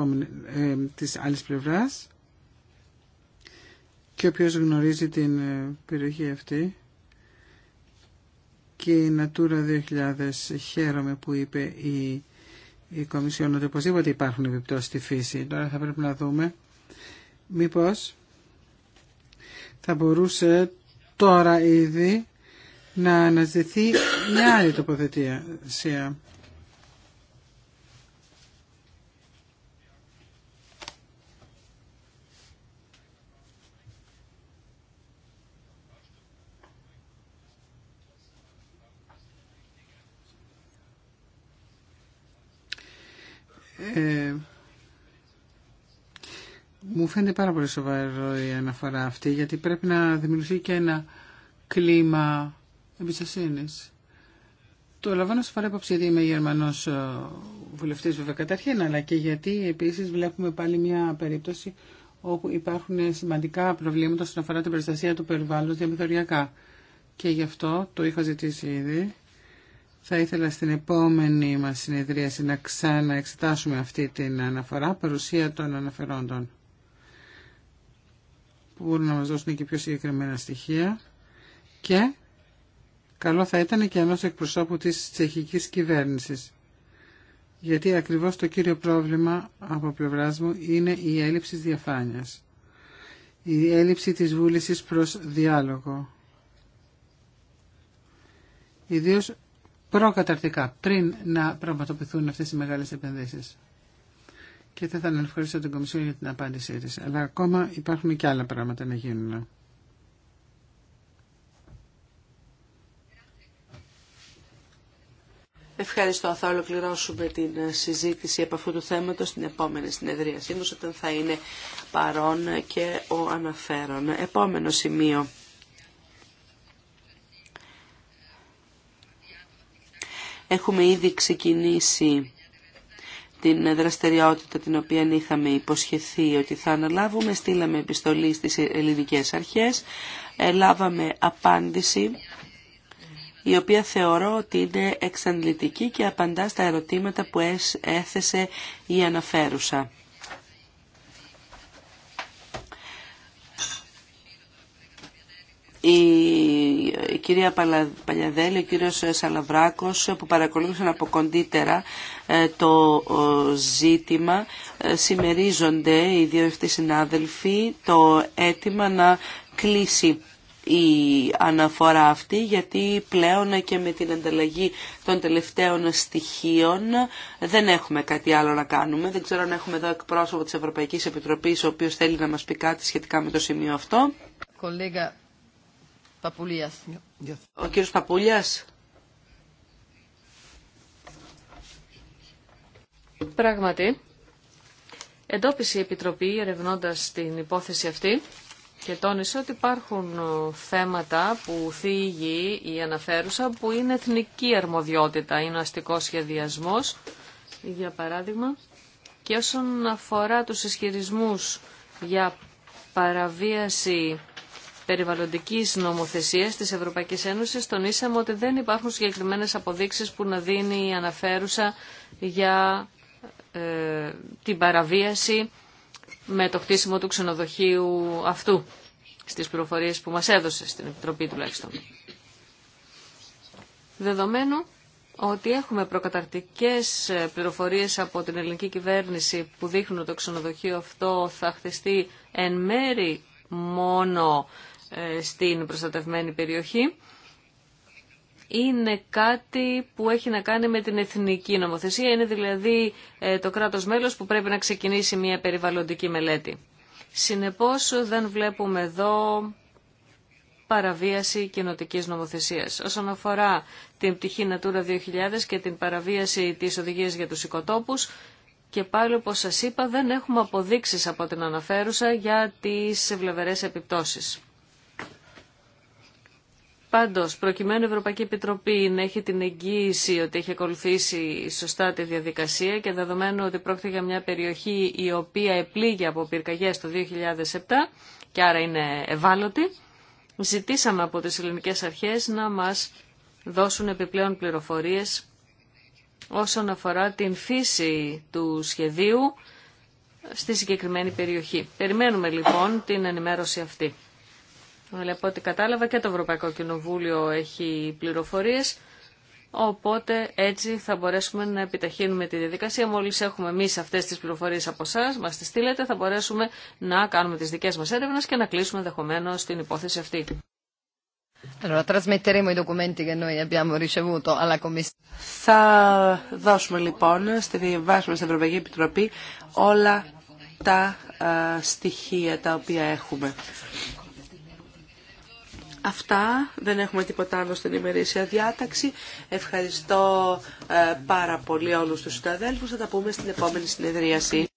Speaker 3: της άλλης πλευράς και όποιος γνωρίζει την ε, περιοχή αυτή και η Natura 2000 χαίρομαι που είπε η, η Κομισιόν ότι οπωσδήποτε υπάρχουν επιπτώσεις στη φύση. Τώρα θα πρέπει να δούμε μήπως θα μπορούσε τώρα ήδη να αναζηθεί μια άλλη τοποθετία Μου φαίνεται πάρα πολύ σοβαρό η αναφορά αυτή, γιατί πρέπει να δημιουργηθεί και ένα κλίμα εμπιστοσύνη. Το λαμβάνω σοβαρά υπόψη γιατί είμαι Γερμανό ε, βουλευτή, βέβαια καταρχήν, αλλά και γιατί επίση βλέπουμε πάλι μια περίπτωση όπου υπάρχουν σημαντικά προβλήματα όσον αφορά την προστασία του περιβάλλοντος διαμεθοριακά. Και γι' αυτό το είχα ζητήσει ήδη. Θα ήθελα στην επόμενη μας συνεδρίαση να ξαναεξετάσουμε αυτή την αναφορά, παρουσία των αναφερόντων που μπορούν να μας δώσουν και πιο συγκεκριμένα στοιχεία και καλό θα ήταν και ενός εκπροσώπου της τσεχικής κυβέρνησης. Γιατί ακριβώς το κύριο πρόβλημα από πλευρά μου είναι η έλλειψη διαφάνειας. Η έλλειψη της βούλησης προς διάλογο. Ιδίως προκαταρτικά, πριν να πραγματοποιηθούν αυτές οι μεγάλες επενδύσεις και θα ήθελα να ευχαριστήσω την Κομισιόν για την απάντησή της. Αλλά ακόμα υπάρχουν και άλλα πράγματα να γίνουν.
Speaker 2: Ευχαριστώ. Θα ολοκληρώσουμε την συζήτηση από αυτού του θέματος στην επόμενη συνεδρία. μας, όταν θα είναι παρόν και ο αναφέρον. Επόμενο σημείο. Έχουμε ήδη ξεκινήσει την δραστηριότητα την οποία είχαμε υποσχεθεί ότι θα αναλάβουμε. Στείλαμε επιστολή στις ελληνικές αρχές, ε, λάβαμε απάντηση η οποία θεωρώ ότι είναι εξαντλητική και απαντά στα ερωτήματα που έθεσε η αναφέρουσα. η κυρία Παλιαδέλη, ο κύριος Σαλαβράκος που παρακολούθησαν από κοντύτερα ε, το ζήτημα. Ε, συμμερίζονται οι δύο αυτοί συνάδελφοι το αίτημα να κλείσει η αναφορά αυτή γιατί πλέον και με την ανταλλαγή των τελευταίων στοιχείων δεν έχουμε κάτι άλλο να κάνουμε. Δεν ξέρω αν έχουμε εδώ εκπρόσωπο της Ευρωπαϊκής Επιτροπής ο οποίος θέλει να μας πει κάτι σχετικά με το σημείο αυτό. Ο κύριος Παπούλιας.
Speaker 4: Πράγματι, εντόπισε η Επιτροπή ερευνώντας την υπόθεση αυτή και τόνισε ότι υπάρχουν ε, θέματα που θίγει η αναφέρουσα που είναι εθνική αρμοδιότητα, είναι ο αστικός σχεδιασμός, για παράδειγμα, και όσον αφορά τους ισχυρισμούς για παραβίαση περιβαλλοντικής νομοθεσίας της Ευρωπαϊκής Ένωσης τονίσαμε ότι δεν υπάρχουν συγκεκριμένες αποδείξεις που να δίνει η αναφέρουσα για ε, την παραβίαση με το χτίσιμο του ξενοδοχείου αυτού στις πληροφορίες που μας έδωσε στην Επιτροπή τουλάχιστον. Δεδομένου ότι έχουμε προκαταρτικές ε, πληροφορίες από την ελληνική κυβέρνηση που δείχνουν ότι το ξενοδοχείο αυτό θα χτιστεί εν μέρη μόνο ε, στην προστατευμένη περιοχή, είναι κάτι που έχει να κάνει με την εθνική νομοθεσία. Είναι δηλαδή ε, το κράτος μέλος που πρέπει να ξεκινήσει μια περιβαλλοντική μελέτη. Συνεπώς δεν βλέπουμε εδώ παραβίαση κοινοτική νομοθεσίας. Όσον αφορά την πτυχή Natura 2000 και την παραβίαση της οδηγίας για τους οικοτόπους, και πάλι όπως σας είπα δεν έχουμε αποδείξεις από την αναφέρουσα για τις βλεβερές επιπτώσεις. Πάντω, προκειμένου η Ευρωπαϊκή Επιτροπή να έχει την εγγύηση ότι έχει ακολουθήσει σωστά τη διαδικασία και δεδομένου ότι πρόκειται για μια περιοχή η οποία επλήγει από πυρκαγιές το 2007 και άρα είναι ευάλωτη, ζητήσαμε από τις ελληνικέ αρχές να μας δώσουν επιπλέον πληροφορίες όσον αφορά την φύση του σχεδίου στη συγκεκριμένη περιοχή. Περιμένουμε λοιπόν την ενημέρωση αυτή. Αλλά από ό,τι κατάλαβα και το Ευρωπαϊκό Κοινοβούλιο έχει πληροφορίες, οπότε έτσι θα μπορέσουμε να επιταχύνουμε τη διαδικασία. Μόλις έχουμε εμεί αυτές τις πληροφορίες από εσά, μας τις στείλετε, θα μπορέσουμε να κάνουμε τις δικές μας έρευνες και να κλείσουμε ενδεχομένω την υπόθεση αυτή.
Speaker 2: Θα δώσουμε λοιπόν, στη στην Ευρωπαϊκή Επιτροπή όλα τα ε, στοιχεία τα οποία έχουμε. Αυτά, δεν έχουμε τίποτα άλλο στην ημερήσια διάταξη. Ευχαριστώ ε, πάρα πολύ όλους τους συναδέλφους. Θα τα πούμε στην επόμενη συνεδρίαση.